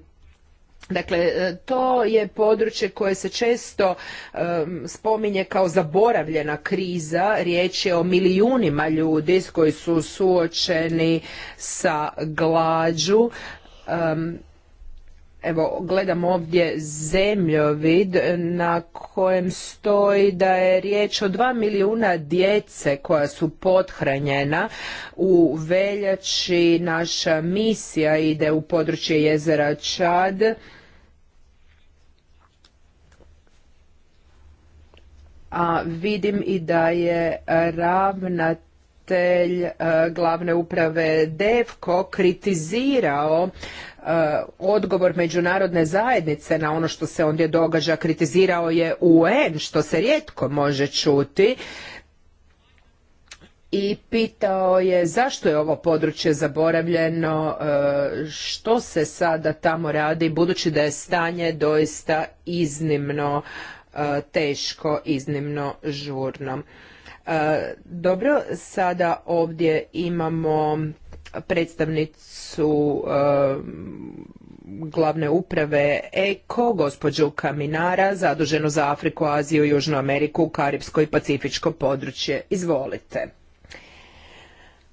Dakle, e, to je područje koje se često e, spominje kao zaboravljena kriza. Riječ je o milijunima ljudi koji su suočeni sa glađu. Evo, gledam ovdje zemljovid na kojem stoji da je riječ o dva milijuna djece koja su pothranjena. U veljači naša misija ide u područje jezera Čad a vidim i da je ravnatelj e, glavne uprave Devko kritizirao e, odgovor međunarodne zajednice na ono što se ondje događa, kritizirao je UN, što se rijetko može čuti, i pitao je zašto je ovo područje zaboravljeno, e, što se sada tamo radi, budući da je stanje doista iznimno E, teško, iznimno žurno. E, dobro, sada ovdje imamo predstavnicu e, glavne uprave EKO, gospođu Kaminara, zaduženu za Afriku, Aziju, Južnu Ameriku, Karibsko i Pacifičko područje. Izvolite.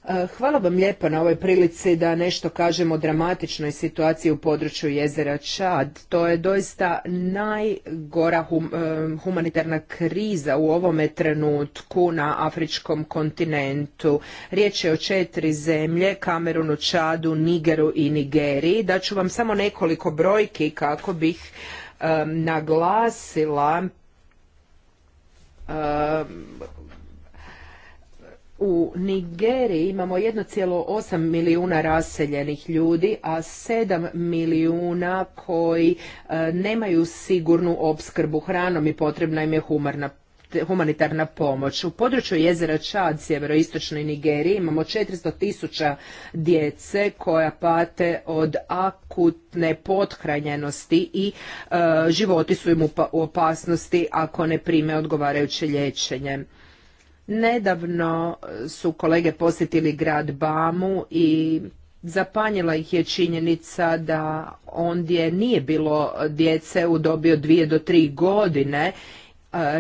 Eh, hvala vam lijepo na ovoj prilici da nešto kažem o dramatičnoj situaciji u području jezera Čad. To je doista najgora eh, humanitarna kriza u ovome trenutku na afričkom kontinentu. Riječ je o četiri zemlje, Kamerunu, Čadu, Nigeru i Nigeriji. Daću vam samo nekoliko brojki kako bih eh, naglasila u Nigeriji imamo 1,8 milijuna raseljenih ljudi, a 7 milijuna koji e, nemaju sigurnu opskrbu hranom i potrebna im je humanitarna pomoć. U području jezera Čad, sjeveroistočnoj Nigeriji, imamo 400 tisuća djece koja pate od akutne pothranjenosti i e, životi su im pa, u opasnosti ako ne prime odgovarajuće liječenje. Nedavno su kolege posjetili grad Bamu i zapanjila ih je činjenica da ondje nije bilo djece u dobi od dvije do tri godine. E,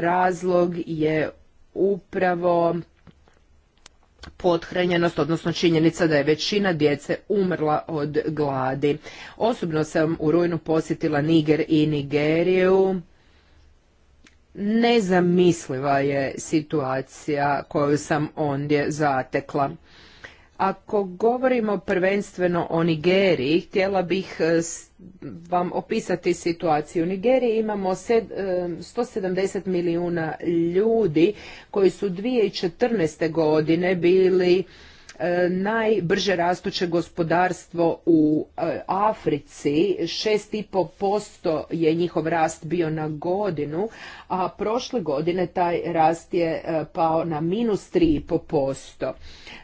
razlog je upravo pothranjenost, odnosno činjenica da je većina djece umrla od gladi. Osobno sam u rujnu posjetila Niger i Nigeriju nezamisliva je situacija koju sam ondje zatekla. Ako govorimo prvenstveno o Nigeriji, htjela bih e, vam opisati situaciju. U Nigeriji imamo 170 e, milijuna ljudi koji su 2014. godine bili E, najbrže rastuće gospodarstvo u e, Africi, 6,5% je njihov rast bio na godinu, a prošle godine taj rast je e, pao na minus 3,5%.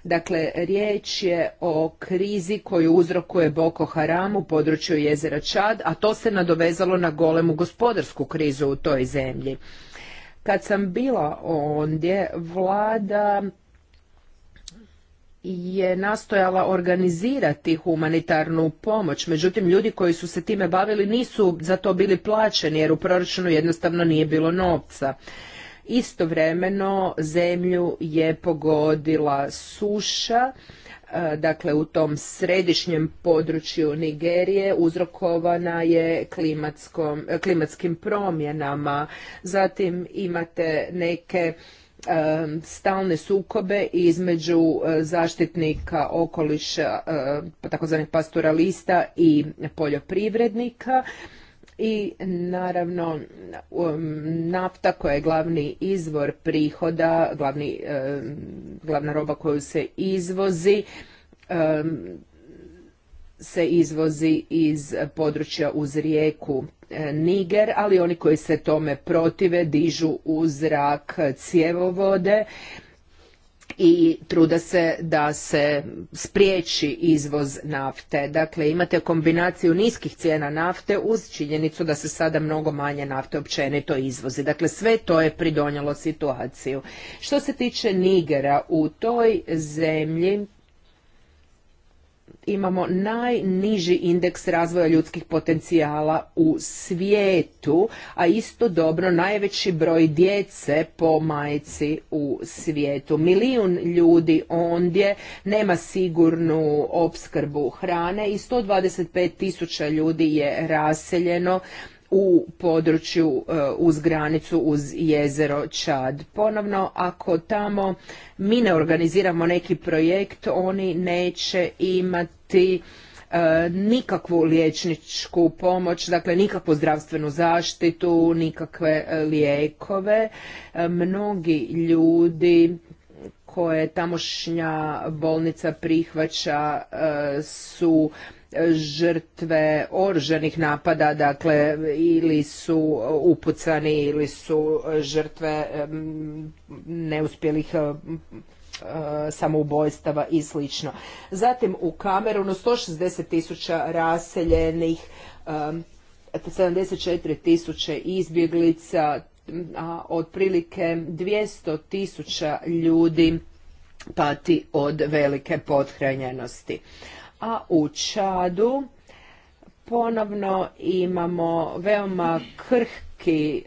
Dakle, riječ je o krizi koju uzrokuje Boko Haram u području jezera Čad, a to se nadovezalo na golemu gospodarsku krizu u toj zemlji. Kad sam bila ondje, vlada je nastojala organizirati humanitarnu pomoć, međutim ljudi koji su se time bavili nisu za to bili plaćeni jer u proračunu jednostavno nije bilo novca. Istovremeno zemlju je pogodila suša, e, dakle u tom središnjem području Nigerije uzrokovana je e, klimatskim promjenama. Zatim imate neke stalne sukobe između e, zaštitnika okoliša, e, pa takozvanih pastoralista i poljoprivrednika i naravno nafta koja je glavni izvor prihoda, glavni, glavna roba koju se izvozi, se izvozi iz područja uz rijeku E, Niger, ali oni koji se tome protive dižu u zrak cjevovode i truda se da se spriječi izvoz nafte. Dakle, imate kombinaciju niskih cijena nafte uz činjenicu da se sada mnogo manje nafte općenito izvozi. Dakle, sve to je pridonjalo situaciju. Što se tiče Nigera, u toj zemlji imamo najniži indeks razvoja ljudskih potencijala u svijetu, a isto dobro najveći broj djece po majci u svijetu. Milijun ljudi ondje nema sigurnu opskrbu hrane i 125 tisuća ljudi je raseljeno u području e, uz granicu uz jezero Čad. Ponovno, ako tamo mi ne organiziramo neki projekt, oni neće imati e, nikakvu liječničku pomoć, dakle nikakvu zdravstvenu zaštitu, nikakve e, lijekove. Mnogi ljudi koje tamošnja bolnica prihvaća su žrtve oružanih napada, dakle ili su upucani ili su žrtve neuspjelih eh, samoubojstava i slično. Zatim u Kamerunu 160 tisuća raseljenih, 74 tisuće izbjeglica, a otprilike 200 tisuća ljudi pati od velike pothranjenosti a u Čadu ponovno imamo veoma krhki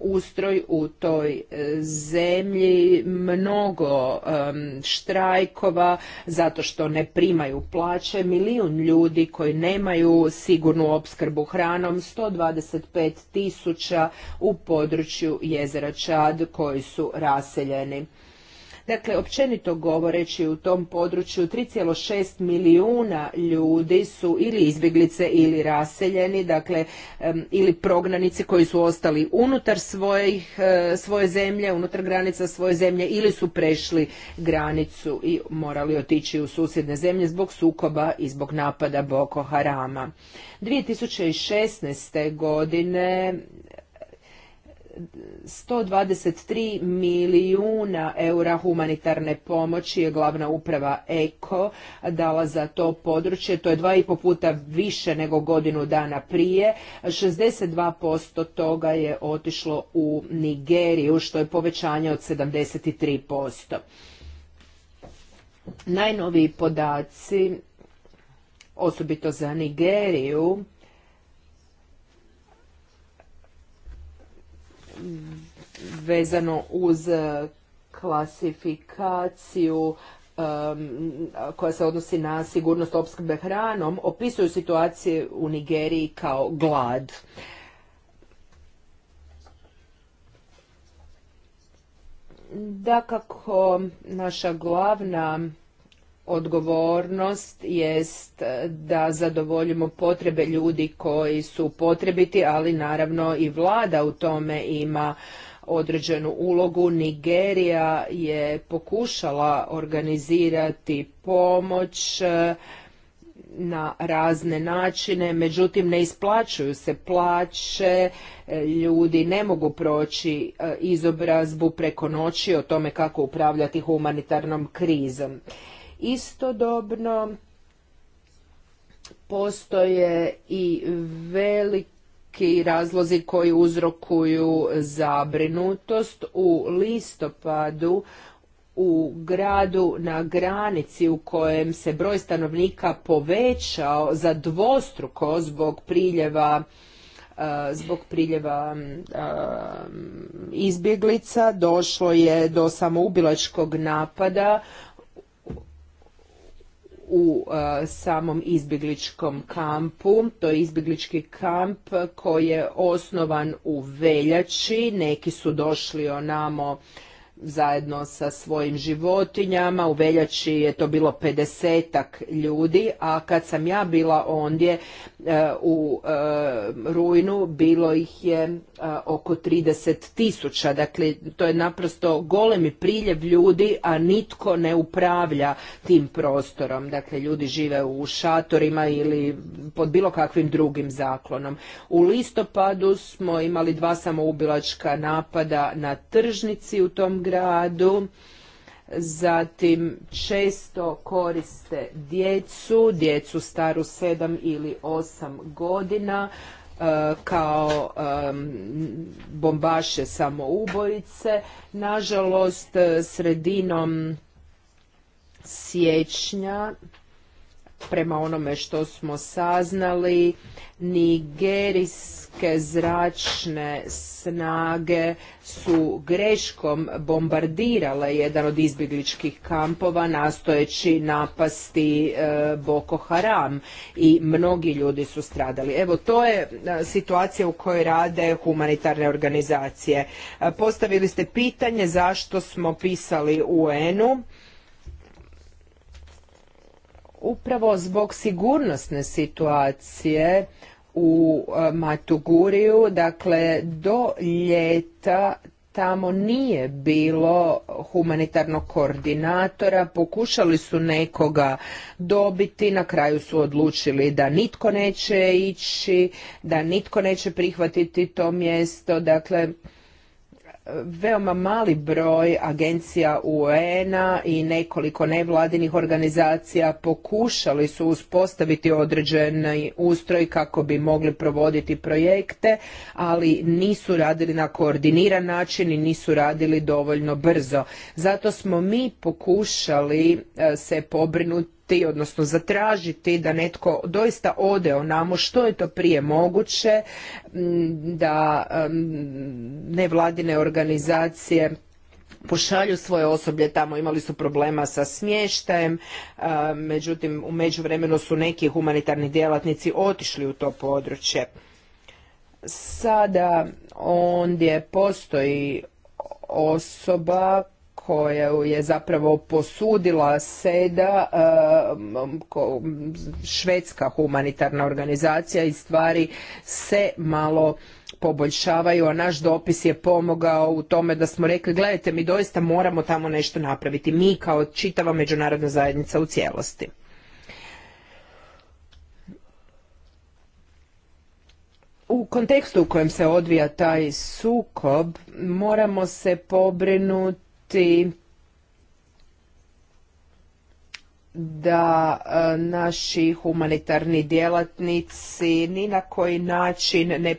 ustroj u toj e, zemlji, mnogo štrajkova zato što ne primaju plaće, milijun ljudi koji nemaju sigurnu opskrbu hranom, 125 tisuća u području jezera Čad koji su raseljeni. Dakle, općenito govoreći u tom području 3,6 milijuna ljudi su ili izbjeglice ili raseljeni, dakle, ili prognanici koji su ostali unutar e, svoje zemlje, unutar granica svoje zemlje ili su prešli granicu i morali otići u susjedne zemlje zbog sukoba i zbog napada Boko Harama. 2016. godine 123 milijuna eura humanitarne pomoći je glavna uprava EKO dala za to područje. To je dva i po puta više nego godinu dana prije. 62% toga je otišlo u Nigeriju, što je povećanje od 73%. Najnoviji podaci, osobito za Nigeriju, vezano uz e, klasifikaciju e, koja se odnosi na sigurnost opskrbe hranom, opisuju situacije u Nigeriji kao glad. Da kako naša glavna odgovornost jest da zadovoljimo potrebe ljudi koji su potrebiti, ali naravno i vlada u tome ima određenu ulogu. Nigerija je pokušala organizirati pomoć eh, na razne načine, međutim ne isplaćuju se plaće, eh, ljudi ne mogu proći eh, izobrazbu preko noći o tome kako upravljati humanitarnom krizom. Istodobno postoje i veliki razlozi koji uzrokuju zabrinutost u listopadu u gradu na granici u kojem se broj stanovnika povećao za dvostruko zbog priljeva e, zbog priljeva e, izbjeglica došlo je do samoubilačkog napada u e, samom izbjegličkom kampu. To je izbjeglički kamp koji je osnovan u veljači. Neki su došli onamo zajedno sa svojim životinjama. U veljači je to bilo 50 ljudi, a kad sam ja bila ondje e, u e, rujnu bilo ih je e, oko 30 tisuća. Dakle, to je naprosto golemi priljev ljudi, a nitko ne upravlja tim prostorom. Dakle, ljudi žive u šatorima ili pod bilo kakvim drugim zaklonom. U listopadu smo imali dva samoubilačka napada na tržnici u tom gradu gradu zatim često koriste djecu, djecu staru 7 ili 8 godina e, kao bombaše samoubojice. Nažalost, sredinom siječnja prema onome što smo saznali, nigerijske zračne snage su greškom bombardirale jedan od izbjegličkih kampova nastojeći napasti e, Boko Haram i mnogi ljudi su stradali. Evo to je e, situacija u kojoj rade humanitarne organizacije. E, postavili ste pitanje zašto smo pisali UN-u upravo zbog sigurnosne situacije u e, Matuguriju, dakle do ljeta tamo nije bilo humanitarnog koordinatora, pokušali su nekoga dobiti, na kraju su odlučili da nitko neće ići, da nitko neće prihvatiti to mjesto, dakle veoma mali broj agencija UN-a i nekoliko nevladinih organizacija pokušali su uspostaviti određeni ustroj kako bi mogli provoditi projekte, ali nisu radili na koordiniran način i nisu radili dovoljno brzo. Zato smo mi pokušali e, se pobrinuti ti, odnosno zatražiti da netko doista ode onamo što je to prije moguće, mm, da mm, nevladine organizacije pošalju svoje osoblje tamo, imali su problema sa smještajem, međutim u međuvremenu su neki humanitarni djelatnici otišli u to područje. Sada ondje postoji osoba koju je zapravo posudila SEDA, um, švedska humanitarna organizacija i stvari se malo poboljšavaju, a naš dopis je pomogao u tome da smo rekli gledajte mi doista moramo tamo nešto napraviti, mi kao čitava međunarodna zajednica u cijelosti. U kontekstu u kojem se odvija taj sukob moramo se pobrinuti da e, naši humanitarni djelatnici ni na koji način ne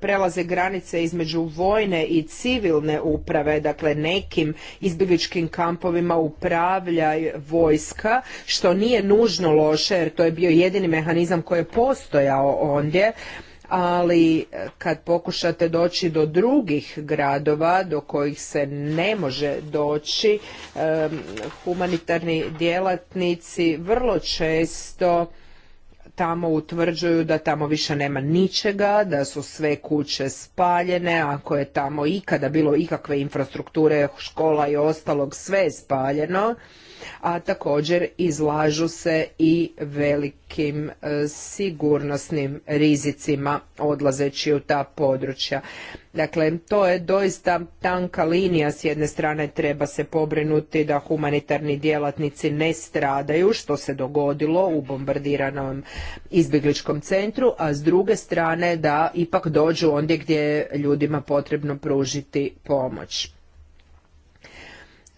prelaze granice između vojne i civilne uprave, dakle nekim izbjegličkim kampovima upravlja vojska, što nije nužno loše jer to je bio jedini mehanizam koji je postojao ondje, ali e, kad pokušate doći do drugih gradova do kojih se ne može doći humanitarni djelatnici vrlo često tamo utvrđuju da tamo više nema ničega, da su sve kuće spaljene, ako je tamo ikada bilo ikakve infrastrukture, škola i ostalog, sve je spaljeno a također izlažu se i velikim e, sigurnosnim rizicima odlazeći u ta područja. Dakle, to je doista tanka linija. S jedne strane treba se pobrinuti da humanitarni djelatnici ne stradaju, što se dogodilo u bombardiranom izbjegličkom centru, a s druge strane da ipak dođu ondje gdje je ljudima potrebno pružiti pomoć.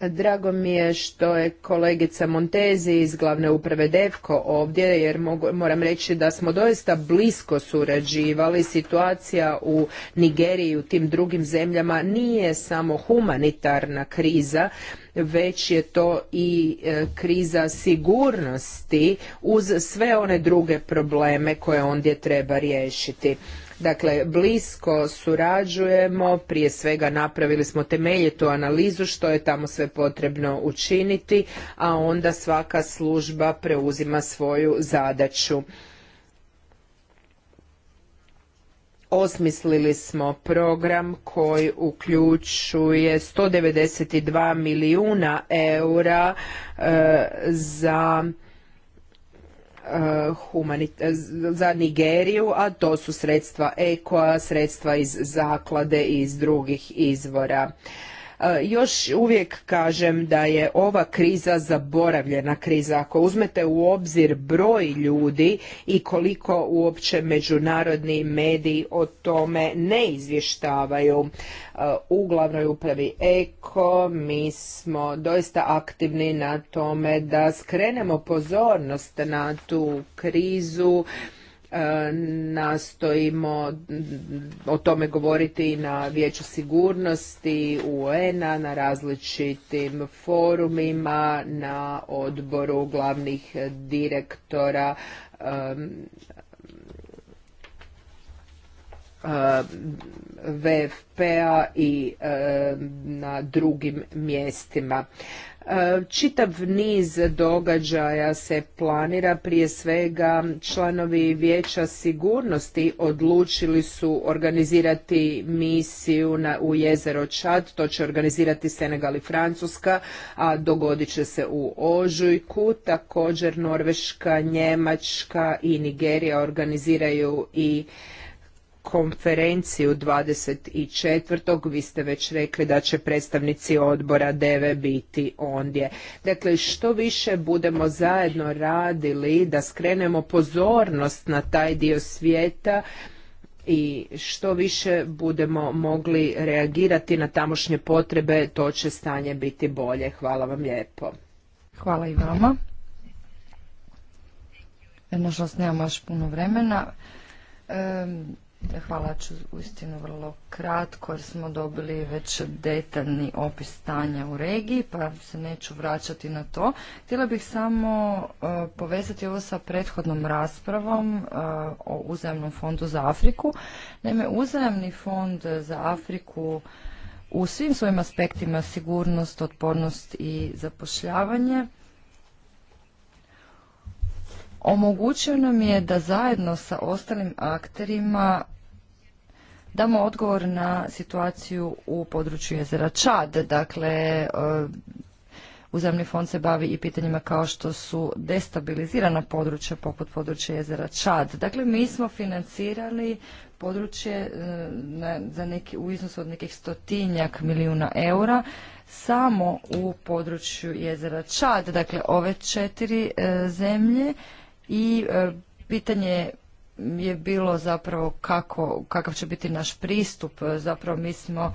Drago mi je što je kolegica Montezi iz glavne uprave Devko ovdje, jer moram reći da smo doista blisko surađivali. Situacija u Nigeriji i u tim drugim zemljama nije samo humanitarna kriza, već je to i e, kriza sigurnosti uz sve one druge probleme koje ondje treba riješiti. Dakle, blisko surađujemo, prije svega napravili smo temeljitu analizu što je tamo sve potrebno učiniti, a onda svaka služba preuzima svoju zadaću. osmislili smo program koji uključuje 192 milijuna eura e, za Eh, eh, za Nigeriju, a to su sredstva EKOA, sredstva iz zaklade i iz drugih izvora. E, još uvijek kažem da je ova kriza zaboravljena kriza. Ako uzmete u obzir broj ljudi i koliko uopće međunarodni mediji o tome ne izvještavaju e, u glavnoj upravi Eko, mi smo doista aktivni na tome da skrenemo pozornost na tu krizu E, nastojimo o tome govoriti i na Vijeću sigurnosti UN-a, na različitim forumima, na odboru glavnih direktora VFP-a i na drugim mjestima. E, čitav niz događaja se planira, prije svega članovi vijeća sigurnosti odlučili su organizirati misiju na, u jezero Čad, to će organizirati Senegal i Francuska, a dogodit će se u Ožujku, također Norveška, Njemačka i Nigerija organiziraju i konferenciju 24. Vi ste već rekli da će predstavnici odbora DEVE biti ondje. Dakle, što više budemo zajedno radili da skrenemo pozornost na taj dio svijeta, i što više budemo mogli reagirati na tamošnje potrebe, to će stanje biti bolje. Hvala vam lijepo. Hvala i vama. E, nažalost nemamo još puno vremena. Hvala ću uistinu vrlo kratko jer smo dobili već detaljni opis stanja u regiji pa se neću vraćati na to. Htjela bih samo e, povezati ovo sa prethodnom raspravom e, o uzajamnom fondu za Afriku. Naime, uzajamni fond za Afriku u svim svojim aspektima sigurnost, otpornost i zapošljavanje Omogućeno nam je da zajedno sa ostalim akterima damo odgovor na situaciju u području jezera Čad. Dakle, e, uzemni fond se bavi i pitanjima kao što su destabilizirana područja poput područja jezera Čad. Dakle, mi smo financirali područje e, za neki, u iznosu od nekih stotinjak milijuna eura samo u području jezera Čad. Dakle, ove četiri e, zemlje i e, pitanje je bilo zapravo kako, kakav će biti naš pristup. Zapravo mi smo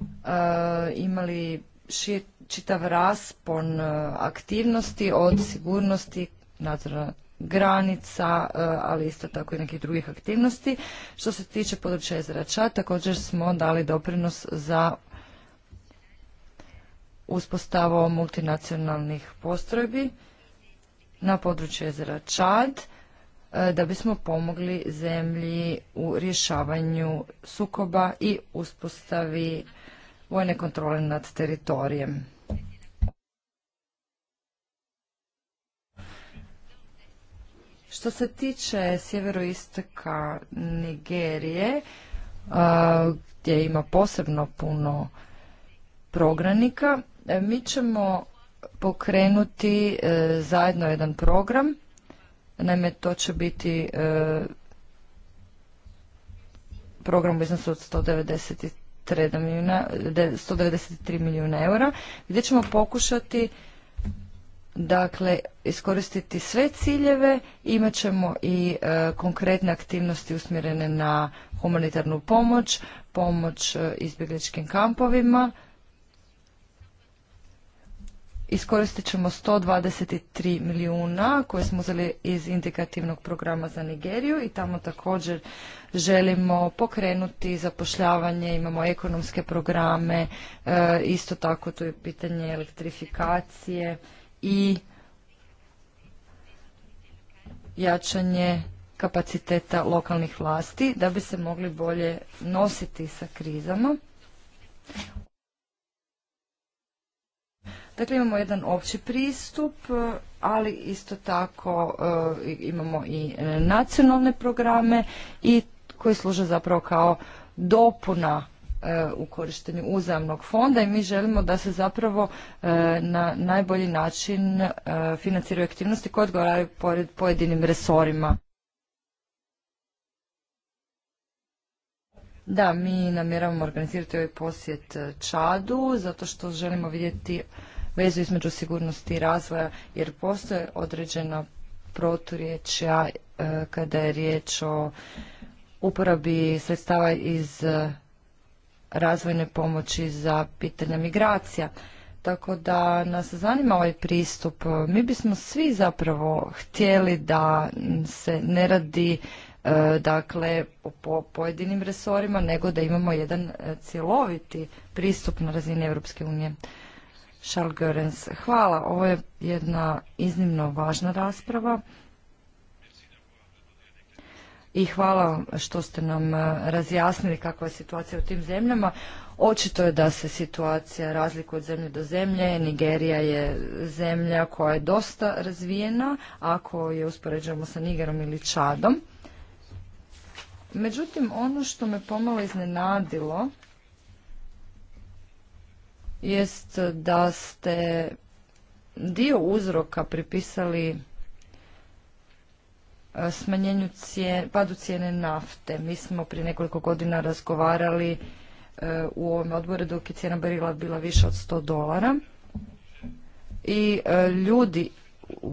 e, imali čitav raspon e, aktivnosti od sigurnosti, nadzora granica, ali isto tako i nekih drugih aktivnosti. Što se tiče područja izrača, također smo dali doprinos za uspostavu multinacionalnih postrojbi na području jezera Čad e, da bismo pomogli zemlji u rješavanju sukoba i uspostavi vojne kontrole nad teritorijem. Što se tiče sjeveroistoka Nigerije, e, gdje ima posebno puno progranika, e, mi ćemo pokrenuti e, zajedno jedan program. Naime, to će biti e, program u iznosu od 193 milijuna, 193 milijuna eura, gdje ćemo pokušati dakle iskoristiti sve ciljeve, imat ćemo i e, konkretne aktivnosti usmjerene na humanitarnu pomoć, pomoć izbjegličkim kampovima, Iskoristit ćemo 123 milijuna koje smo uzeli iz indikativnog programa za Nigeriju i tamo također želimo pokrenuti zapošljavanje, imamo ekonomske programe, e, isto tako to je pitanje elektrifikacije i jačanje kapaciteta lokalnih vlasti da bi se mogli bolje nositi sa krizama. Dakle, imamo jedan opći pristup, e, ali isto tako e, imamo i e, nacionalne programe i koji služe zapravo kao dopuna u korištenju uzajamnog fonda i mi želimo da se zapravo na najbolji način financiraju aktivnosti koje odgovaraju pojedinim resorima. Da, mi namjeravamo organizirati ovaj posjet Čadu zato što želimo vidjeti vezu između sigurnosti i razvoja jer postoje određena proturječja e, kada je riječ o uporabi sredstava iz e, razvojne pomoći za pitanja migracija. Tako da nas zanima ovaj pristup. Mi bismo svi zapravo htjeli da se ne radi e, dakle po pojedinim resorima, nego da imamo jedan cjeloviti pristup na razini Europske unije. Charles Hvala, ovo je jedna iznimno važna rasprava. I hvala što ste nam eh, razjasnili kakva je situacija u tim zemljama. Očito je da se situacija razlikuje od zemlje do zemlje. Nigerija je zemlja koja je dosta razvijena, ako je uspoređujemo sa Nigerom ili Čadom. Međutim, ono što me pomalo iznenadilo jest da ste dio uzroka pripisali e, smanjenju cijene, padu cijene nafte. Mi smo prije nekoliko godina razgovarali e, u ovom odboru dok je cijena barila bila više od 100 dolara. I e, ljudi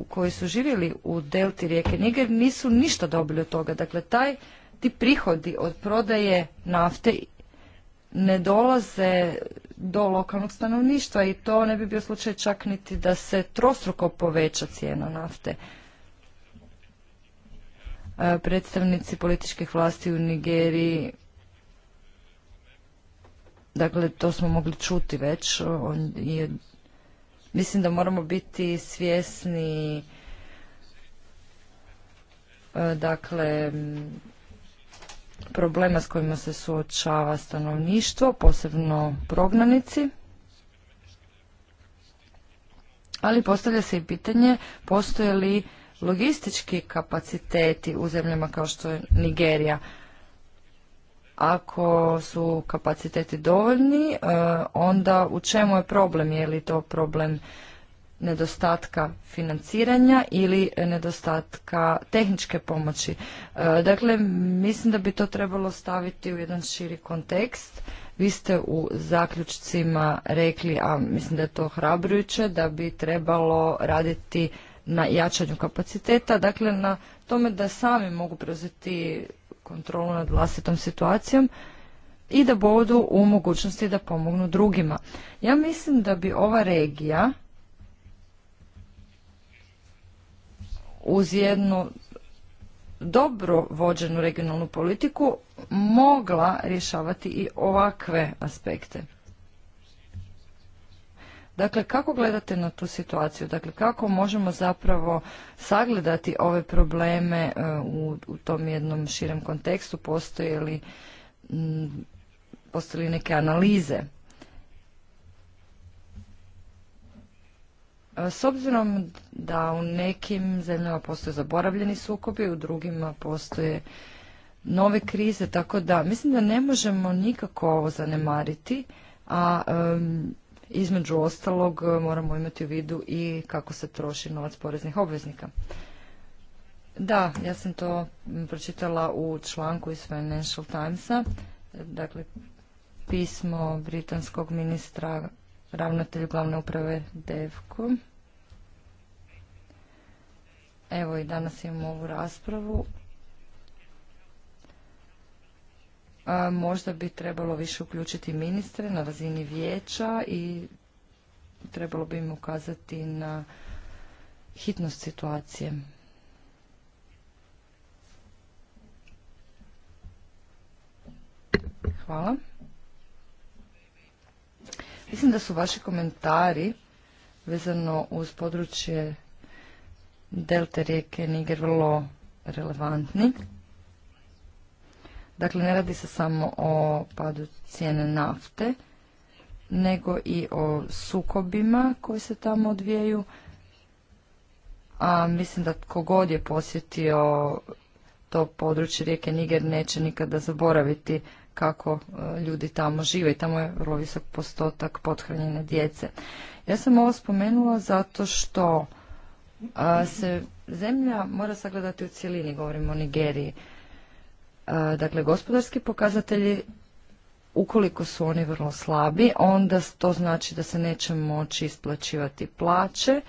koji su živjeli u delti rijeke Niger nisu ništa dobili od toga. Dakle, taj ti prihodi od prodaje nafte ne dolaze do lokalnog stanovništva i to ne bi bio slučaj čak niti da se trostruko poveća cijena nafte. E, predstavnici političkih vlasti u Nigeriji dakle to smo mogli čuti već on mislim da moramo biti svjesni e, dakle problema s kojima se suočava stanovništvo, posebno prognanici. Ali postavlja se i pitanje postoje li logistički kapaciteti u zemljama kao što je Nigerija. Ako su kapaciteti dovoljni, eh, onda u čemu je problem? Je li to problem nedostatka financiranja ili nedostatka tehničke pomoći. E, dakle, mislim da bi to trebalo staviti u jedan širi kontekst. Vi ste u zaključcima rekli, a mislim da je to hrabrujuće, da bi trebalo raditi na jačanju kapaciteta, dakle na tome da sami mogu preuzeti kontrolu nad vlastitom situacijom i da budu u mogućnosti da pomognu drugima. Ja mislim da bi ova regija uz jednu dobro vođenu regionalnu politiku mogla rješavati i ovakve aspekte. Dakle, kako gledate na tu situaciju? Dakle, kako možemo zapravo sagledati ove probleme e, u, u tom jednom širem kontekstu? Postoje li, postoje li neke analize S obzirom da u nekim zemljama postoje zaboravljeni sukobi, u drugima postoje nove krize, tako da mislim da ne možemo nikako ovo zanemariti, a između ostalog e, moramo imati u vidu i kako se troši novac poreznih obveznika. Da, ja sam to pročitala u članku iz Financial Timesa, dakle pismo britanskog ministra ravnatelju glavne uprave Devku Evo i danas imamo ovu raspravu. možda bi trebalo više uključiti ministre na razini vijeća i trebalo bi im ukazati na hitnost situacije. Hvala. Mislim da su vaši komentari vezano uz područje delte rijeke Niger vrlo relevantni. Dakle, ne radi se samo o padu cijene nafte, nego i o sukobima koji se tamo odvijaju. A mislim da kogod je posjetio to područje rijeke Niger neće nikada zaboraviti kako e, ljudi tamo žive i tamo je vrlo visok postotak pothranjene djece. Ja sam ovo spomenula zato što a, se zemlja mora sagledati u cjelini, govorimo o Nigeriji. dakle, gospodarski pokazatelji, ukoliko su oni vrlo slabi, onda to znači da se neće moći isplaćivati plaće,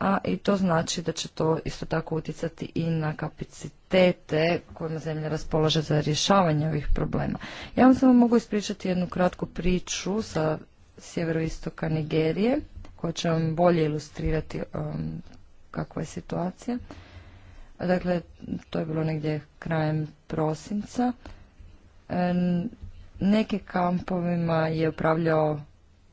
a i to znači da će to isto tako utjecati i na kapacitete kojima zemlja raspolaže za rješavanje ovih problema. Ja vam samo mogu ispričati jednu kratku priču sa sjeveroistoka Nigerije koja će vam bolje ilustrirati um, kakva je situacija. Dakle, to je bilo negdje krajem prosinca. E, neke kampovima je upravljao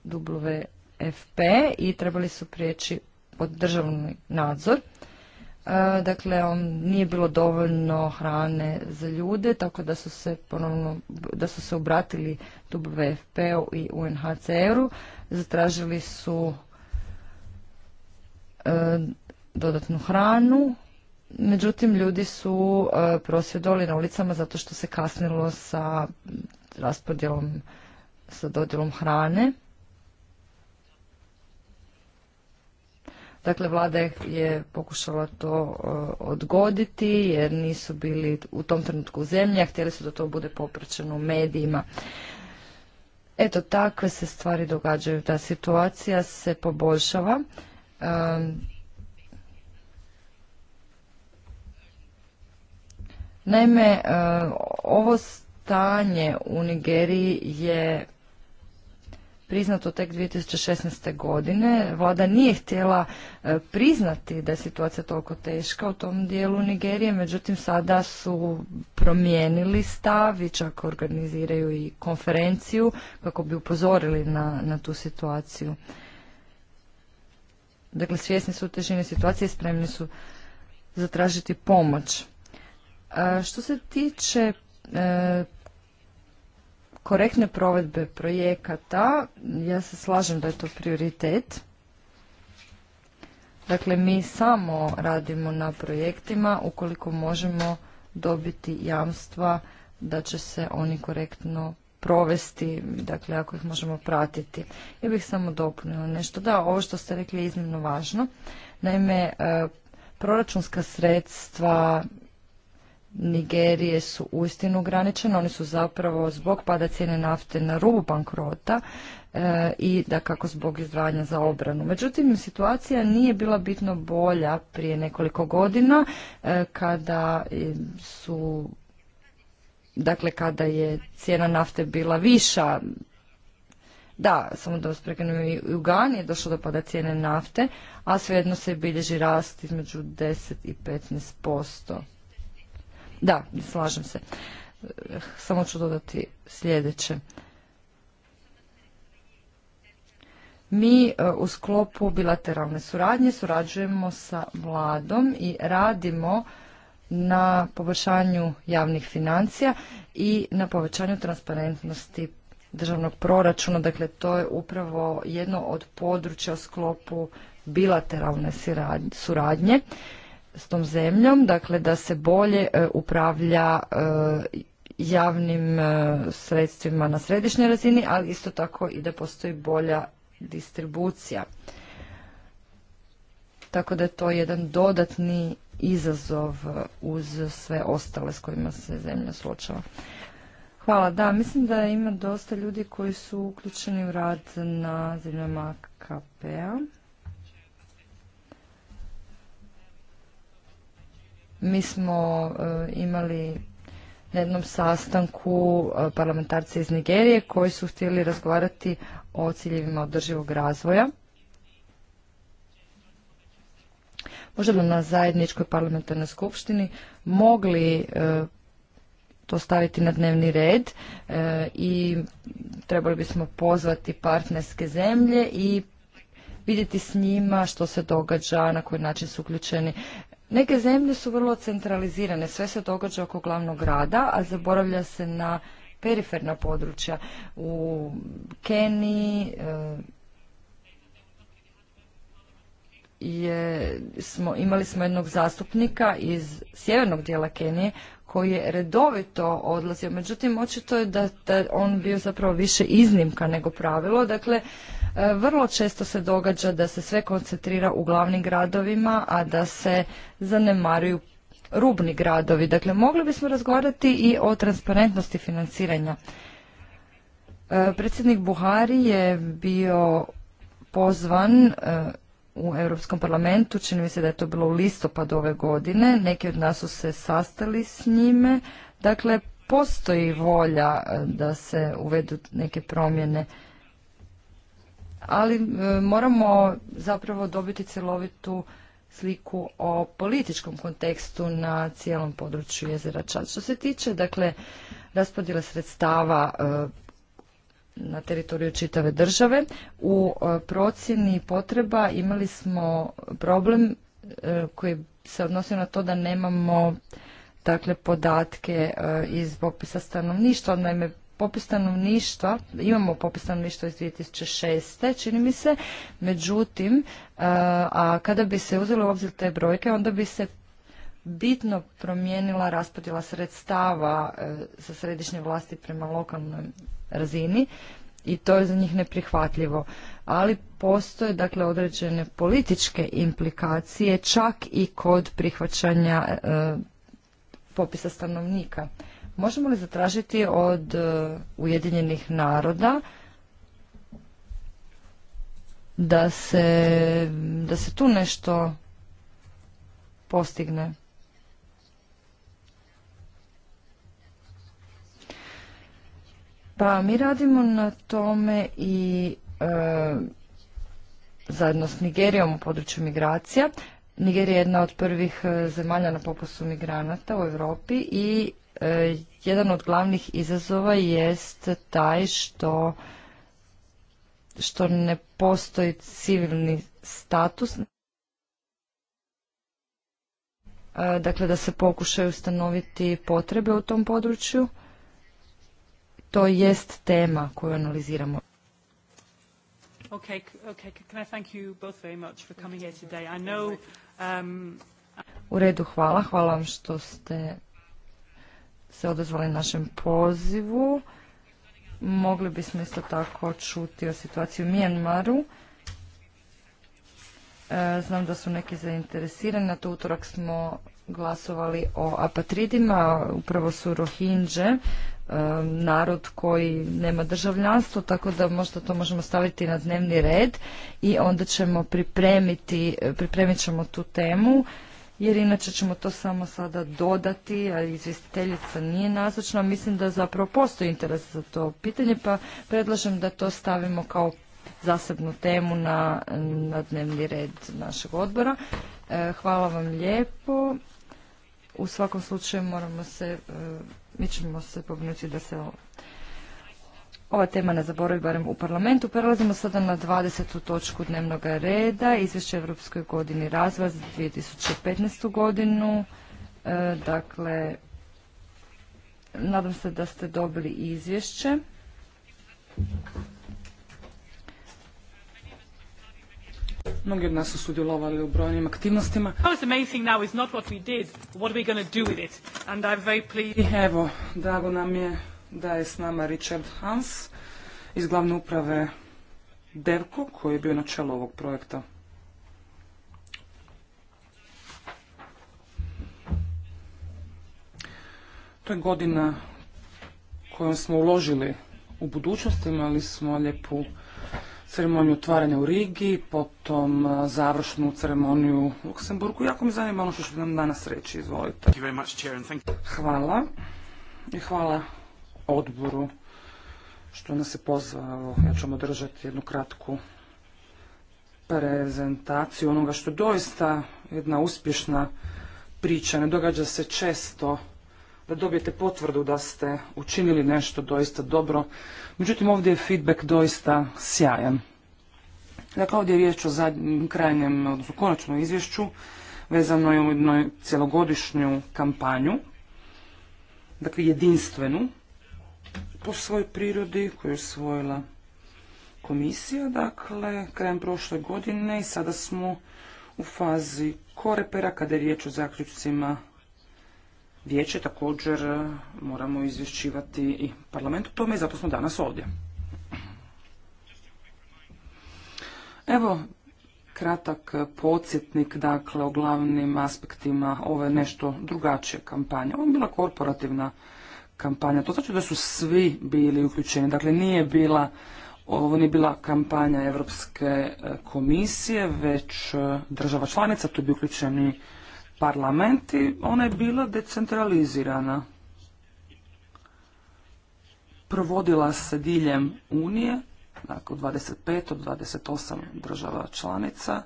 WFP i trebali su prijeći pod državni nadzor. E, dakle, on nije bilo dovoljno hrane za ljude, tako da su se ponovno, da su se obratili WFP-u i UNHCR-u, zatražili su e, dodatnu hranu, međutim ljudi su e, prosvjedovali na ulicama zato što se kasnilo sa raspodjelom, sa dodjelom hrane. Dakle, vlada je pokušala to e, odgoditi jer nisu bili u tom trenutku u zemlji, a htjeli su da to bude popraćeno u medijima. Eto, takve se stvari događaju, da situacija se poboljšava. Naime, e, ovo stanje u Nigeriji je priznato tek 2016. godine. Vlada nije htjela e, priznati da je situacija toliko teška u tom dijelu Nigerije, međutim sada su promijenili stav i čak organiziraju i konferenciju kako bi upozorili na, na tu situaciju. Dakle, svjesni su težine situacije i spremni su zatražiti pomoć. Što se tiče e, korektne provedbe projekata, ja se slažem da je to prioritet. Dakle, mi samo radimo na projektima ukoliko možemo dobiti jamstva da će se oni korektno provesti, dakle ako ih možemo pratiti. Ja bih samo dopunila nešto. Da, ovo što ste rekli je iznimno važno. Naime, e, proračunska sredstva Nigerije su uistinu ograničene, oni su zapravo zbog pada cijene nafte na rubu bankrota e, i da kako zbog izdvajanja za obranu. Međutim, situacija nije bila bitno bolja prije nekoliko godina e, kada su dakle kada je cijena nafte bila viša da, samo da vas i u Gani je došlo do pada cijene nafte, a svejedno se bilježi rast između 10 i 15 posto. Da, slažem se. Samo ću dodati sljedeće. Mi e, u sklopu bilateralne suradnje surađujemo sa vladom i radimo na poboljšanju javnih financija i na povećanju transparentnosti državnog proračuna. Dakle, to je upravo jedno od područja u sklopu bilateralne suradnje s tom zemljom, dakle da se bolje e, upravlja e, javnim e, sredstvima na središnjoj razini, ali isto tako i da postoji bolja distribucija. Tako da je to jedan dodatni izazov uz sve ostale s kojima se zemlja suočava. Hvala. Da, mislim da ima dosta ljudi koji su uključeni u rad na zemljama AKP-a. Mi smo e, imali na jednom sastanku e, parlamentarce iz Nigerije koji su htjeli razgovarati o ciljevima održivog razvoja. Možda bi na zajedničkoj parlamentarnoj skupštini mogli e, to staviti na dnevni red i trebali bismo pozvati partnerske zemlje i vidjeti s njima što se događa, na koji način su uključeni. Neke zemlje su vrlo centralizirane, sve se događa oko glavnog grada, a zaboravlja se na periferna područja u Keniji eh, smo, imali smo jednog zastupnika iz sjevernog dijela Kenije koji je redovito odlazio. Međutim, očito je da, da on bio zapravo više iznimka nego pravilo. Dakle, E, vrlo često se događa da se sve koncentrira u glavnim gradovima, a da se zanemaruju rubni gradovi. Dakle, mogli bismo razgovarati i o transparentnosti financiranja. E, predsjednik Buhari je bio pozvan e, u Europskom parlamentu, čini mi se da je to bilo u listopadu ove godine, neki od nas su se sastali s njime, dakle postoji volja da se uvedu neke promjene ali e, moramo zapravo dobiti cjelovitu sliku o političkom kontekstu na cijelom području jezera Čad. Što se tiče dakle raspodjele sredstava e, na teritoriju čitave države, u e, procjeni potreba imali smo problem koji se odnosio na to da nemamo dakle podatke iz popisa stanovništva. Naime, popis stanovništva, imamo popis stanovništva iz 2006. čini mi se, međutim, e, a kada bi se uzelo u obzir te brojke, onda bi se bitno promijenila raspodjela sredstava e, sa središnje vlasti prema lokalnoj razini i to je za njih neprihvatljivo. Ali postoje dakle određene političke implikacije čak i kod prihvaćanja e, popisa stanovnika. Možemo li zatražiti od e, Ujedinjenih naroda da se, da se tu nešto postigne? Pa mi radimo na tome i e, zajedno s Nigerijom u području migracija. Nigerija je jedna od prvih e, zemalja na popusu migranata u Europi i E, jedan od glavnih izazova jest taj što što ne postoji civilni status. E, dakle, da se pokušaju ustanoviti potrebe u tom području. To jest tema koju analiziramo. U redu, hvala. Hvala vam što ste se odazvali našem pozivu. Mogli bismo isto tako čuti o situaciji u Mijenmaru. E, znam da su neki zainteresirani, na to utorak smo glasovali o apatridima, upravo su Rohinđe, e, narod koji nema državljanstvo, tako da možda to možemo staviti na dnevni red i onda ćemo pripremiti, pripremit ćemo tu temu jer inače ćemo to samo sada dodati, a izvjestiteljica nije nazočna. Mislim da zapravo postoji interes za to pitanje, pa predlažem da to stavimo kao zasebnu temu na, na dnevni red našeg odbora. E, hvala vam lijepo. U svakom slučaju moramo se, e, mi ćemo se pobrinuti da se ova tema ne zaboravi barem u parlamentu. Prelazimo sada na 20. točku dnevnog reda, izvješće Evropskoj godini razvoja za 2015. godinu. E, dakle, nadam se da ste dobili izvješće. Mnogi od nas su sudjelovali u brojnim aktivnostima. Evo, drago nam je da je s nama Richard Hans iz glavne uprave Devko koji je bio na čelu ovog projekta. To je godina koju smo uložili u budućnost, imali smo lijepu ceremoniju otvaranja u Rigi, potom završnu ceremoniju u Luksemburgu. Jako mi zanima ono što ćete nam danas reći, izvolite. Hvala. I hvala odboru što nas je pozvao. Ja ću vam održati jednu kratku prezentaciju onoga što je doista jedna uspješna priča. Ne događa se često da dobijete potvrdu da ste učinili nešto doista dobro. Međutim, ovdje je feedback doista sjajan. Dakle, ovdje je riječ o zadnjem, krajnjem, odnosno konačnom izvješću vezano je u jednoj cjelogodišnju kampanju, dakle jedinstvenu, po svojoj prirodi koju je usvojila komisija, dakle, krajem prošle godine i sada smo u fazi korepera kada je riječ o zaključcima vijeće. Također e, moramo izvješćivati i parlament o tome i zato smo danas ovdje. Evo, kratak podsjetnik dakle o glavnim aspektima ove nešto drugačije kampanje. Ovo je bila korporativna kampanja. To znači da su svi bili uključeni. Dakle, nije bila, ovo nije bila kampanja Europske e, komisije, već e, država članica, tu bi uključeni parlamenti. Ona je bila decentralizirana. Provodila se diljem Unije, dakle 25 od 28 država članica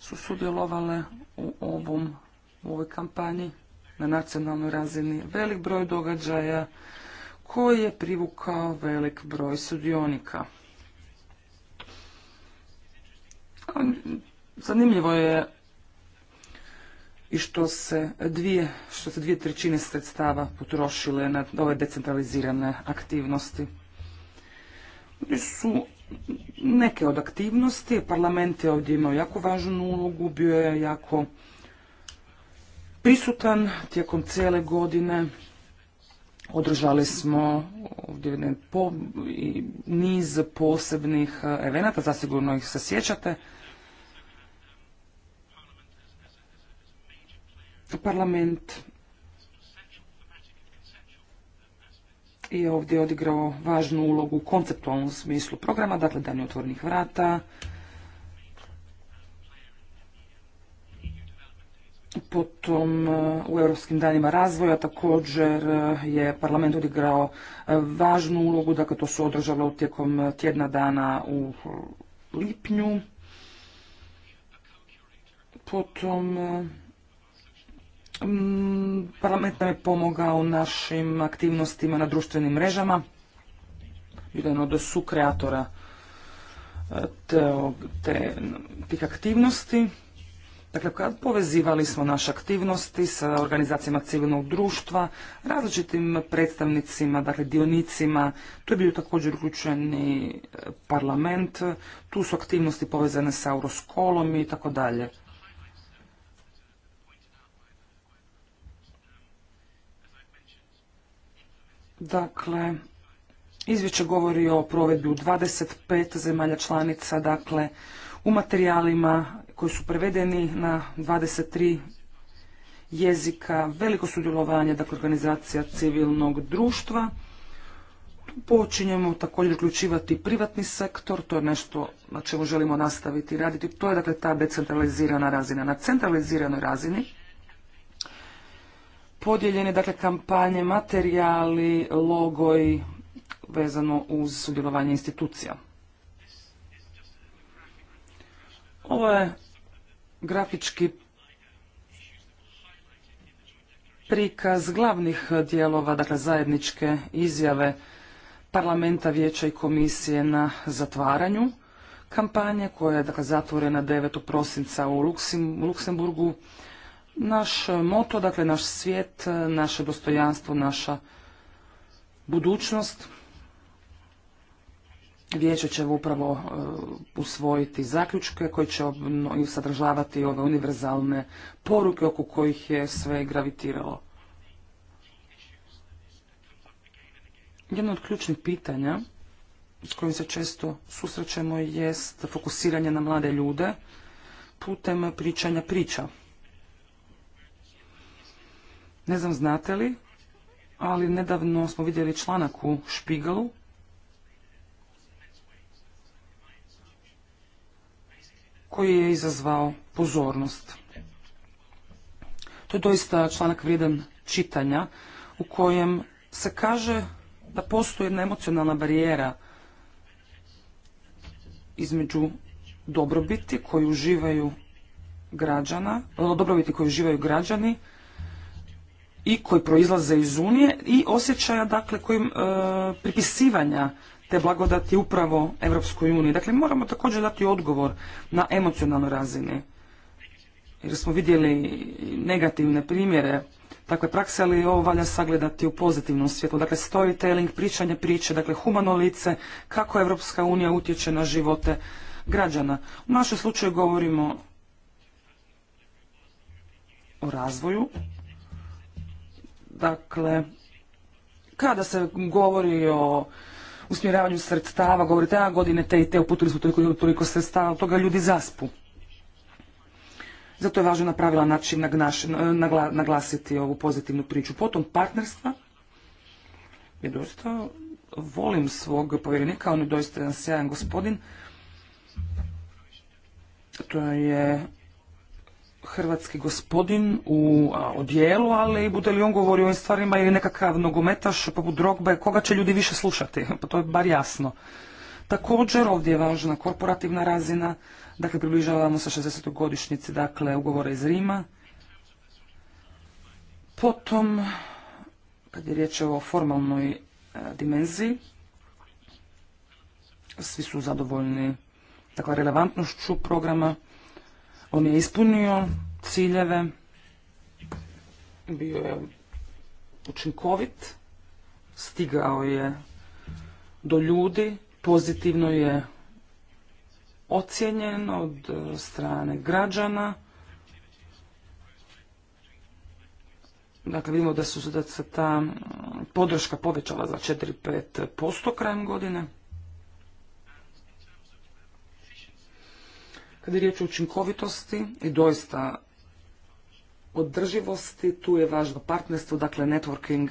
su sudjelovale u ovom u ovoj kampanji na nacionalnoj razini velik broj događaja koji je privukao velik broj sudionika. Zanimljivo je i što se dvije, što se dvije trećine sredstava potrošile na ove decentralizirane aktivnosti. su neke od aktivnosti, parlament je ovdje imao jako važnu ulogu, bio je jako prisutan tijekom cijele godine. Održali smo ovdje niz posebnih e, evenata, zasigurno ih se sjećate. Parlament je ovdje odigrao važnu ulogu u konceptualnom smislu programa, dakle dani otvorenih vrata, Potom e, u Europskim danima razvoja također e, je parlament odigrao e, važnu ulogu, dakle to se održalo tijekom tjedna dana u lipnju. Potom parlament nam je pomogao našim aktivnostima na društvenim mrežama. Jedan od sukreatora te, te, tih aktivnosti. Dakle, kad povezivali smo naše aktivnosti sa organizacijama civilnog društva, različitim predstavnicima, dakle dionicima, tu je bio također uključeni e, parlament, tu su aktivnosti povezane sa Euroskolom i tako dalje. Dakle, izvješće govori o provedbi u 25 zemalja članica, dakle, u materijalima koji su prevedeni na 23 jezika, veliko sudjelovanje dakle, organizacija civilnog društva. Tu počinjemo također uključivati privatni sektor, to je nešto na čemu želimo nastaviti raditi. To je dakle ta decentralizirana razina. Na centraliziranoj razini podijeljene dakle kampanje, materijali, logoj vezano uz sudjelovanje institucija. Ovo je grafički prikaz glavnih dijelova, dakle zajedničke izjave parlamenta, vijeća i komisije na zatvaranju kampanje koja je dakle, zatvorena 9. prosinca u Luksemburgu. Naš moto, dakle naš svijet, naše dostojanstvo, naša budućnost. Vijeće će upravo e, usvojiti zaključke koji će sadržavati ove univerzalne poruke oko kojih je sve gravitiralo. Jedno od ključnih pitanja s kojim se često susrećemo jest fokusiranje na mlade ljude putem pričanja priča. Ne znam znate li, ali nedavno smo vidjeli članak u Špigalu koji je izazvao pozornost. To je doista članak vrijedan čitanja u kojem se kaže da postoji jedna emocionalna barijera između dobrobiti koju uživaju građana, dobrobiti koju uživaju građani i koji proizlaze iz Unije i osjećaja dakle kojim e, pripisivanja te blagodati upravo Europskoj uniji. Dakle, moramo također dati odgovor na emocionalnoj razini. Jer smo vidjeli negativne primjere takve prakse, ali ovo valja sagledati u pozitivnom svijetu. Dakle, storytelling, pričanje priče, dakle, humano lice, kako Evropska unija utječe na živote građana. U našem slučaju govorimo o razvoju. Dakle, kada se govori o usmjeravanju sredstava, govorite, a godine te i te, uputili smo toliko, toliko sredstava, od toga ljudi zaspu. Zato je važno na pravilan način naglasiti ovu pozitivnu priču. Potom partnerstva, jer volim svog povjerenika, on je doista jedan sjajan gospodin. To je hrvatski gospodin u odjelu, ali bude li on govorio o ovim stvarima ili nekakav nogometaš poput drogbe, koga će ljudi više slušati? [laughs] Pa to je bar jasno. Također ovdje je važna korporativna razina, dakle približavamo se 60. godišnjici dakle, ugovora iz Rima. Potom, kad je riječ o formalnoj e, dimenziji, svi su zadovoljni dakle, relevantnošću programa, on je ispunio ciljeve, bio je učinkovit, stigao je do ljudi, pozitivno je ocijenjen od e, strane građana. Dakle, vidimo da su da se ta podrška povećala za 4-5% krajem godine. Kad je riječ o učinkovitosti i doista održivosti, tu je važno partnerstvo, dakle networking,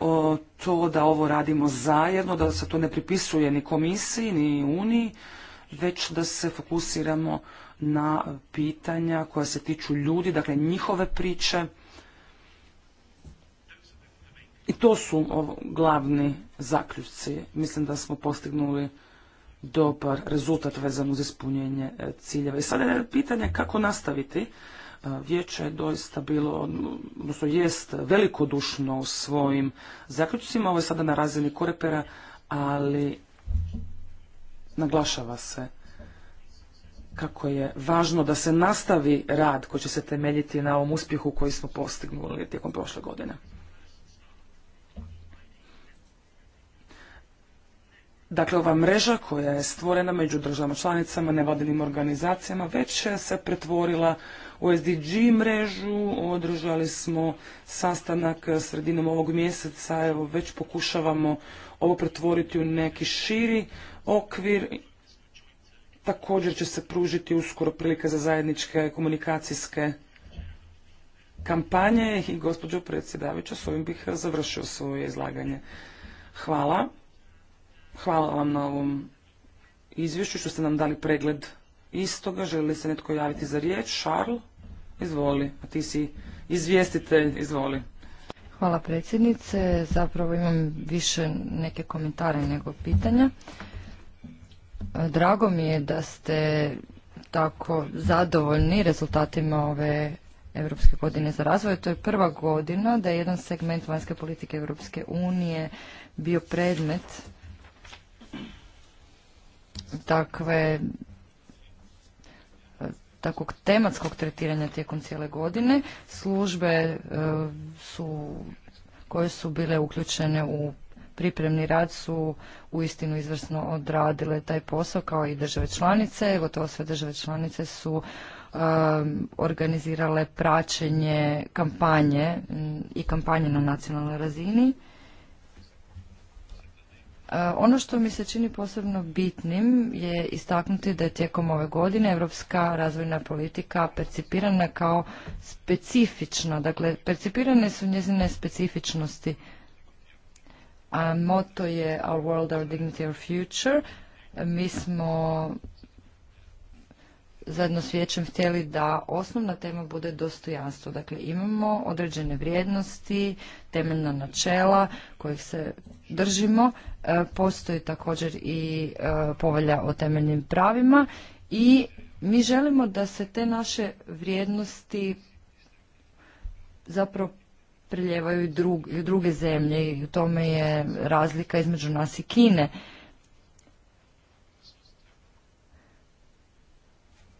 o to da ovo radimo zajedno, da se to ne pripisuje ni komisiji, ni uniji, već da se fokusiramo na pitanja koja se tiču ljudi, dakle njihove priče. I to su glavni zaključci. Mislim da smo postignuli dobar rezultat vezan uz ispunjenje e, ciljeva. I sada je pitanje kako nastaviti. E, vijeće je doista bilo, odnosno jest velikodušno u svojim zaključcima. Ovo je sada na razini korepera, ali naglašava se kako je važno da se nastavi rad koji će se temeljiti na ovom uspjehu koji smo postignuli tijekom prošle godine. Dakle, ova mreža koja je stvorena među državama članicama, nevladinim organizacijama, već se pretvorila u SDG mrežu. Održali smo sastanak sredinom ovog mjeseca, evo već pokušavamo ovo pretvoriti u neki širi okvir. Također će se pružiti uskoro prilike za zajedničke komunikacijske kampanje i gospođo predsjedavića, s ovim bih završio svoje izlaganje. Hvala. Hvala vam na ovom izvješću što ste nam dali pregled istoga. Želi li se netko javiti za riječ? Šarl, izvoli. A ti si izvjestitelj, izvoli. Hvala predsjednice. Zapravo imam više neke komentare nego pitanja. Drago mi je da ste tako zadovoljni rezultatima ove Europske godine za razvoj. To je prva godina da je jedan segment vanjske politike Europske unije bio predmet takve e, takvog tematskog tretiranja tijekom cijele godine. Službe e, su, koje su bile uključene u pripremni rad su uistinu izvrsno odradile taj posao kao i države članice. Gotovo sve države članice su e, organizirale praćenje kampanje i kampanje na nacionalnoj razini. E, ono što mi se čini posebno bitnim je istaknuti da je tijekom ove godine europska razvojna politika percipirana kao specifična, dakle percipirane su njezine specifičnosti. A moto je Our World, Our Dignity, Our Future. Mi smo zajedno s vijećem htjeli da osnovna tema bude dostojanstvo. Dakle, imamo određene vrijednosti, temeljna načela kojih se držimo. E, postoji također i e, povelja o temeljnim pravima i mi želimo da se te naše vrijednosti zapravo priljevaju i druge zemlje i u tome je razlika između nas i Kine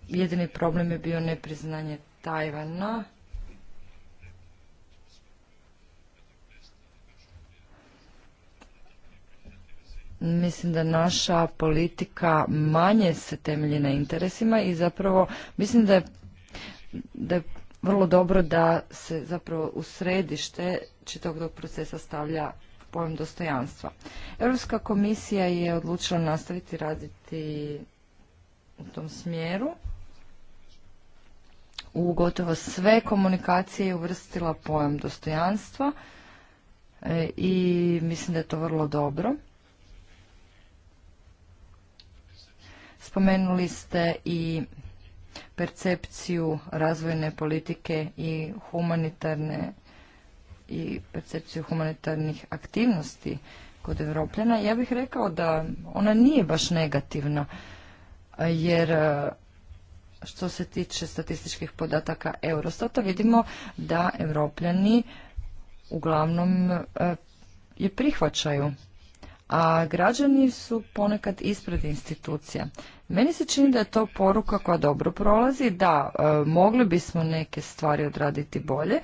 jedini problem je bio nepriznanje Tajvana. Mislim da naša politika manje se temelji na interesima i zapravo mislim da je, da vrlo dobro da se zapravo u središte čitog tog procesa stavlja pojem dostojanstva. Europska komisija je odlučila nastaviti raditi u tom smjeru u gotovo sve komunikacije uvrstila pojam dostojanstva e, i mislim da je to vrlo dobro. Spomenuli ste i percepciju razvojne politike i humanitarne i percepciju humanitarnih aktivnosti kod Evropljana. Ja bih rekao da ona nije baš negativna, jer što se tiče statističkih podataka Eurostata vidimo da europljani uglavnom e, je prihvaćaju, a građani su ponekad ispred institucija. Meni se čini da je to poruka koja dobro prolazi, da e, mogli bismo neke stvari odraditi bolje,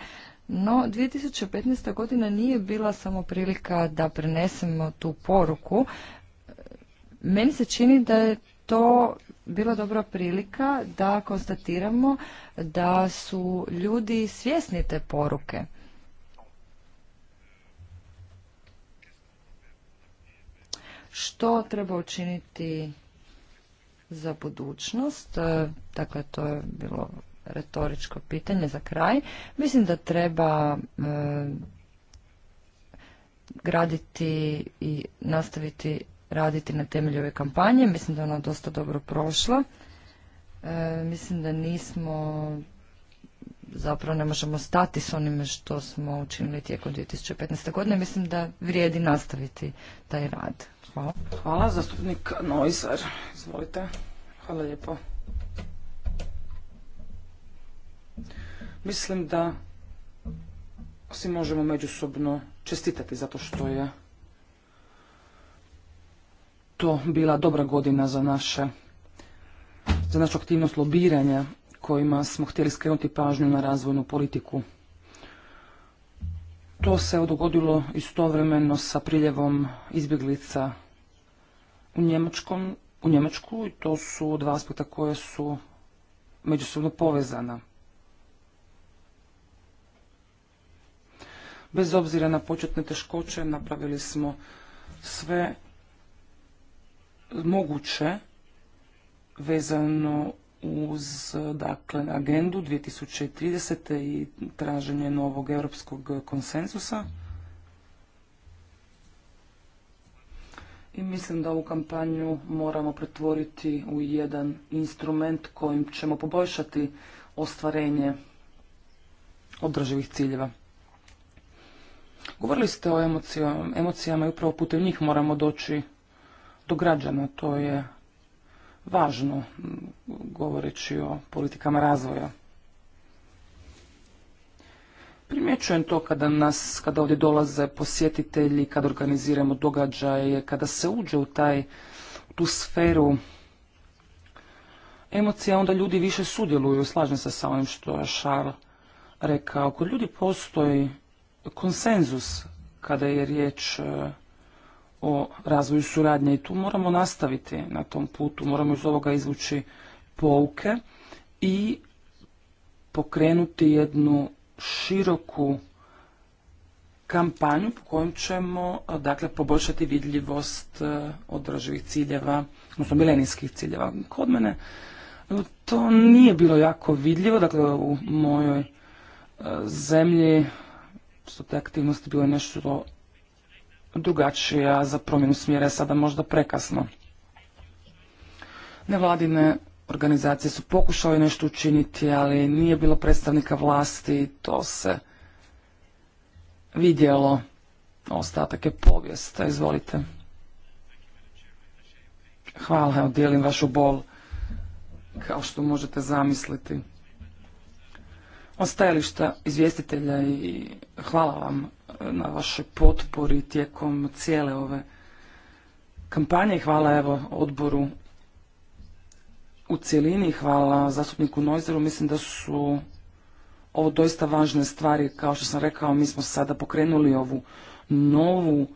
no 2015. godina nije bila samo prilika da prenesemo tu poruku. Meni se čini da je to bila dobra prilika da konstatiramo da su ljudi svjesni te poruke. Što treba učiniti za budućnost? E, dakle, to je bilo retoričko pitanje za kraj. Mislim da treba e, graditi i nastaviti raditi na temelju ove kampanje. Mislim da je ona dosta dobro prošla. E, mislim da nismo zapravo ne možemo stati s onime što smo učinili tijekom 2015. godine. Mislim da vrijedi nastaviti taj rad. Hvala. Hvala, zastupnik Noizar. Izvolite. Hvala lijepo. Mislim da svi možemo međusobno čestitati zato što je to bila dobra godina za naše za našu aktivnost lobiranja kojima smo htjeli skrenuti pažnju na razvojnu politiku. To se dogodilo istovremeno sa priljevom izbjeglica u, Njemačkom, u Njemačku i to su dva aspekta koje su međusobno povezana. Bez obzira na početne teškoće napravili smo sve moguće vezano uz dakle, agendu 2030. i traženje novog europskog konsenzusa. I mislim da ovu kampanju moramo pretvoriti u jedan instrument kojim ćemo poboljšati ostvarenje održivih ciljeva. Govorili ste o emocijama, emocijama i upravo putem njih moramo doći građana, to je važno govoreći o politikama razvoja. Primjećujem to kada nas, kada ovdje dolaze posjetitelji, kada organiziramo događaje, kada se uđe u taj, tu sferu emocija, onda ljudi više sudjeluju. Slažem se sa onim što je Šar rekao. Kod ljudi postoji konsenzus kada je riječ o razvoju suradnje i tu moramo nastaviti na tom putu, moramo iz ovoga izvući pouke i pokrenuti jednu široku kampanju po kojom ćemo dakle poboljšati vidljivost e, održivih ciljeva, odnosno milenijskih ciljeva. Kod mene e, to nije bilo jako vidljivo, dakle u mojoj e, zemlji su te aktivnosti bile nešto drugačija za promjenu smjera je sada možda prekasno. Nevladine organizacije su pokušale nešto učiniti, ali nije bilo predstavnika vlasti, to se vidjelo. Ostatak je povijest, izvolite. Hvala, evo dijelim vašu bol, kao što možete zamisliti. Ostajališta izvjestitelja i hvala vam na vašoj potpori tijekom cijele ove kampanje. Hvala evo odboru u cijelini. hvala zastupniku Noizeru. Mislim da su ovo doista važne stvari. Kao što sam rekao, mi smo sada pokrenuli ovu novu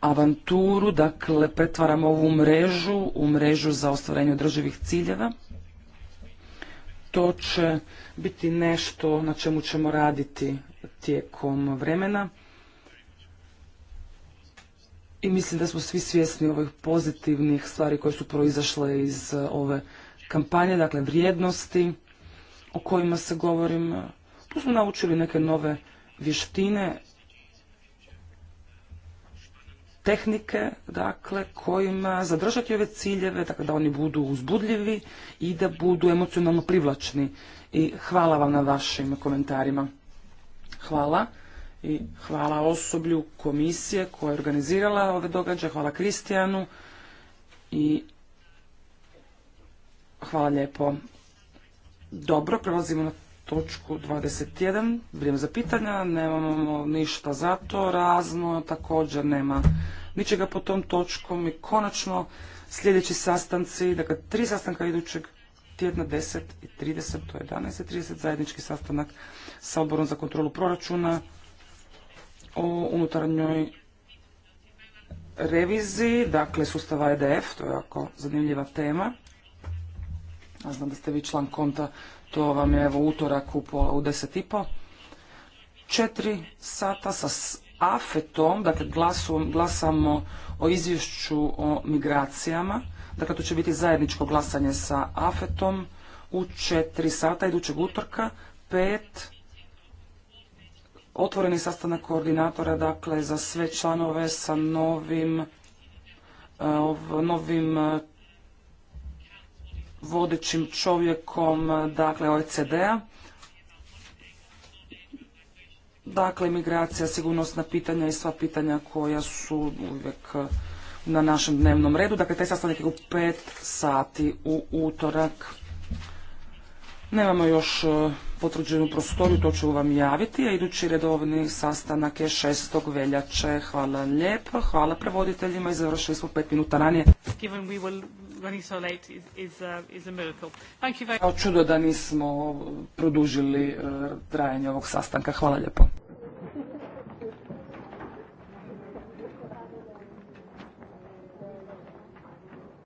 avanturu, dakle pretvaramo ovu mrežu u mrežu za ostvarenje održivih ciljeva to će biti nešto na čemu ćemo raditi tijekom vremena. I mislim da smo svi svjesni ovih pozitivnih stvari koje su proizašle iz e, ove kampanje, dakle vrijednosti o kojima se govorim. Tu smo naučili neke nove vještine tehnike, dakle, kojima zadržati ove ciljeve, dakle da oni budu uzbudljivi i da budu emocionalno privlačni. I hvala vam na vašim komentarima. Hvala i hvala osoblju komisije koja je organizirala ove događaje, hvala Kristijanu i hvala lijepo. Dobro, prelazimo na točku 21. Vrijeme za pitanja, nemamo ništa za to, razno također nema ničega po tom točkom i konačno sljedeći sastanci, dakle tri sastanka idućeg tjedna 10 i 30, to je 11.30, i zajednički sastanak sa odborom za kontrolu proračuna o unutarnjoj reviziji, dakle sustava EDF, to je jako zanimljiva tema. Ja znam da ste vi član konta to vam je evo utorak u, pola, u deset i pol. Četiri sata sa afetom, dakle glasamo o izvješću o migracijama. Dakle, to će biti zajedničko glasanje sa afetom u četiri sata idućeg utorka, pet otvoreni sastanak koordinatora, dakle, za sve članove sa novim eh, novim eh, vodećim čovjekom dakle OECD-a. Dakle, migracija, sigurnosna pitanja i sva pitanja koja su uvijek na našem dnevnom redu. Dakle, taj sastanak je u pet sati u utorak. Nemamo još e, potvrđenu prostoriju, to ću vam javiti, a idući redovni sastanak je 6. veljače. Hvala lijepo, hvala prevoditeljima i završili smo pet minuta ranije running so late is, is, uh, is a miracle. Thank you very... Čudo da nismo produžili uh, trajanje ovog sastanka. Hvala lijepo.